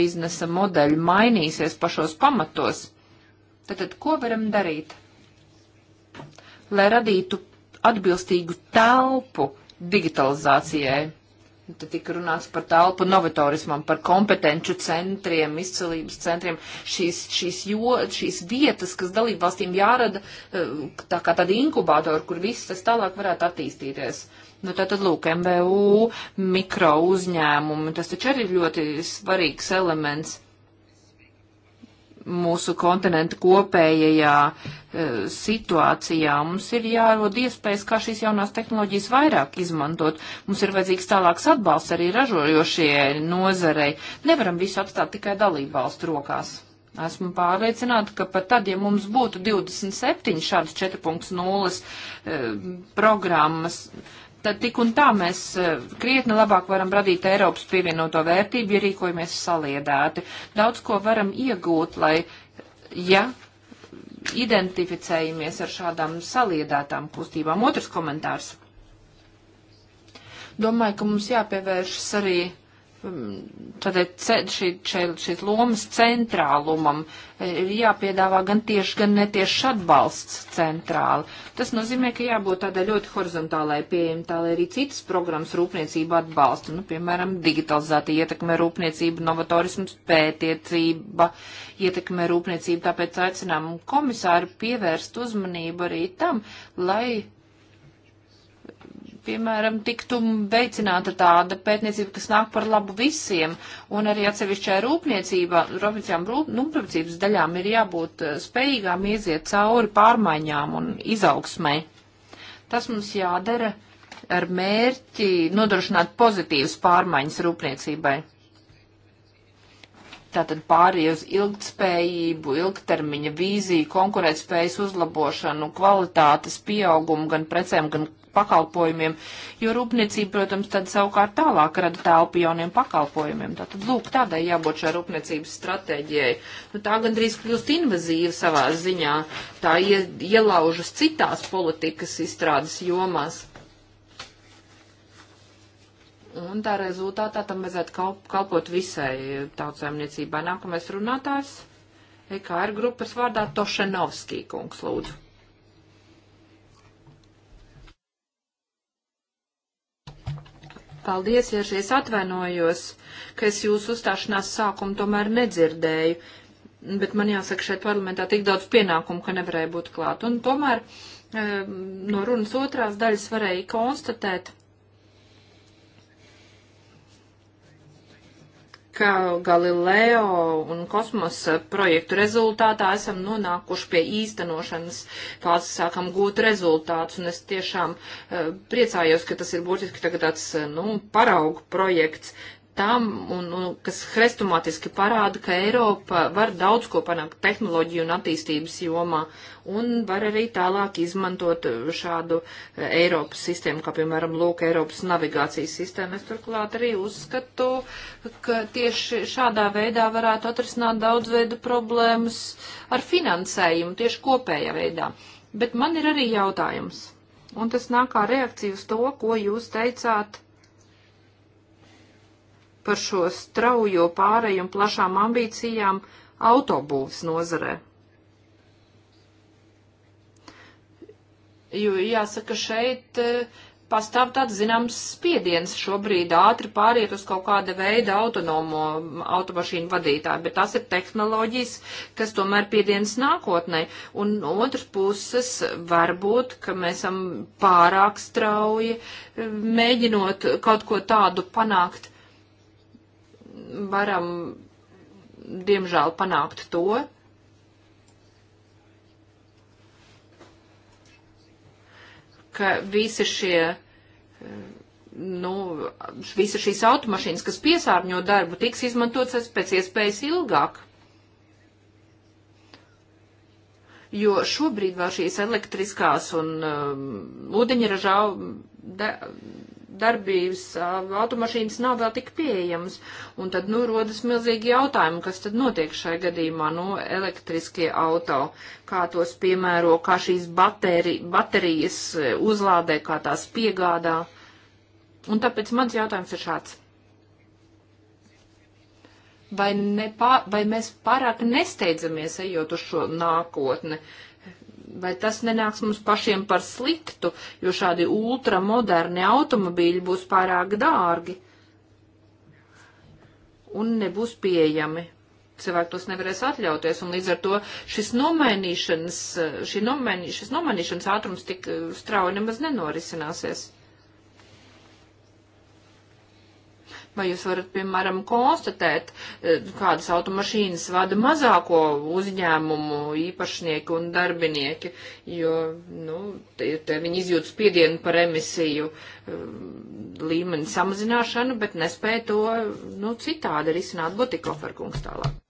Biznesa modeļi mainīsies pašos pamatos Tātad, ko varam darīt, lai radītu atbilstīgu telpu digitalizācijai? Te tika runāts par telpu novatorismam, par kompetenču centriem, izcelības centriem, šīs, šīs, jo, šīs vietas, kas dalību valstīm jārada eh, tā kā tāda inkubātora, kur viss tas tālāk varētu attīstīties. Nu, tā tad lūk, MVU, mikro uzņēmumi, tas taču arī ir ļoti svarīgs elements mūsu kontinentu kopējajā e, situācijā. Mums ir jārod iespējas, kā šīs jaunās tehnoloģijas vairāk izmantot. Mums ir vajadzīgs tālāks atbalsts arī ražojošie nozarei. Nevaram visu atstāt tikai dalībvalstu rokās. Esmu pārliecināta, ka pat tad, ja mums būtu 27 šādas 4.0 e, programmas, tad tik un tā mēs eh, krietni labāk varam radīt Eiropas pievienoto vērtību, ja rīkojamies saliedēti. Daudz ko varam iegūt, lai, ja identificējamies ar šādām saliedētām kustībām. Otrs komentārs. Domāju, ka mums jāpievēršas arī Mm, tātad šī, šī, šīs lomas centrālumam e, ir jāpiedāvā gan tieši, gan netieši atbalsts centrāli. Tas nozīmē, ka jābūt tādai ļoti horizontālai pieejam, tā lai arī citas programmas rūpniecība atbalsta, nu, piemēram, digitalizēta ietekme rūpniecība, novatorisms pētiecība, ietekme rūpniecība, tāpēc aicinām komisāru pievērst uzmanību arī tam, lai piemēram, tiktu veicināta tāda pētniecība, kas nāk par labu visiem, un arī atsevišķai rūpniecībā, rūpniecībām, nu, rūpniecības daļām ir jābūt eh, spējīgām iziet cauri pārmaiņām un izaugsmai. Tas mums jādara ar mērķi nodrošināt pozitīvas pārmaiņas rūpniecībai. Tātad pārēj uz ilgtspējību, ilgtermiņa vīziju, konkurētspējas uzlabošanu, kvalitātes pieaugumu gan precēm, gan pakalpojumiem, jo rūpniecība, protams, tad savukārt tālāk rada telpu jauniem pakalpojumiem. Tātad, lūk, tādai jābūt šai rūpniecības stratēģijai. Nu, tā gandrīz kļūst invazīva savā ziņā, tā ie, ielaužas citās politikas izstrādes jomās. Un tā rezultātā tam vajadzētu kalpot visai tautsēmniecībai. Nākamais runātājs. EKR grupas vārdā Tošenovskī kungs lūdzu. Paldies, iešies atvainojos, ka es jūsu uzstāšanās sākumu tomēr nedzirdēju, bet man jāsaka šeit parlamentā tik daudz pienākumu, ka nevarēja būt klāt. Un tomēr eh, no runas otrās daļas varēja konstatēt, ka Galileo un kosmosa projektu rezultātā esam nonākuši pie īstenošanas fāzes, sākam gūt rezultātus, un es tiešām uh, priecājos, ka tas ir būtiski tagad tāds, eh, nu, paraugu projekts, tam, un, un kas hrestomātiski parāda, ka Eiropa var daudz ko panākt tehnoloģiju un attīstības jomā, un var arī tālāk izmantot šādu eh, Eiropas sistēmu, kā piemēram, lūk, Eiropas navigācijas sistēma. Es turklāt arī uzskatu, ka tieši šādā veidā varētu atrisināt daudzveidu problēmas ar finansējumu, tieši kopējā veidā. Bet man ir arī jautājums, un tas nāk kā reakcija uz to, ko jūs teicāt par šo straujo pāreju un plašām ambīcijām autobūvs nozarē. Jo jāsaka, šeit e, pastāv tāds zināms spiediens šobrīd ātri pāriet uz kaut kāda veida autonomo automašīnu vadītāju, bet tas ir tehnoloģijas, kas tomēr piedienas nākotnē. Un no otras puses, varbūt, ka mēs esam pārāk strauji e, mēģinot kaut ko tādu panākt, varam, diemžēl, panākt to, ka visi šie, nu, visa šīs automašīnas, kas piesārņo darbu, tiks izmantotas pēc iespējas ilgāk. Jo šobrīd vēl šīs elektriskās un um, ūdeņražā darbības automašīnas nav vēl tik pieejamas. Un tad, nu, rodas milzīgi jautājumi, kas tad notiek šai gadījumā, nu, elektriskie auto, kā tos piemēro, kā šīs bateri, baterijas uzlādē, kā tās piegādā. Un tāpēc mans jautājums ir šāds. Vai, ne, vai mēs pārāk nesteidzamies ejot uz šo nākotni? Uh, vai tas nenāks mums pašiem par sliktu, jo šādi ultramoderni automobīļi būs pārāk dārgi un nebūs pieejami. Cilvēki tos nevarēs atļauties, un līdz ar to šis nomainīšanas, šī nomainī, šis nomainīšanas ātrums tik strauji nemaz nenorisināsies. Vai jūs varat, piemēram, konstatēt, e, kādas automašīnas vada mazāko uzņēmumu īpašnieki un darbinieki, jo, nu, te, te viņi izjūt spiedienu par emisiju e, līmeni samazināšanu, bet nespēja to, nu, citādi risināt Butikoferkungs tālāk.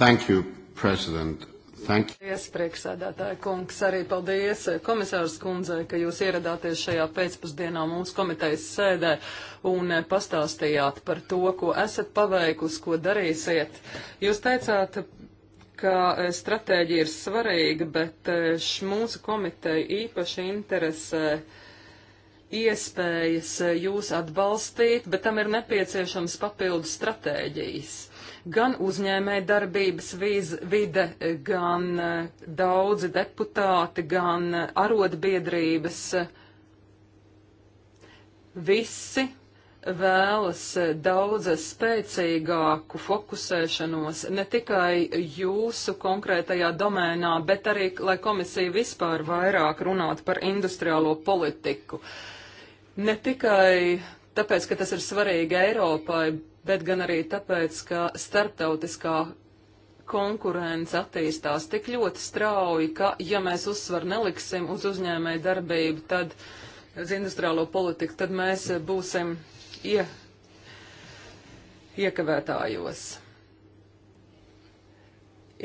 Thank you, President. Paldies, priekšsēdētāja kungs. Arī paldies eh, komisārs kundzei, ka jūs ieradāties šajā pēcpusdienā mūsu komitejas sēdē un eh, pastāstījāt par to, ko esat paveikusi, ko darīsiet. Jūs teicāt, ka eh, stratēģija ir svarīga, bet mūsu komiteja īpaši interesē iespējas jūs atbalstīt, bet tam ir nepieciešams papildus stratēģijas gan uzņēmē darbības viz, vide, gan eh, daudzi deputāti, gan eh, arotbiedrības. Visi vēlas eh, daudz spēcīgāku fokusēšanos ne tikai jūsu konkrētajā domēnā, bet arī, lai komisija vispār vairāk runātu par industriālo politiku. Ne tikai tāpēc, ka tas ir svarīgi Eiropai, bet gan arī tāpēc, ka starptautiskā konkurence attīstās tik ļoti strauji, ka ja mēs uzsver neliksim uz uzņēmēju darbību, tad uz industriālo politiku, tad mēs būsim ie, iekavētājos.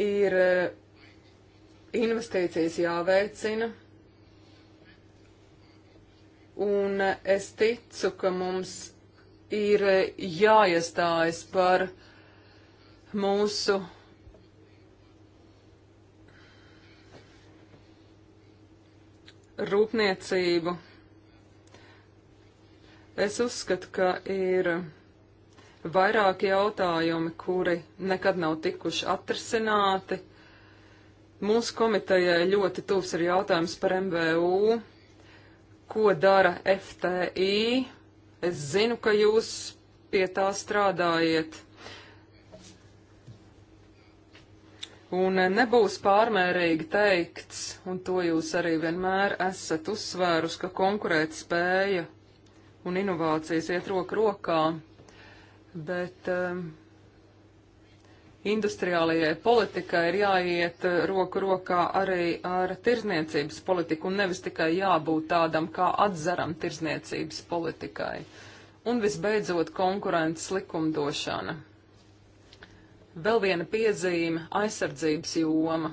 Ir eh, investīcijas jāveicina, un eh, es ticu, ka mums ir eh, jāiestājas par mūsu rūpniecību. Es uzskatu, ka ir vairāki jautājumi, kuri nekad nav tikuši atrisināti. Mūsu komitejai ļoti tuvs ir jautājums par MVU, ko dara FTI, Es zinu, ka jūs pie tā strādājiet. Un nebūs pārmērīgi teikts, un to jūs arī vienmēr esat uzsvērus, ka konkurēt spēja un inovācijas iet roku rokā, bet um, industriālajai politikai ir jāiet eh, roku rokā arī ar tirzniecības politiku un nevis tikai jābūt tādam kā atzaram tirzniecības politikai. Un visbeidzot konkurences likumdošana. Vēl viena piezīme - aizsardzības joma.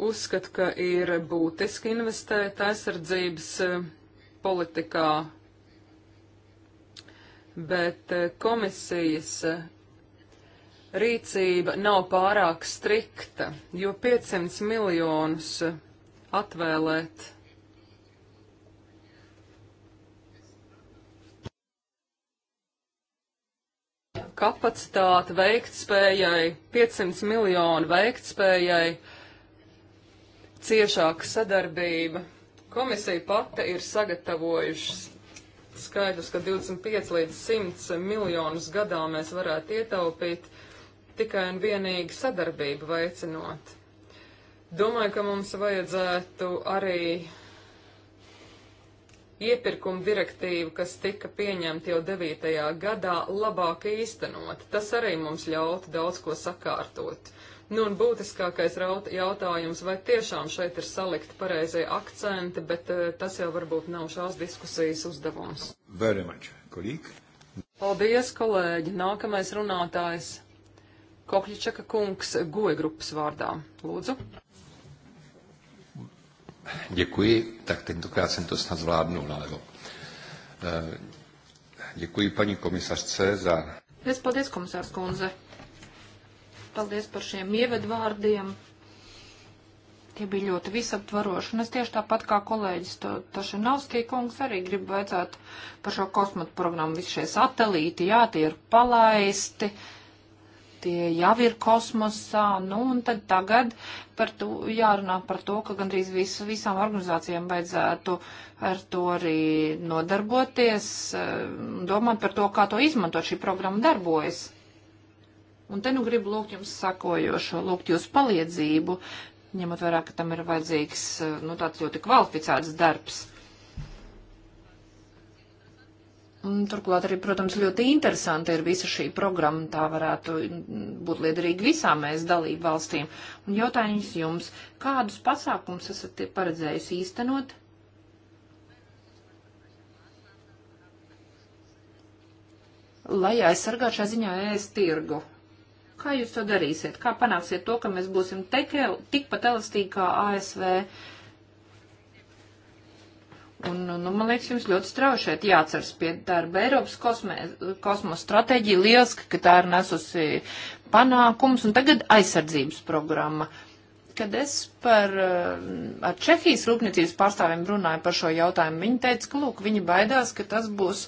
Uzskatu, ka ir būtiski investēt aizsardzības eh, politikā bet eh, komisijas eh, rīcība nav pārāk strikta, jo 500 miljonus eh, atvēlēt. Kapacitāte veiktspējai, 500 miljonu veiktspējai, ciešāka sadarbība. Komisija pati ir sagatavojušas skaidrs, ka 25 līdz 100 miljonus gadā mēs varētu ietaupīt tikai un vienīgi sadarbību veicinot. Domāju, ka mums vajadzētu arī iepirkuma direktīvu, kas tika pieņemta jau 9. gadā, labāk īstenot. Tas arī mums ļautu daudz ko sakārtot. Nu un būtiskākais jautājums, vai tiešām šeit ir salikti pareizie akcenti, bet eh, tas jau varbūt nav šās diskusijas uzdevums. Very much, kolīgi. Paldies, kolēģi. Nākamais runātājs Kokļičaka kungs goja grupas vārdā. Lūdzu. Děkuji, tak tentokrát jsem to snad zvládnul nalevo. Eh, děkuji paní komisařce za... Es paldies, komisārs Kunze. Paldies par šiem ievadvārdiem. Tie bija ļoti visaptvaroši. Un es tieši tāpat kā kolēģis to, Tošinovskij kungs arī gribu vajadzētu par šo kosmotu programmu. Visi šie satelīti, jā, tie ir palaisti tie jau ir kosmosā, nu un tad tagad par to jārunā par to, ka gandrīz vis, visām organizācijām vajadzētu ar to arī nodarboties, eh, domāt par to, kā to izmantot, šī programma darbojas. Un te nu gribu lūgt jums sakojošo, lūgt jūs palīdzību, ņemot vērā, ka tam ir vajadzīgs, eh, nu, tāds ļoti kvalificēts darbs. Un, turklāt arī, protams, ļoti interesanti ir visa šī programma. Tā varētu būt liederīga visām mēs dalību valstīm. Un jautājums jums, kādus pasākums esat paredzējis īstenot? Lai aizsargātu šā ziņā ēst tirgu. Kā jūs to darīsiet? Kā panāksiet to, ka mēs būsim tikpat elastīgi kā ASV? Un, nu, man liekas, jums ļoti strauji šeit jāceras pie darba. Eiropas kosmosa stratēģija lieliski, ka tā ir nesusi panākums, un tagad aizsardzības programma kad es par, eh, ar Čehijas rūpniecības pārstāvjiem runāju par šo jautājumu, viņi teica, ka, lūk, viņi baidās, ka tas būs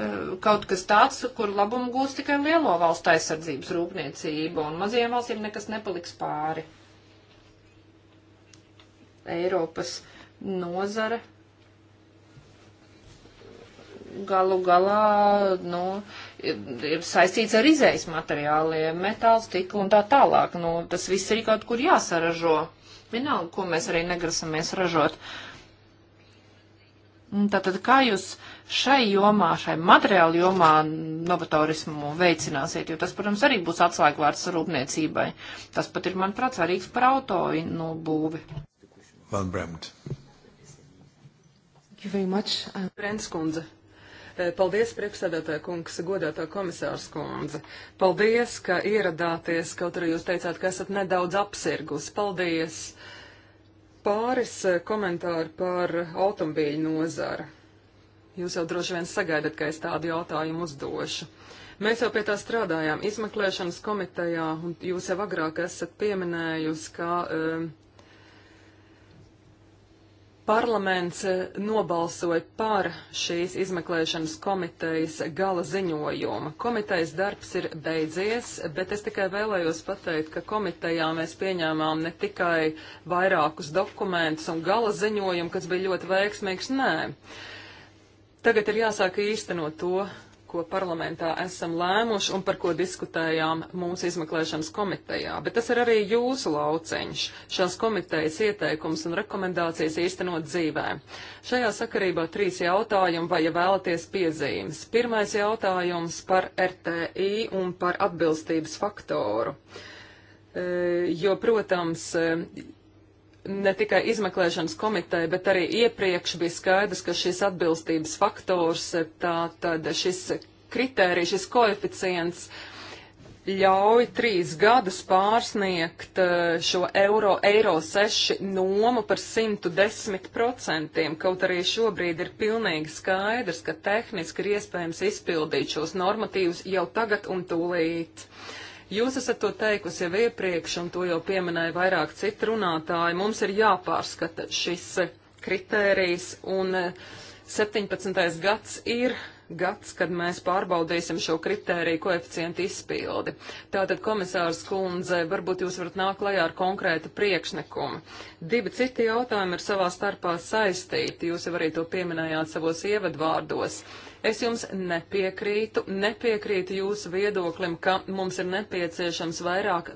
Eh, kaut kas tāds, kur labumu gūs tikai lielo valstu aizsardzības rūpniecība, un mazajām valstīm nekas nepaliks pāri. Eiropas nozara galu galā nu, ir, ir saistīts ar izējas materiāliem, metāls, stikla un tā tālāk. Nu, tas viss ir kaut kur jāsaražo. Vienalga, ko mēs arī negrasamies ražot. Un tātad, kā jūs uh, šai jomā, šai materiālu jomā novatorismu veicināsiet, jo tas, protams, arī būs atslēgvārds rūpniecībai. Tas pat ir, manuprāt, svarīgs par auto no būvi. Van Bremt. Uh, Brents kundze. E, paldies, priekšsēdētāja kungs, godātā komisārs kundze. Paldies, ka ieradāties, kaut arī jūs teicāt, ka esat nedaudz apsirgus. Paldies. Pāris e, komentāri par automobīļu nozaru. Jūs jau droši vien sagaidat, ka es tādu jautājumu uzdošu. Mēs jau pie tā strādājām izmeklēšanas komitejā, un jūs jau agrāk esat pieminējusi, ka e, parlaments eh, nobalsoja par šīs izmeklēšanas komitejas gala ziņojumu. Komitejas darbs ir beidzies, bet es tikai vēlējos pateikt, ka komitejā mēs pieņēmām ne tikai vairākus dokumentus un gala ziņojumu, kas bija ļoti veiksmīgs, nē. Tagad ir jāsāk īstenot to, ko parlamentā esam lēmuši un par ko diskutējām mūsu izmeklēšanas komitejā, bet tas ir arī jūsu lauceņš, šās komitejas ieteikums un rekomendācijas īstenot dzīvē. Šajā sakarībā trīs jautājumi vai, ja vēlaties, piezīmes. Pirmais jautājums par RTI un par atbilstības faktoru. E, jo, protams, e, ne tikai izmeklēšanas komiteja, bet arī iepriekš bija skaidrs, ka šis atbilstības faktors, tā tad šis kritērijs, šis koeficients ļauj trīs gadus pārsniegt eh, šo eiro, eiro seši nomu par 110%, kaut arī šobrīd ir pilnīgi skaidrs, ka tehniski ir iespējams izpildīt šos normatīvus jau tagad un tūlīt. Uh, Jūs esat to teikusi jau iepriekš, un to jau pieminēja vairāk citu runātāji. Mums ir jāpārskata šis kritērijs, un 17. Eh, gads ir gads, kad mēs pārbaudīsim šo kritēriju koeficientu izpildi. Tātad, komisārs kundze, varbūt jūs varat nākt klajā ar konkrētu priekšnekumu. Divi citi jautājumi ir savā starpā saistīti, jūs jau arī to pieminējāt savos ievadvārdos. Es jums nepiekrītu, nepiekrītu jūsu viedoklim, ka mums ir nepieciešams vairāk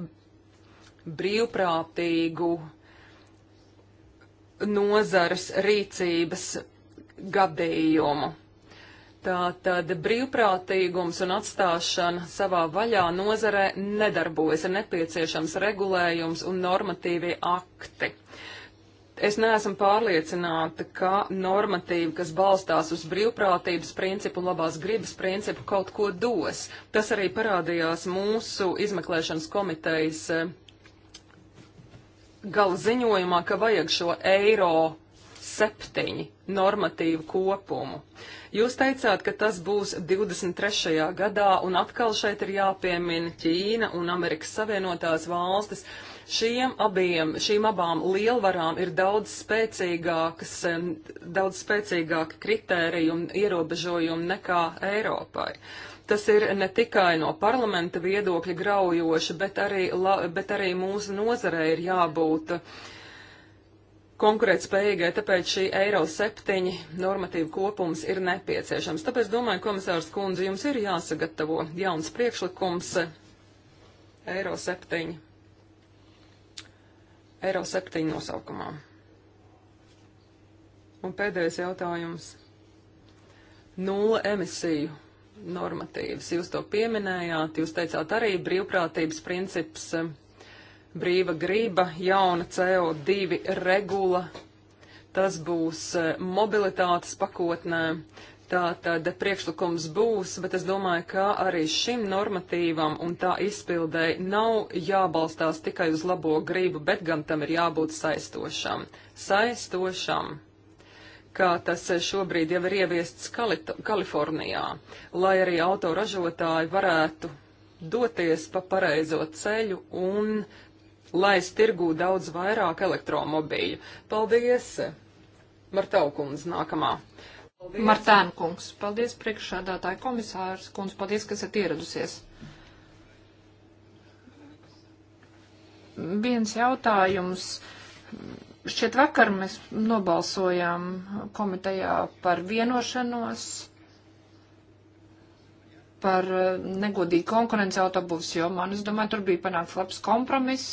brīvprātīgu nozares rīcības gadījumu. Tātad brīvprātīgums un atstāšana savā vaļā nozarē nedarbojas, ir nepieciešams regulējums un normatīvi akti. Uh, es neesmu pārliecināta, ka normatīva, kas balstās uz brīvprātības principu un labās gribas principu, kaut ko dos. Tas arī parādījās mūsu izmeklēšanas komitejas eh, gala ziņojumā, ka vajag šo eiro septiņi normatīvu kopumu. Jūs teicāt, ka tas būs 23. gadā, un atkal šeit ir jāpiemina Ķīna un Amerikas Savienotās valstis. Uh, Šiem abiem, šīm abām lielvarām ir daudz spēcīgākas, daudz spēcīgāki kritēriji un ierobežojumi nekā Eiropai. Tas ir ne tikai no parlamenta viedokļa graujoši, bet arī, la, bet arī mūsu nozarei ir jābūt konkurētspējīgai, tāpēc šī Eiro 7 normatīva kopums ir nepieciešams. Tāpēc domāju, komisārs kundze, jums ir jāsagatavo jauns priekšlikums Eiro 7 Eiro 7 nosaukumā. Un pēdējais jautājums. Nulle emisiju normatīvas. Jūs to pieminējāt, jūs teicāt arī brīvprātības princips, eh, brīva grība, jauna CO2 regula. Tas būs eh, mobilitātes pakotnē. Tā tad priekšlikums būs, bet es domāju, ka arī šim normatīvam un tā izpildēji nav jābalstās tikai uz labo gribu, bet gan tam ir jābūt saistošam. Saistošam, kā tas šobrīd jau ir ieviests Kalito Kalifornijā, lai arī autoražotāji varētu doties pa pareizo ceļu un lai tirgū daudz vairāk elektromobīļu. Paldies! Martaukums nākamā. Martēna kungs, paldies priekšādātāju komisārs kungs, paldies, ka esat ieradusies. Viens jautājums. Šķiet vakar mēs nobalsojām komitejā par vienošanos par eh, negodīgu konkurenci autobūvas jomā. Un es domāju, tur bija panākts labs kompromiss.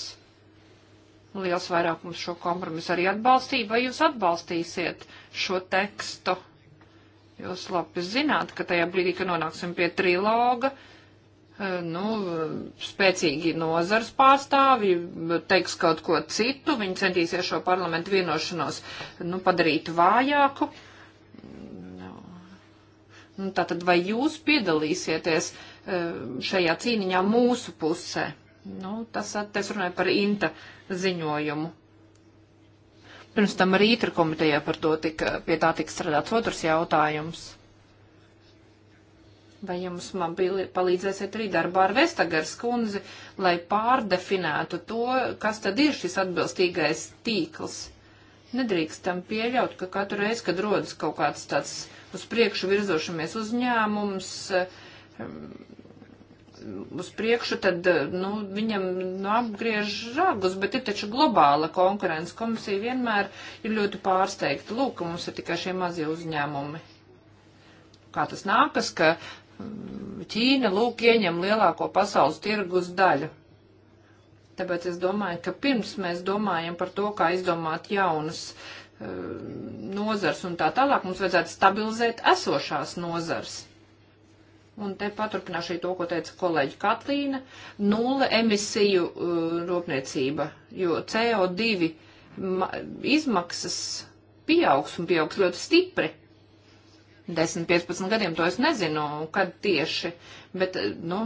Liels vairākums šo kompromisu arī atbalstīja. Vai jūs atbalstīsiet šo tekstu? Jūs labi zināt, ka tajā brīdī, kad nonāksim pie triloga, eh, nu, spēcīgi nozars pārstāvji teiks kaut ko citu, viņi centīsies šo parlamentu vienošanos nu, padarīt vājāku. Nu, tātad vai jūs piedalīsieties eh, šajā cīniņā mūsu pusē? Nu, tas, tas runāja par Inta ziņojumu. Pirms tam arī itra komitejā par to tika, pie tā tika strādāts otrs jautājums. Vai jums man palīdzēsiet arī darbā ar Vestagars kundzi, lai pārdefinētu to, kas tad ir šis atbilstīgais tīkls? Nedrīkstam pieļaut, ka katru reizi, kad rodas kaut kāds tāds uz priekšu virzošamies uzņēmums, uz priekšu, tad, nu, viņam nu, apgriež žagus, bet ir taču globāla konkurence. Komisija vienmēr ir ļoti pārsteigta. Lūk, ka mums ir tikai šie mazie uzņēmumi. Kā tas nākas, ka mm, Ķīna, lūk, ieņem lielāko pasaules tirgus daļu. Tāpēc es domāju, ka pirms mēs domājam par to, kā izdomāt jaunas uh, nozars un tā tālāk, mums vajadzētu stabilizēt esošās nozars Un te paturpināšu to, ko teica kolēģi Katlīna. Nulle emisiju uh, rūpniecība, jo CO2 izmaksas pieaugs un pieaugs ļoti stipri. 10, 15 gadiem to es nezinu, kad tieši, bet, uh, nu,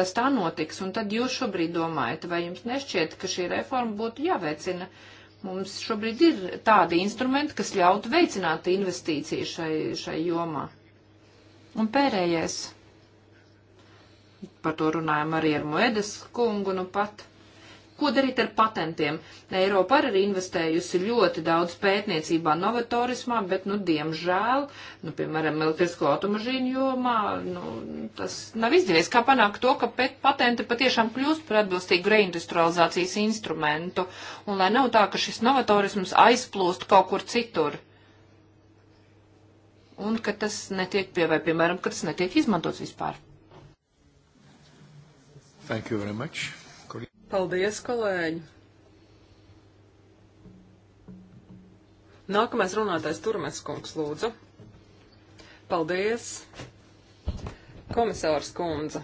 tas tā notiks. Un tad jūs šobrīd domājat, vai jums nešķiet, ka šī reforma būtu jāveicina? Mums šobrīd ir tādi instrumenti, kas ļautu veicināt investīciju šai, šai jomā. Un pērējais par to runājam arī ar Moedas kungu nu pat. Ko darīt ar patentiem? Eiropa arī ir investējusi ļoti daudz pētniecībā, novatorismā, bet, nu, diemžēl, nu, piemēram, elektrisko automašīnu jomā, nu, tas nav izdevies. Kā panākt to, ka patenti patiešām kļūst par atbilstīgu reindustrializācijas instrumentu, un lai nav tā, ka šis novatorisms aizplūst kaut kur citur? Un ka tas netiek pie, vai, piemēram, ka tas netiek izmantots vispār. Thank you very much. Kolī... Paldies, kolēģi! Nākamais runātais Turmes kungs, lūdzu. Paldies, komisārs kundze.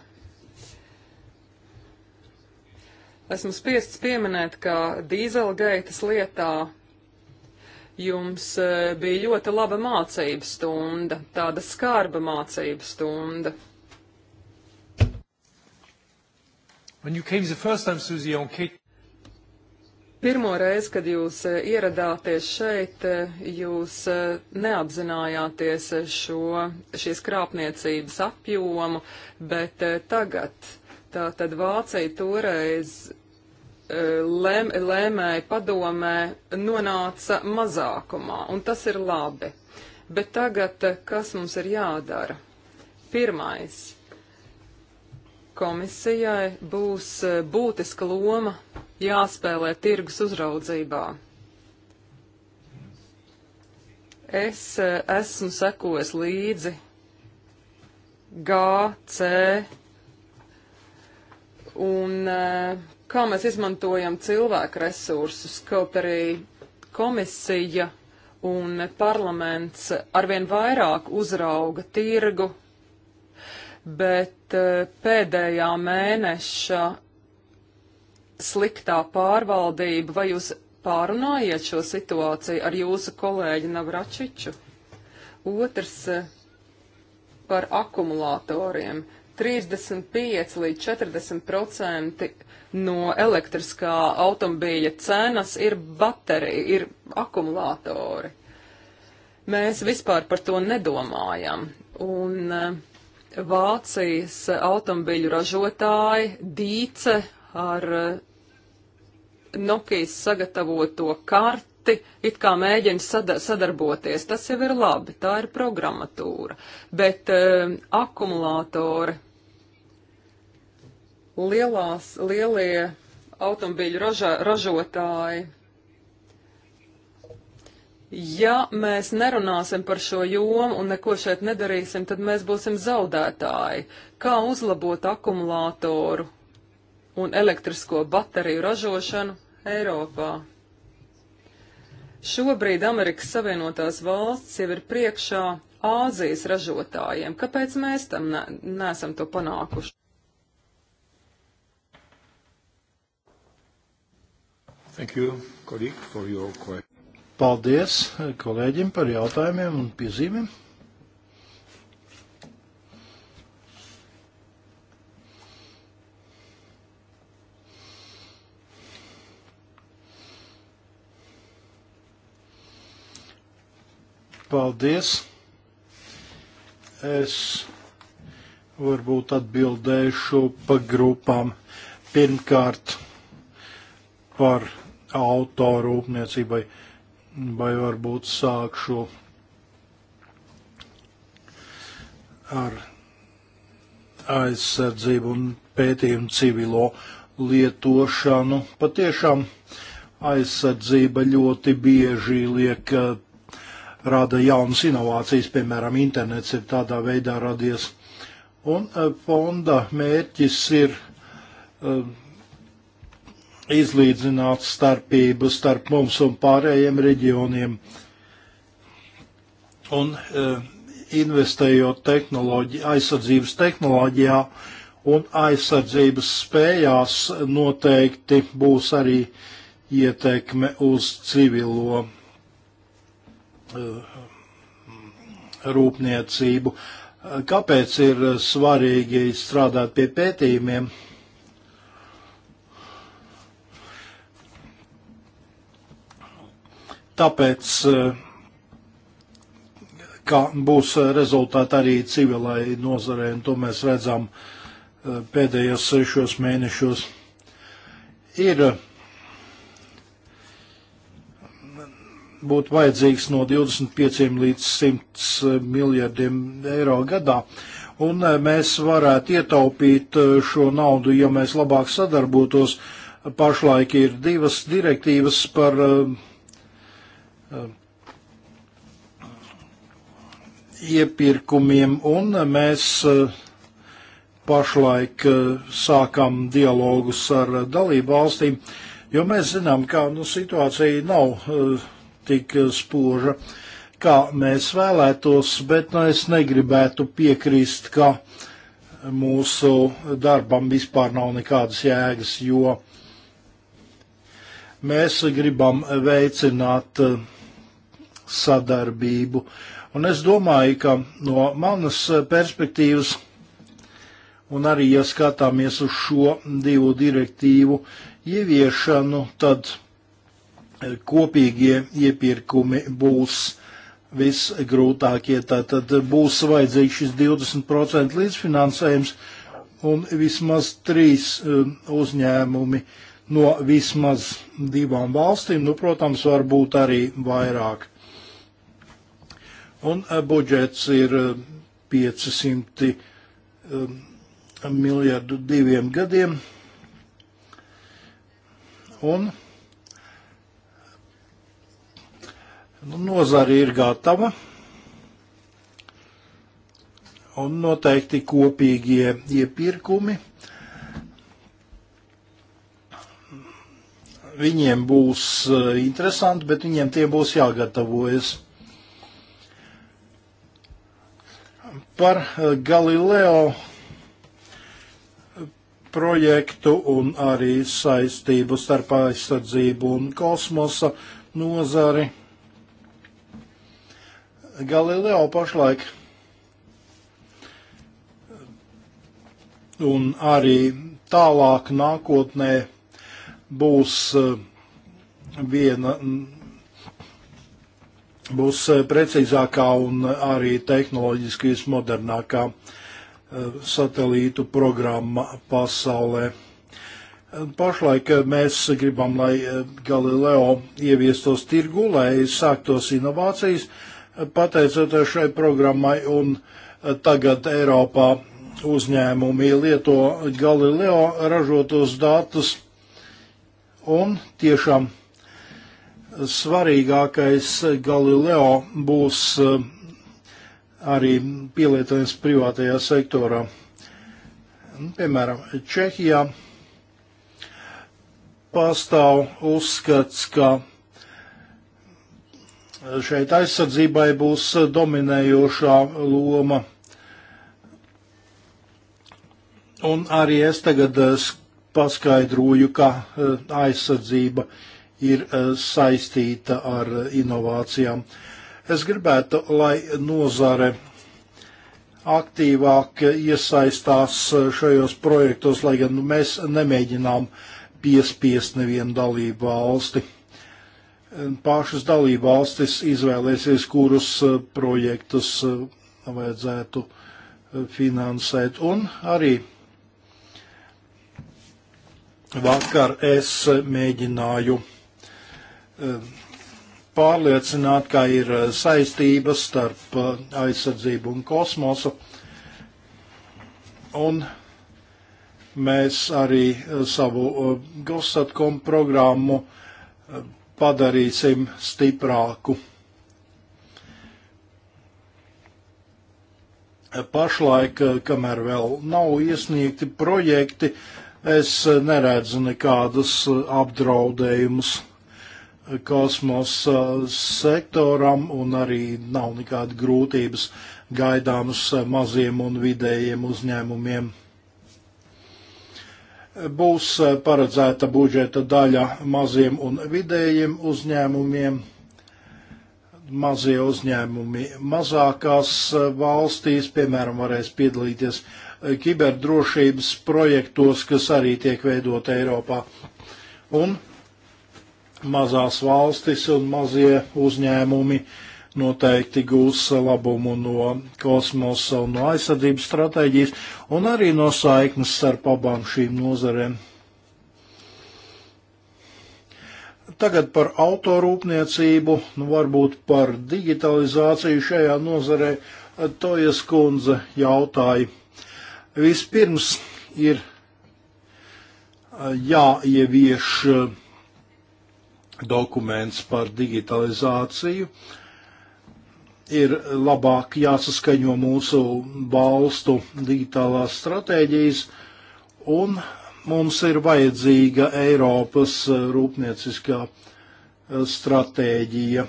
Esmu spiests pieminēt, ka dīzelgeitas lietā jums eh, bija ļoti laba mācības stunda, tāda skarba mācības stunda. Time, Susie, on... Pirmo reizi, kad jūs eh, ieradāties šeit, eh, jūs eh, neapzinājāties šo, šīs krāpniecības apjomu, bet tagad, tātad Vācija toreiz lēm, lēmēja padomē nonāca mazākumā, un tas ir labi. Bet tagad, kas mums ir jādara? Pirmais komisijai būs eh, būtiska loma jāspēlē tirgus uzraudzībā. Es eh, esmu sekojis līdzi GC un eh, kā mēs izmantojam cilvēku resursus, kaut arī komisija un parlaments arvien vairāk uzrauga tirgu bet eh, pēdējā mēneša sliktā pārvaldība, vai jūs pārunājiet šo situāciju ar jūsu kolēģi Navračiču? Otrs eh, par akumulatoriem. 35 līdz 40 procenti no elektriskā automobīļa cenas ir baterija, ir akumulātori. Mēs vispār par to nedomājam. Un uh, Vācijas automobiļu ražotāji dīce ar eh, Nokijas sagatavoto karti, it kā mēģina sada sadarboties. Tas jau ir labi, tā ir programmatūra. Bet uh, akumulātori, lielās, lielie automobīļu raža, ražotāji, Ja mēs nerunāsim par šo jomu un neko šeit nedarīsim, tad mēs būsim zaudētāji. Kā uzlabot akumulātoru un elektrisko bateriju ražošanu Eiropā? Šobrīd Amerikas Savienotās valsts jau ir priekšā Āzijas ražotājiem. Kāpēc mēs tam ne, nesam to panākuši? Thank you, colleague, for your question. Paldies eh, kolēģim par jautājumiem un piezīmēm. Paldies. Es varbūt atbildēšu pa grupām. Pirmkārt par autorūpniecībai. rūpniecībai vai varbūt sākšu ar aizsardzību un pētījumu civilo lietošanu. Patiešām aizsardzība ļoti bieži liek eh, rada jaunas inovācijas, piemēram, internets ir tādā veidā radies. Un eh, fonda mērķis ir eh, izlīdzināt starpību starp mums un pārējiem reģioniem. Un e, investējot tehnoloģi, aizsardzības tehnoloģijā un aizsardzības spējās noteikti būs arī ietekme uz civilo e, rūpniecību. Kāpēc ir svarīgi strādāt pie pētījumiem? tāpēc, eh, ka būs rezultāti arī civilai nozarei, un to mēs redzam eh, pēdējos sešos mēnešos. Ir eh, būtu vajadzīgs no 25 līdz 100 miljardiem eiro gadā. Un mēs varētu ietaupīt šo naudu, ja mēs labāk sadarbotos. Pašlaik ir divas direktīvas par uh, Um, iepirkumiem, un mēs uh, pašlaik uh, sākam dialogus ar dalību valstīm, jo mēs zinām, ka nu, situācija nav uh, tik spoža, kā mēs vēlētos, bet nu, es negribētu piekrist, ka mūsu darbam vispār nav nekādas jēgas, jo mēs gribam veicināt uh, sadarbību. Un es domāju, ka no manas eh, perspektīvas, un arī ja skatāmies uz šo divu direktīvu ieviešanu, tad eh, kopīgie iepirkumi būs visgrūtākie. Tātad būs vajadzīgs šis 20% līdzfinansējums un vismaz trīs eh, uzņēmumi no vismaz divām valstīm, nu, protams, varbūt arī vairāk un eh, budžets ir 500 eh, eh, miljardu diviem gadiem. Un nu, nozari ir gatava un noteikti kopīgie iepirkumi. Viņiem būs interesanti, bet viņiem tie būs jāgatavojas. par eh, Galileo projektu un arī saistību starp aizsardzību un kosmosa nozari. Galileo pašlaik un arī tālāk nākotnē būs eh, viena būs eh, precīzākā un arī tehnoloģiski vismodernākā eh, satelītu programma pasaulē. Eh, pašlaik mēs gribam, lai Galileo ieviestos tirgu, lai sāktos inovācijas, pateicoties šai programmai, un tagad Eiropā uzņēmumi lieto Galileo ražotos datus, un tiešām svarīgākais Galileo būs eh, arī pielietojums privātajā sektorā. Piemēram, Čehijā pastāv uzskats, ka šeit aizsardzībai būs dominējošā loma. Un arī es tagad eh, paskaidroju, ka eh, aizsardzība ir ir eh, saistīta ar eh, inovācijām. Es gribētu, lai nozare aktīvāk iesaistās eh, šajos projektos, lai gan mēs nemēģinām piespiest nevienu dalību valsti. Pašas dalību valstis izvēlēsies, kurus projektus vajadzētu finansēt. Un arī vakar es mēģināju pārliecināt, ka ir eh, saistības starp eh, aizsardzību un kosmosu. Un mēs arī eh, savu Gosatkom programmu padarīsim stiprāku. Pašlaik, kamēr vēl nav iesniegti projekti, es neredzu nekādus apdraudējumus kosmosa uh, sektoram un arī nav nekāda grūtības gaidāmas uh, maziem un vidējiem uzņēmumiem. Būs uh, paredzēta budžeta daļa maziem un vidējiem uzņēmumiem. Mazie uzņēmumi mazākās valstīs, piemēram, varēs piedalīties kiberdrošības projektos, kas arī tiek veidot Eiropā. Un mazās valstis un mazie uzņēmumi noteikti gūs labumu no kosmosa un no aizsardzības stratēģijas un arī no saiknes starp abām šīm nozarēm. Tagad par autorūpniecību, nu varbūt par digitalizāciju šajā nozarē, Tojas kundze jautāja. Vispirms ir jāievieš dokuments par digitalizāciju. Ir labāk jāsaskaņo mūsu valstu digitālās stratēģijas, un mums ir vajadzīga Eiropas rūpnieciskā stratēģija.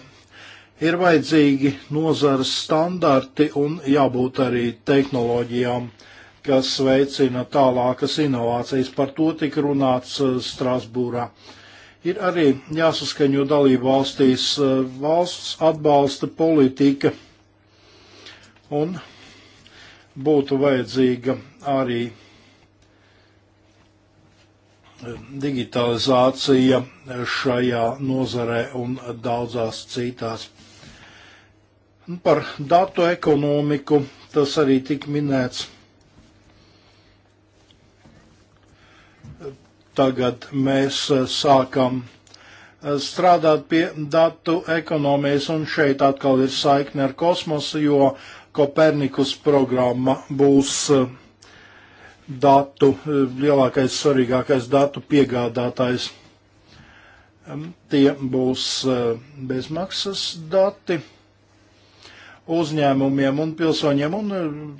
Ir vajadzīgi nozares standarti un jābūt arī tehnoloģijām, kas veicina tālākas inovācijas. Par to tika runāts eh, Strasbūrā. Uh, Ir arī jāsaskaņo dalību valstīs eh, valsts atbalsta politika un būtu vajadzīga arī eh, digitalizācija šajā nozarē un daudzās citās. Par datu ekonomiku tas arī tik minēts. tagad mēs eh, sākam eh, strādāt pie datu ekonomijas, un šeit atkal ir saikne ar kosmosu, jo Kopernikus programma būs eh, datu, lielākais, svarīgākais datu piegādātājs. Tie būs bezmaksas dati uzņēmumiem un pilsoņiem, un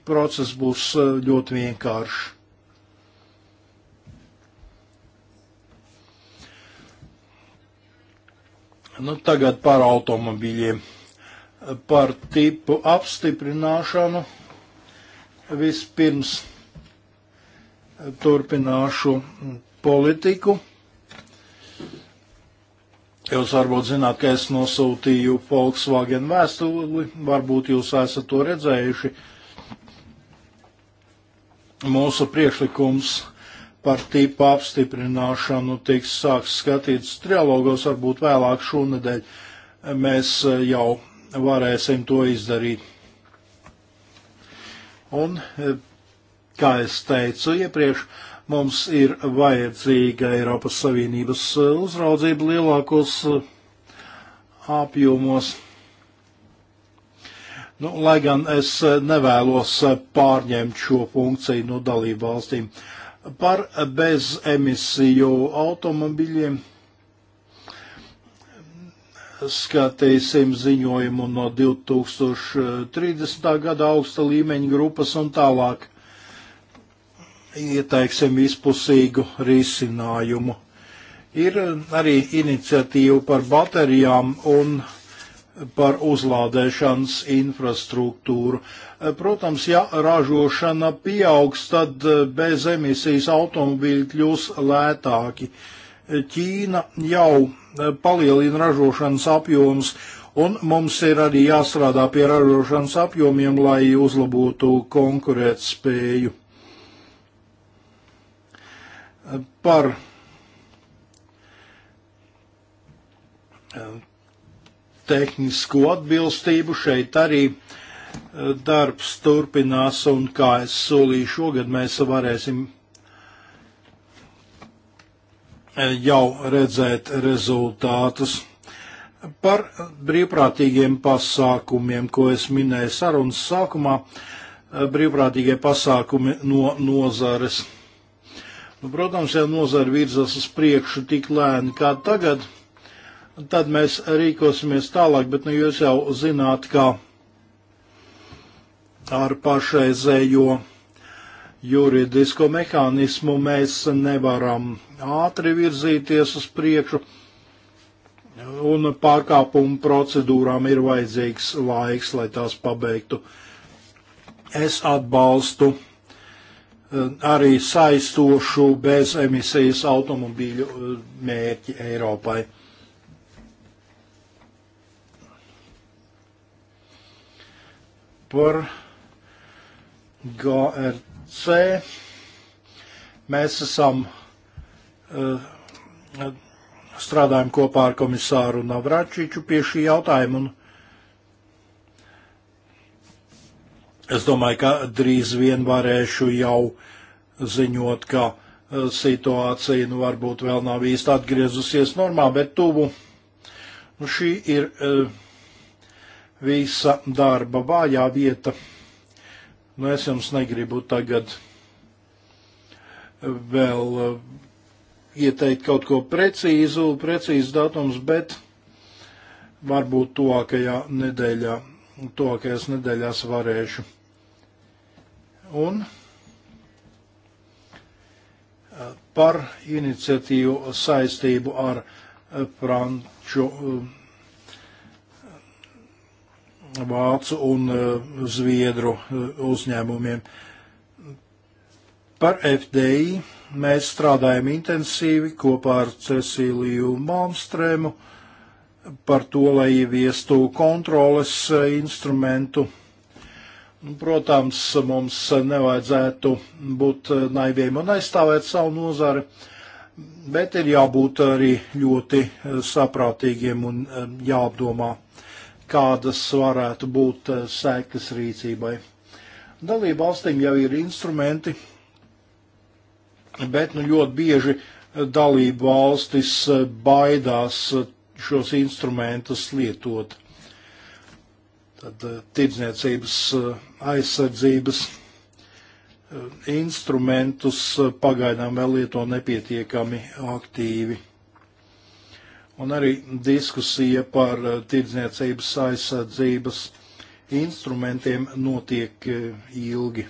process būs ļoti vienkāršs. Nu, tagad par automobīļiem, par tipu apstiprināšanu. Vispirms turpināšu politiku. Jūs varbūt zināt, ka es nosūtīju Volkswagen vēstuli, varbūt jūs esat to redzējuši. Mūsu priekšlikums par tipu apstiprināšanu tiks sāks skatīts trialogos, varbūt vēlāk šonadēļ mēs eh, jau varēsim to izdarīt. Un, eh, kā es teicu iepriekš, mums ir vajadzīga Eiropas Savienības eh, uzraudzība lielākos apjomos. Nu, lai gan es nevēlos pārņemt šo funkciju no dalību valstīm. Uh, par bezemisiju automobiļiem. Skatīsim ziņojumu no 2030. gada augsta līmeņa grupas un tālāk ieteiksim izpusīgu risinājumu. Ir arī iniciatīva par baterijām un baterijām par uzlādēšanas infrastruktūru. Protams, ja ražošana pieaugs, tad eh, bez emisijas automobīļi kļūs lētāki. Ķīna jau eh, palielina ražošanas apjomus, un mums ir arī jāstrādā pie ražošanas apjomiem, lai uzlabotu konkurētspēju. Par tehnisko atbilstību. Šeit arī eh, darbs turpinās, un kā es solīju, šogad mēs varēsim eh, jau redzēt rezultātus. Par brīvprātīgiem pasākumiem, ko es minēju sarunas sākumā, eh, brīvprātīgie pasākumi no nozares. Nu, protams, ja nozara virzās uz priekšu tik lēni kā tagad, tad mēs rīkosimies tālāk, bet nu, jūs jau zināt, ka ar pašreizējo juridisko mehānismu mēs nevaram ātri virzīties uz priekšu, un pārkāpumu procedūrām ir vajadzīgs laiks, lai tās pabeigtu. Es atbalstu eh, arī saistošu bezemisijas automobīļu eh, mērķi Eiropai. par GRC. Mēs esam eh, strādājam kopā ar komisāru Navračiču pie šī jautājuma. Un es domāju, ka drīz vien varēšu jau ziņot, ka eh, situācija nu, varbūt vēl nav īsti atgriezusies normā, bet tuvu. Nu, šī ir uh, visa darba vājā vieta. Nu, es jums negribu tagad vēl eh, ieteikt kaut ko precīzu, precīzu datums, bet varbūt tuvākajā nedēļā, tuvākajās nedēļās varēšu. Un eh, par iniciatīvu saistību ar eh, franču vācu un e, zviedru e, uzņēmumiem. Par FDI mēs strādājam intensīvi kopā ar Cecīliju Malmstrēmu par to, lai ieviestu kontroles e, instrumentu. Nu, protams, mums nevajadzētu būt naiviem un aizstāvēt savu nozari, bet ir jābūt arī ļoti saprātīgiem un jāapdomā kādas varētu būt eh, sekas rīcībai. Dalību valstīm jau ir instrumenti, bet nu, ļoti bieži eh, dalību valstis eh, baidās šos instrumentus lietot. Tad tirdzniecības aizsardzības instrumentus pagaidām vēl lieto nepietiekami aktīvi un arī diskusija par eh, tirdzniecības aizsardzības instrumentiem notiek eh, ilgi.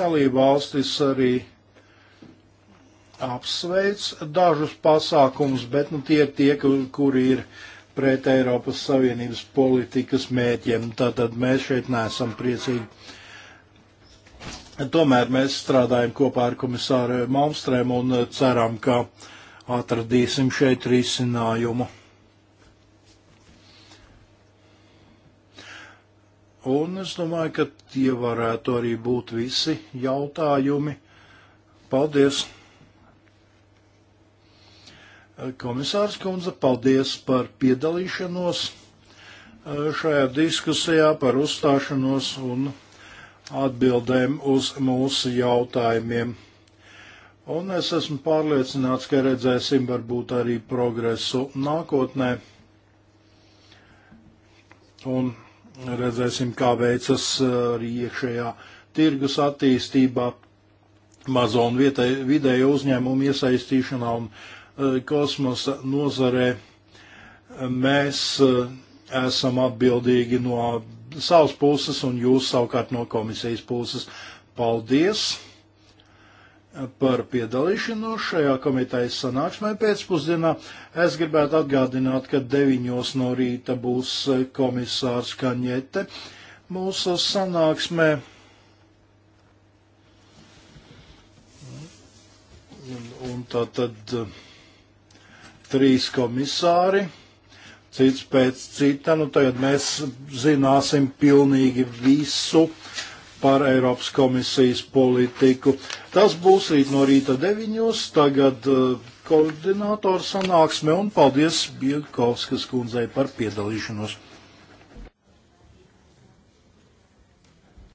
Dalība valstis arī apsveic dažus pasākumus, bet nu, tie ir tie, kuri ir pret Eiropas Savienības politikas mēķiem. Tātad mēs šeit neesam priecīgi. Tomēr mēs strādājam kopā ar komisāru Malmstrēmu un ceram, ka atradīsim šeit risinājumu. Un es domāju, ka tie varētu arī būt visi jautājumi. Paldies! Komisārs Kunze, paldies par piedalīšanos eh, šajā diskusijā, par uzstāšanos un atbildēm uz mūsu jautājumiem. Un es esmu pārliecināts, ka redzēsim varbūt arī progresu nākotnē. Un redzēsim, kā veicas eh, arī iekšējā tirgus attīstībā, mazo un vietai, vidēju uzņēmumu iesaistīšanā un uh, kosmosa nozarē. Mēs uh, esam atbildīgi no savas puses un jūs savukārt no komisijas puses. Paldies par piedalīšanos šajā komitejas sanāksmē pēcpusdienā. Es gribētu atgādināt, ka 9 no rīta būs komisārs Kaņete mūsu sanāksmē. Un tā tad eh, trīs komisāri cits pēc cita. Nu, tagad mēs zināsim pilnīgi visu par Eiropas komisijas politiku. Tas būs rīt no rīta deviņos, tagad eh, koordinātors sanāksme un paldies Bielkovskas kundzei par piedalīšanos.